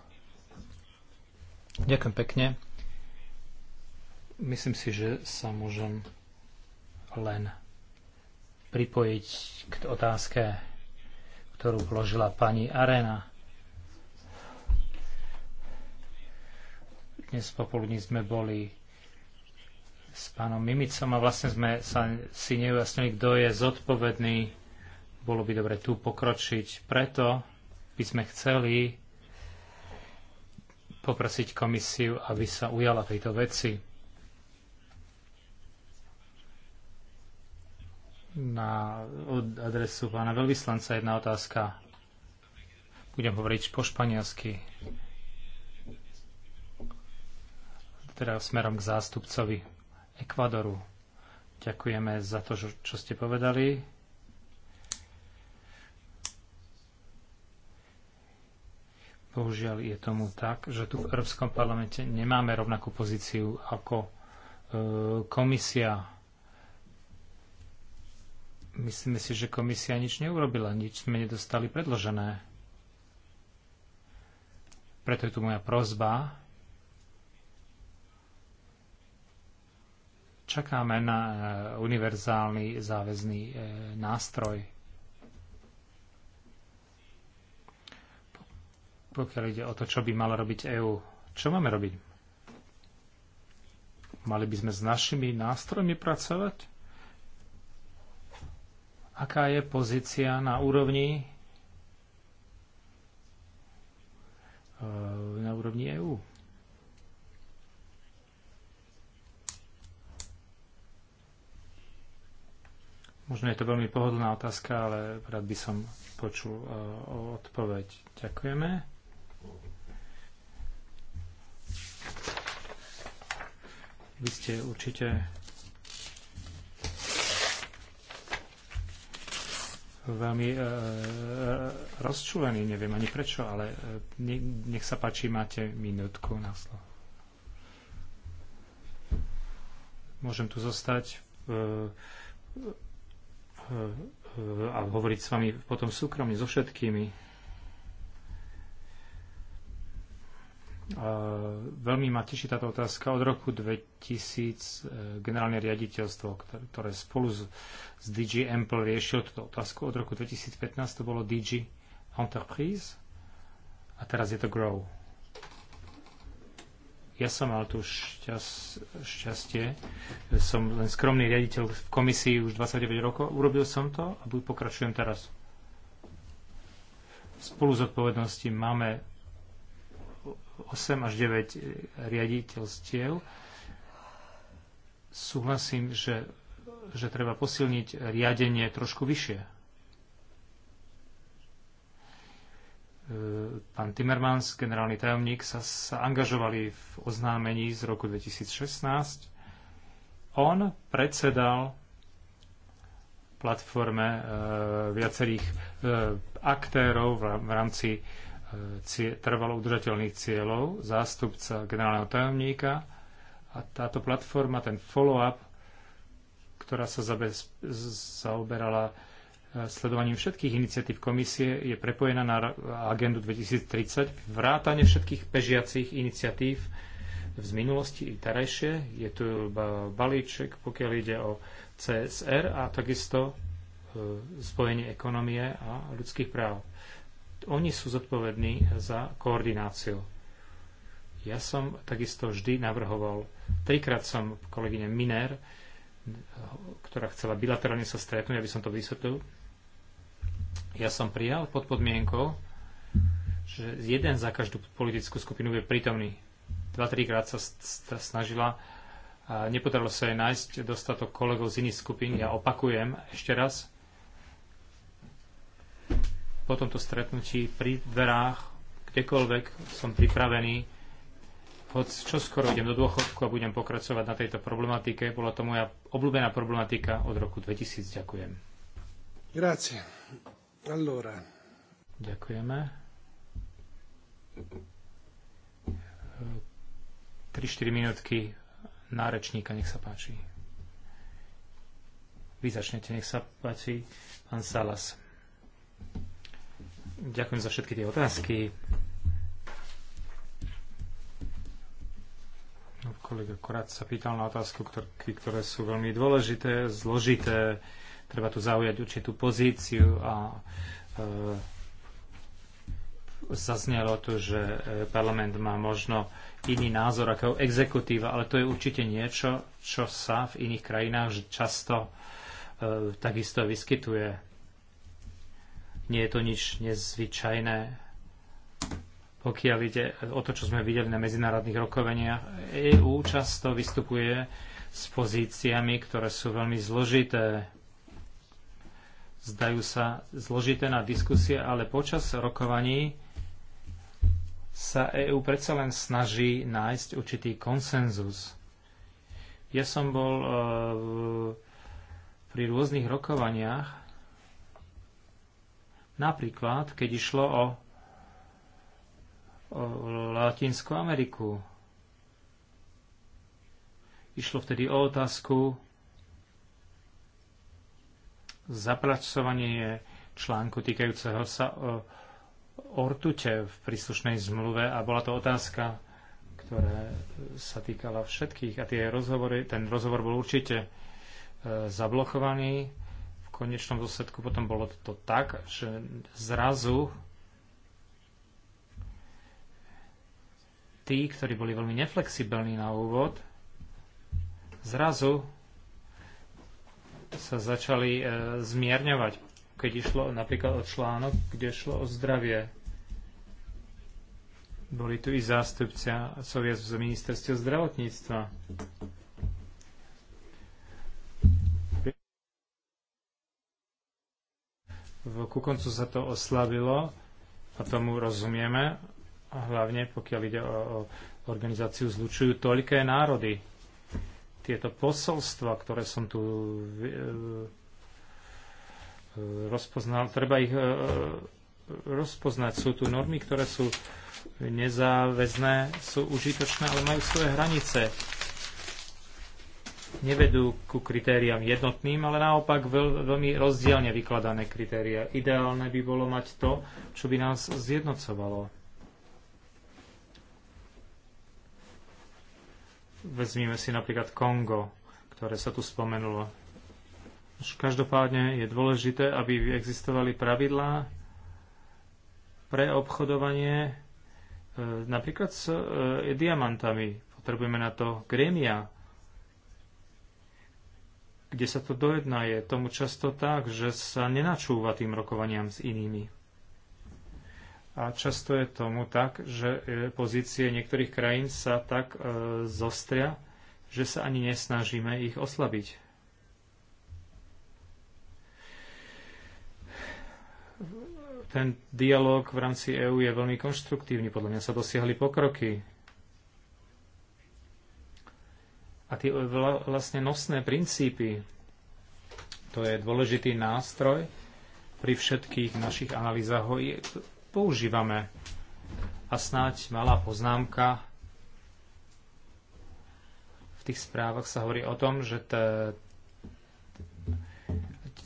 S3: Ďakujem pekne. Myslím si, že sa môžem len pripojiť k otázke, ktorú položila pani Arena. Dnes popoludní sme boli s pánom Mimicom a vlastne sme sa si neujasnili, kto je zodpovedný bolo by dobre tu pokročiť. Preto by sme chceli poprosiť komisiu, aby sa ujala tejto veci. Na, adresu pána veľvyslanca jedna otázka. Budem hovoriť po španielsky. Teda smerom k zástupcovi Ekvadoru. Ďakujeme za to, čo ste povedali Bohužiaľ je tomu tak, že tu v Európskom parlamente nemáme rovnakú pozíciu ako e, komisia. Myslíme si, že komisia nič neurobila, nič sme nedostali predložené. Preto je tu moja prozba. Čakáme na e, univerzálny záväzný e, nástroj pokiaľ ide o to, čo by mala robiť EÚ. Čo máme robiť? Mali by sme s našimi nástrojmi pracovať? Aká je pozícia na úrovni eh, na úrovni EÚ? Možno je to veľmi pohodlná otázka, ale rád by som počul eh, odpoveď. Ďakujeme. Vy ste určite veľmi e, e neviem ani prečo, ale e, ne, nech sa páči, máte minútku na slovo. Môžem tu zostať e, e, e, a hovoriť s vami potom súkromne so všetkými. Veľmi ma teší táto otázka. Od roku 2000 e, generálne riaditeľstvo, ktoré spolu s, s DG Ample riešilo túto otázku, od roku 2015 to bolo DG Enterprise a teraz je to Grow. Ja som mal tu šťas, šťastie, som len skromný riaditeľ v komisii už 29 rokov, urobil som to a pokračujem teraz. Spolu s odpovednosti máme 8 až 9 e, riaditeľstiev. Súhlasím, že, že treba posilniť riadenie trošku vyššie. E, pán Timmermans, generálny tajomník, sa, sa angažovali v oznámení z roku 2016. On predsedal platforme e, viacerých e, aktérov v, v rámci e, trvalo udržateľných cieľov, zástupca generálneho tajomníka a táto platforma, ten follow-up, ktorá sa zabez, zaoberala e, sledovaním všetkých iniciatív komisie, je prepojená na agendu 2030, vrátane všetkých pežiacich iniciatív z minulosti i terajšie. Je tu balíček, pokiaľ ide o CSR a takisto e, spojenie ekonomie a ľudských práv. Oni sú zodpovední za koordináciu. Ja som takisto vždy navrhoval, trikrát som kolegyne Miner, ktorá chcela bilaterálne sa stretnúť, aby som to vysvetlil. Ja som prijal pod podmienkou, že jeden za každú politickú skupinu je prítomný. Dva, trikrát sa snažila a nepodarilo sa jej nájsť dostatok kolegov z iných skupín. Ja opakujem ešte raz, po tomto stretnutí pri dverách, kdekoľvek som pripravený, hoď čo skoro idem do dôchodku a budem pokračovať na tejto problematike. Bola to moja obľúbená problematika od roku 2000. Ďakujem.
S1: Grazie. Allora.
S3: Ďakujeme. 3-4 minútky na rečníka, nech sa páči. Vy začnete, nech sa páči, pán Salas. Ďakujem za všetky tie otázky. Kolega Korát sa pýtal na otázku, ktoré sú veľmi dôležité, zložité. Treba tu zaujať určitú pozíciu a e, zaznelo to, že e, parlament má možno iný názor ako exekutíva, ale to je určite niečo, čo sa v iných krajinách často e, takisto vyskytuje nie je to nič nezvyčajné. Pokiaľ ide o to, čo sme videli na medzinárodných rokoveniach, EÚ často vystupuje s pozíciami, ktoré sú veľmi zložité. Zdajú sa zložité na diskusie, ale počas rokovaní sa EÚ predsa len snaží nájsť určitý konsenzus. Ja som bol e, pri rôznych rokovaniach Napríklad, keď išlo o, o Latinskú Ameriku. Išlo vtedy o otázku zapracovanie článku týkajúceho sa o, ortute v príslušnej zmluve a bola to otázka, ktorá sa týkala všetkých a tie rozhovory, ten rozhovor bol určite e, zablokovaný konečnom dôsledku potom bolo to tak, že zrazu tí, ktorí boli veľmi neflexibilní na úvod, zrazu sa začali e, zmierňovať, keď išlo napríklad o článok, kde šlo o zdravie. Boli tu i zástupcia Sovietského z ministerstva zdravotníctva ku koncu sa to oslabilo a tomu rozumieme, a hlavne pokiaľ ide o, o organizáciu zlučujú toľké národy. Tieto posolstva, ktoré som tu e, e, rozpoznal, treba ich e, e rozpoznať. Sú tu normy, ktoré sú nezáväzné, sú užitočné, ale majú svoje hranice nevedú ku kritériám jednotným, ale naopak veľ, veľmi rozdielne vykladané kritéria. Ideálne by bolo mať to, čo by nás zjednocovalo. Vezmime si napríklad Kongo, ktoré sa tu spomenulo. Každopádne je dôležité, aby existovali pravidlá pre obchodovanie e, napríklad s e, diamantami. Potrebujeme na to grémia, kde sa to dojedná, je tomu často tak, že sa nenačúva tým rokovaniam s inými. A často je tomu tak, že e, pozície niektorých krajín sa tak e, zostria, že sa ani nesnažíme ich oslabiť. Ten dialog v rámci EÚ je veľmi konštruktívny. Podľa mňa sa dosiahli pokroky a tie vlastne nosné princípy, to je dôležitý nástroj pri všetkých našich analýzach, ho je, používame. A snáď malá poznámka, v tých správach sa hovorí o tom, že t-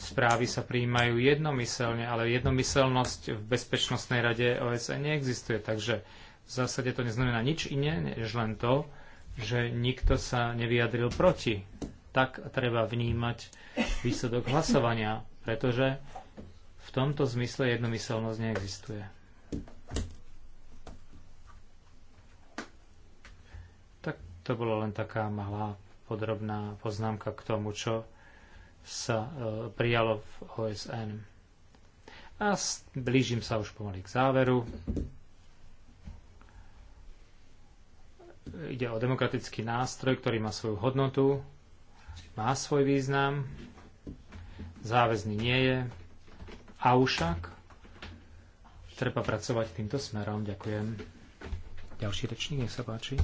S3: správy sa prijímajú jednomyselne, ale jednomyselnosť v Bezpečnostnej rade OSN neexistuje, takže v zásade to neznamená nič iné, než len to, že nikto sa nevyjadril proti. Tak treba vnímať výsledok hlasovania, pretože v tomto zmysle jednomyselnosť neexistuje. Tak to bola len taká malá podrobná poznámka k tomu, čo sa e, prijalo v OSN. A blížim sa už pomaly k záveru. Ide o demokratický nástroj, ktorý má svoju hodnotu, má svoj význam, záväzný nie je. A ušak treba pracovať týmto smerom. Ďakujem. Ďalší rečník, nech sa páči.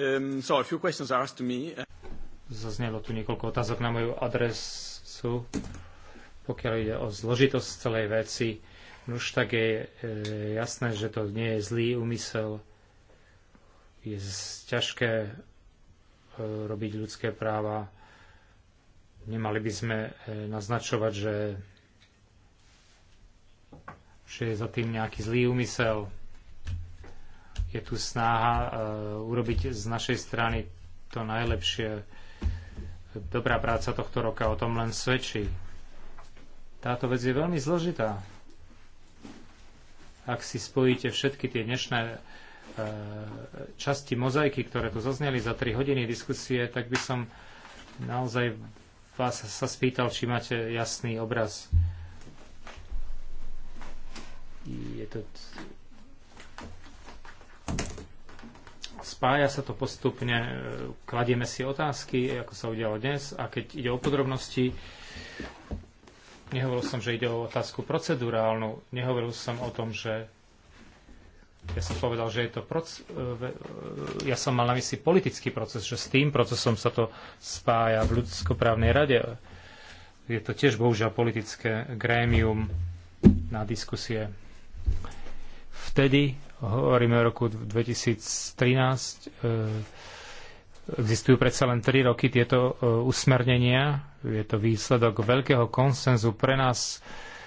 S3: Um, Zaznelo tu niekoľko otázok na moju adresu, pokiaľ ide o zložitosť celej veci už tak je e, jasné, že to nie je zlý úmysel. Je ťažké e, robiť ľudské práva. Nemali by sme e, naznačovať, že, že je za tým nejaký zlý úmysel. Je tu snaha urobiť z našej strany to najlepšie. Dobrá práca tohto roka o tom len svedčí. Táto vec je veľmi zložitá. Ak si spojíte všetky tie dnešné e, časti mozaiky, ktoré tu zazneli za 3 hodiny diskusie, tak by som naozaj vás sa spýtal, či máte jasný obraz. Je to... Spája sa to postupne, e, kladieme si otázky, ako sa udialo dnes a keď ide o podrobnosti, Nehovoril som, že ide o otázku procedurálnu. Nehovoril som o tom, že ja som povedal, že je to proc... E, e, ja som mal na mysli politický proces, že s tým procesom sa to spája v ľudskoprávnej rade. Je to tiež bohužiaľ politické grémium na diskusie. Vtedy, hovoríme o roku 2013, e, existujú predsa len 3 roky tieto usmernenia je to výsledok veľkého konsenzu. Pre nás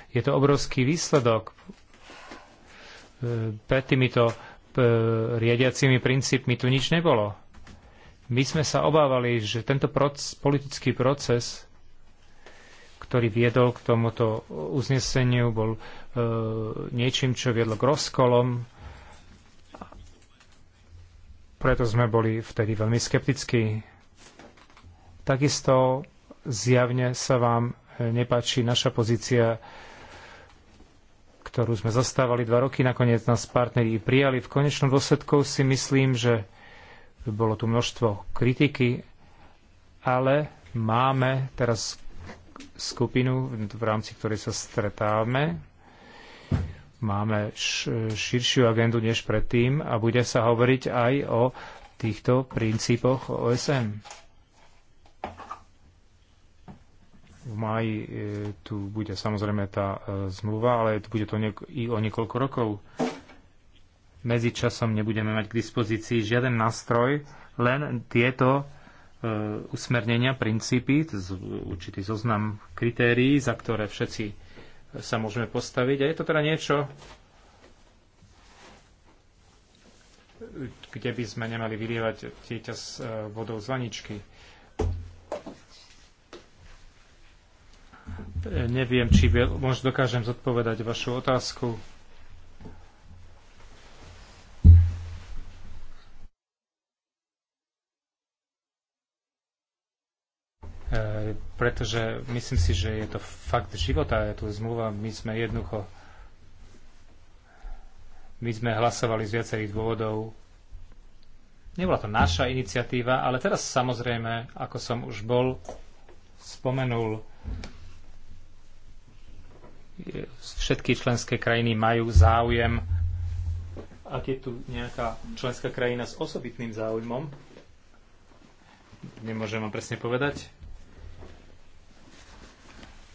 S3: je to obrovský výsledok. E, pred týmito e, riadiacimi princípmi tu nič nebolo. My sme sa obávali, že tento proces, politický proces, ktorý viedol k tomuto uzneseniu, bol e, niečím, čo viedlo k rozkolom. Preto sme boli vtedy veľmi skeptickí. Takisto zjavne sa vám eh, nepáči naša pozícia, ktorú sme zastávali dva roky, nakoniec nás partneri prijali. V konečnom dôsledku si myslím, že bolo tu množstvo kritiky, ale máme teraz skupinu, v rámci ktorej sa stretáme. Máme širšiu agendu než predtým a bude sa hovoriť aj o týchto princípoch OSN v máji e, tu bude samozrejme tá e, zmluva, ale tu bude to i o niekoľko rokov. Medzi časom nebudeme mať k dispozícii žiaden nástroj, len tieto e, usmernenia, princípy, určitý zoznam kritérií, za ktoré všetci sa môžeme postaviť. A je to teda niečo, kde by sme nemali vylievať dieťa s vodou z vaničky. Neviem, či možno dokážem zodpovedať vašu otázku. E, pretože myslím si, že je to fakt života, je tu zmluva, my sme jednoducho my sme hlasovali z viacerých dôvodov. Nebola to naša iniciatíva, ale teraz samozrejme, ako som už bol spomenul, všetky členské krajiny majú záujem. Ak je tu nejaká členská krajina s osobitným záujmom, nemôžem vám presne povedať.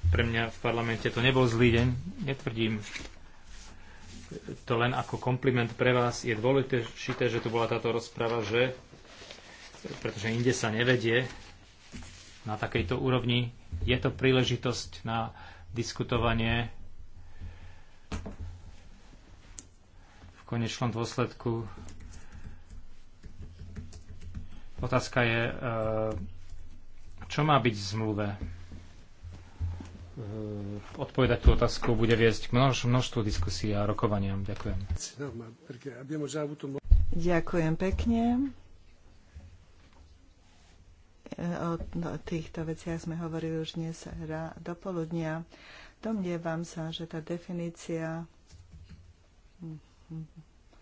S3: Pre mňa v parlamente to nebol zlý deň, netvrdím to len ako kompliment pre vás. Je dôležité, že tu bola táto rozprava, že pretože inde sa nevedie na takejto úrovni. Je to príležitosť na diskutovanie v konečnom dôsledku otázka je, e, čo má byť v zmluve. E, odpovedať tú otázku bude viesť k množ, množstvu diskusí a rokovaniam. Ďakujem.
S1: Ďakujem pekne. O týchto veciach sme hovorili už dnes do poludnia. Domnievam sa, že tá definícia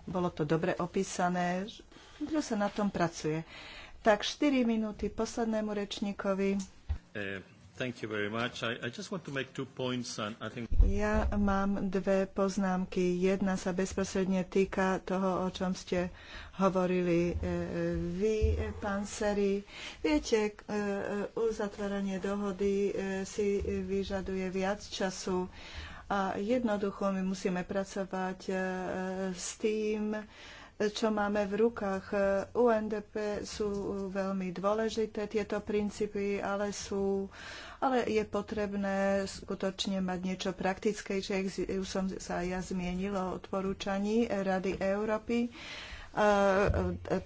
S1: bolo to dobre opísané, že sa na tom pracuje. Tak 4 minúty poslednému rečníkovi. E ja mám dve poznámky. Jedna sa bezprostredne týka toho, o čom ste hovorili e, e, vy, e, pán Seri. Viete, uzatváranie dohody si vyžaduje viac času a jednoducho my musíme pracovať s tým, čo máme v rukách. UNDP sú veľmi dôležité tieto princípy, ale sú ale je potrebné skutočne mať niečo praktickejšie. Už som sa ja zmienila o odporúčaní Rady Európy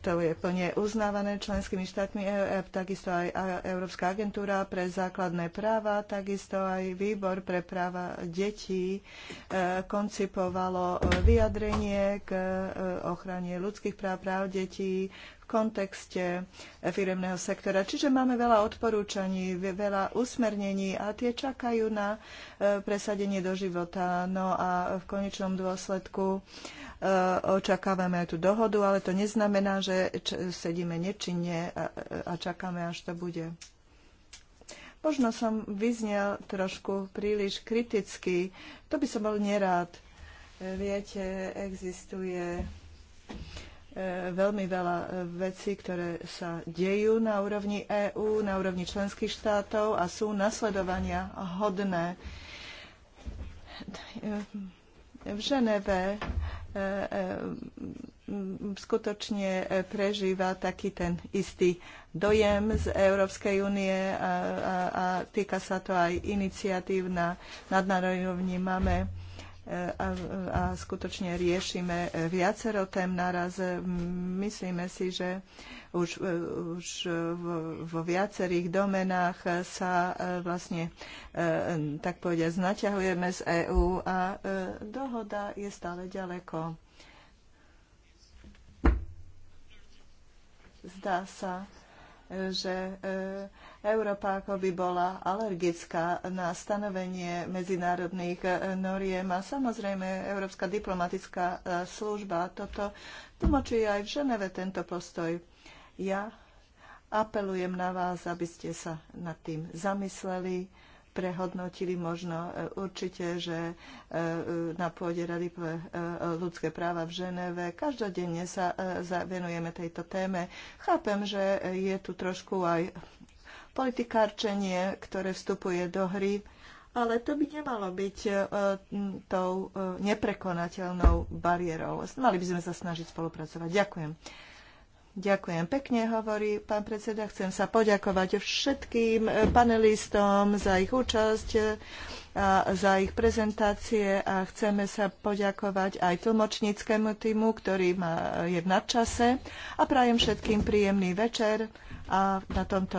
S1: to je plne uznávané členskými štátmi, e takisto aj Európska agentúra pre základné práva, takisto aj Výbor pre práva detí e, koncipovalo e, vyjadrenie k ochrane ľudských práv, práv detí kontexte eh, firemného sektora. Čiže máme veľa odporúčaní, veľa usmernení a tie čakajú na eh, presadenie do života. No a v konečnom dôsledku eh, očakávame aj tú dohodu, ale to neznamená, že sedíme nečinne a čakáme, až to bude. Možno som vyznel trošku príliš kriticky. To by som bol nerád. Viete, existuje E, veľmi veľa e, vecí, ktoré sa dejú na úrovni EÚ, na úrovni členských štátov a sú nasledovania hodné. E, v Ženeve skutočne prežíva taký ten istý dojem z Európskej únie a, a, a týka sa to aj iniciatív na nadnárodnej úrovni. Máme a, a skutočne riešime viacero tém naraz. Myslíme si, že už, už vo viacerých domenách sa e, vlastne, e, tak povediať, znaťahujeme z EÚ a e, dohoda je stále ďaleko. Zdá sa, že Európa ako by bola alergická na stanovenie medzinárodných noriem a samozrejme Európska diplomatická e, služba toto tlmočí aj v Ženeve tento postoj. Ja apelujem na vás, aby ste sa nad tým zamysleli, prehodnotili možno e, určite, že e, na pôde Rady pre ľudské práva v Ženeve každodenne sa venujeme tejto téme. Chápem, že je tu trošku aj politikárčenie, ktoré vstupuje do hry, ale to by nemalo byť e, tou e, neprekonateľnou bariérou. Mali by sme sa snažiť spolupracovať. Ďakujem. Ďakujem pekne, hovorí pán predseda. Chcem sa poďakovať všetkým panelistom za ich účasť a za ich prezentácie a chceme sa poďakovať aj tlmočníckému týmu, ktorý má, je v nadčase a prajem všetkým príjemný večer a na tomto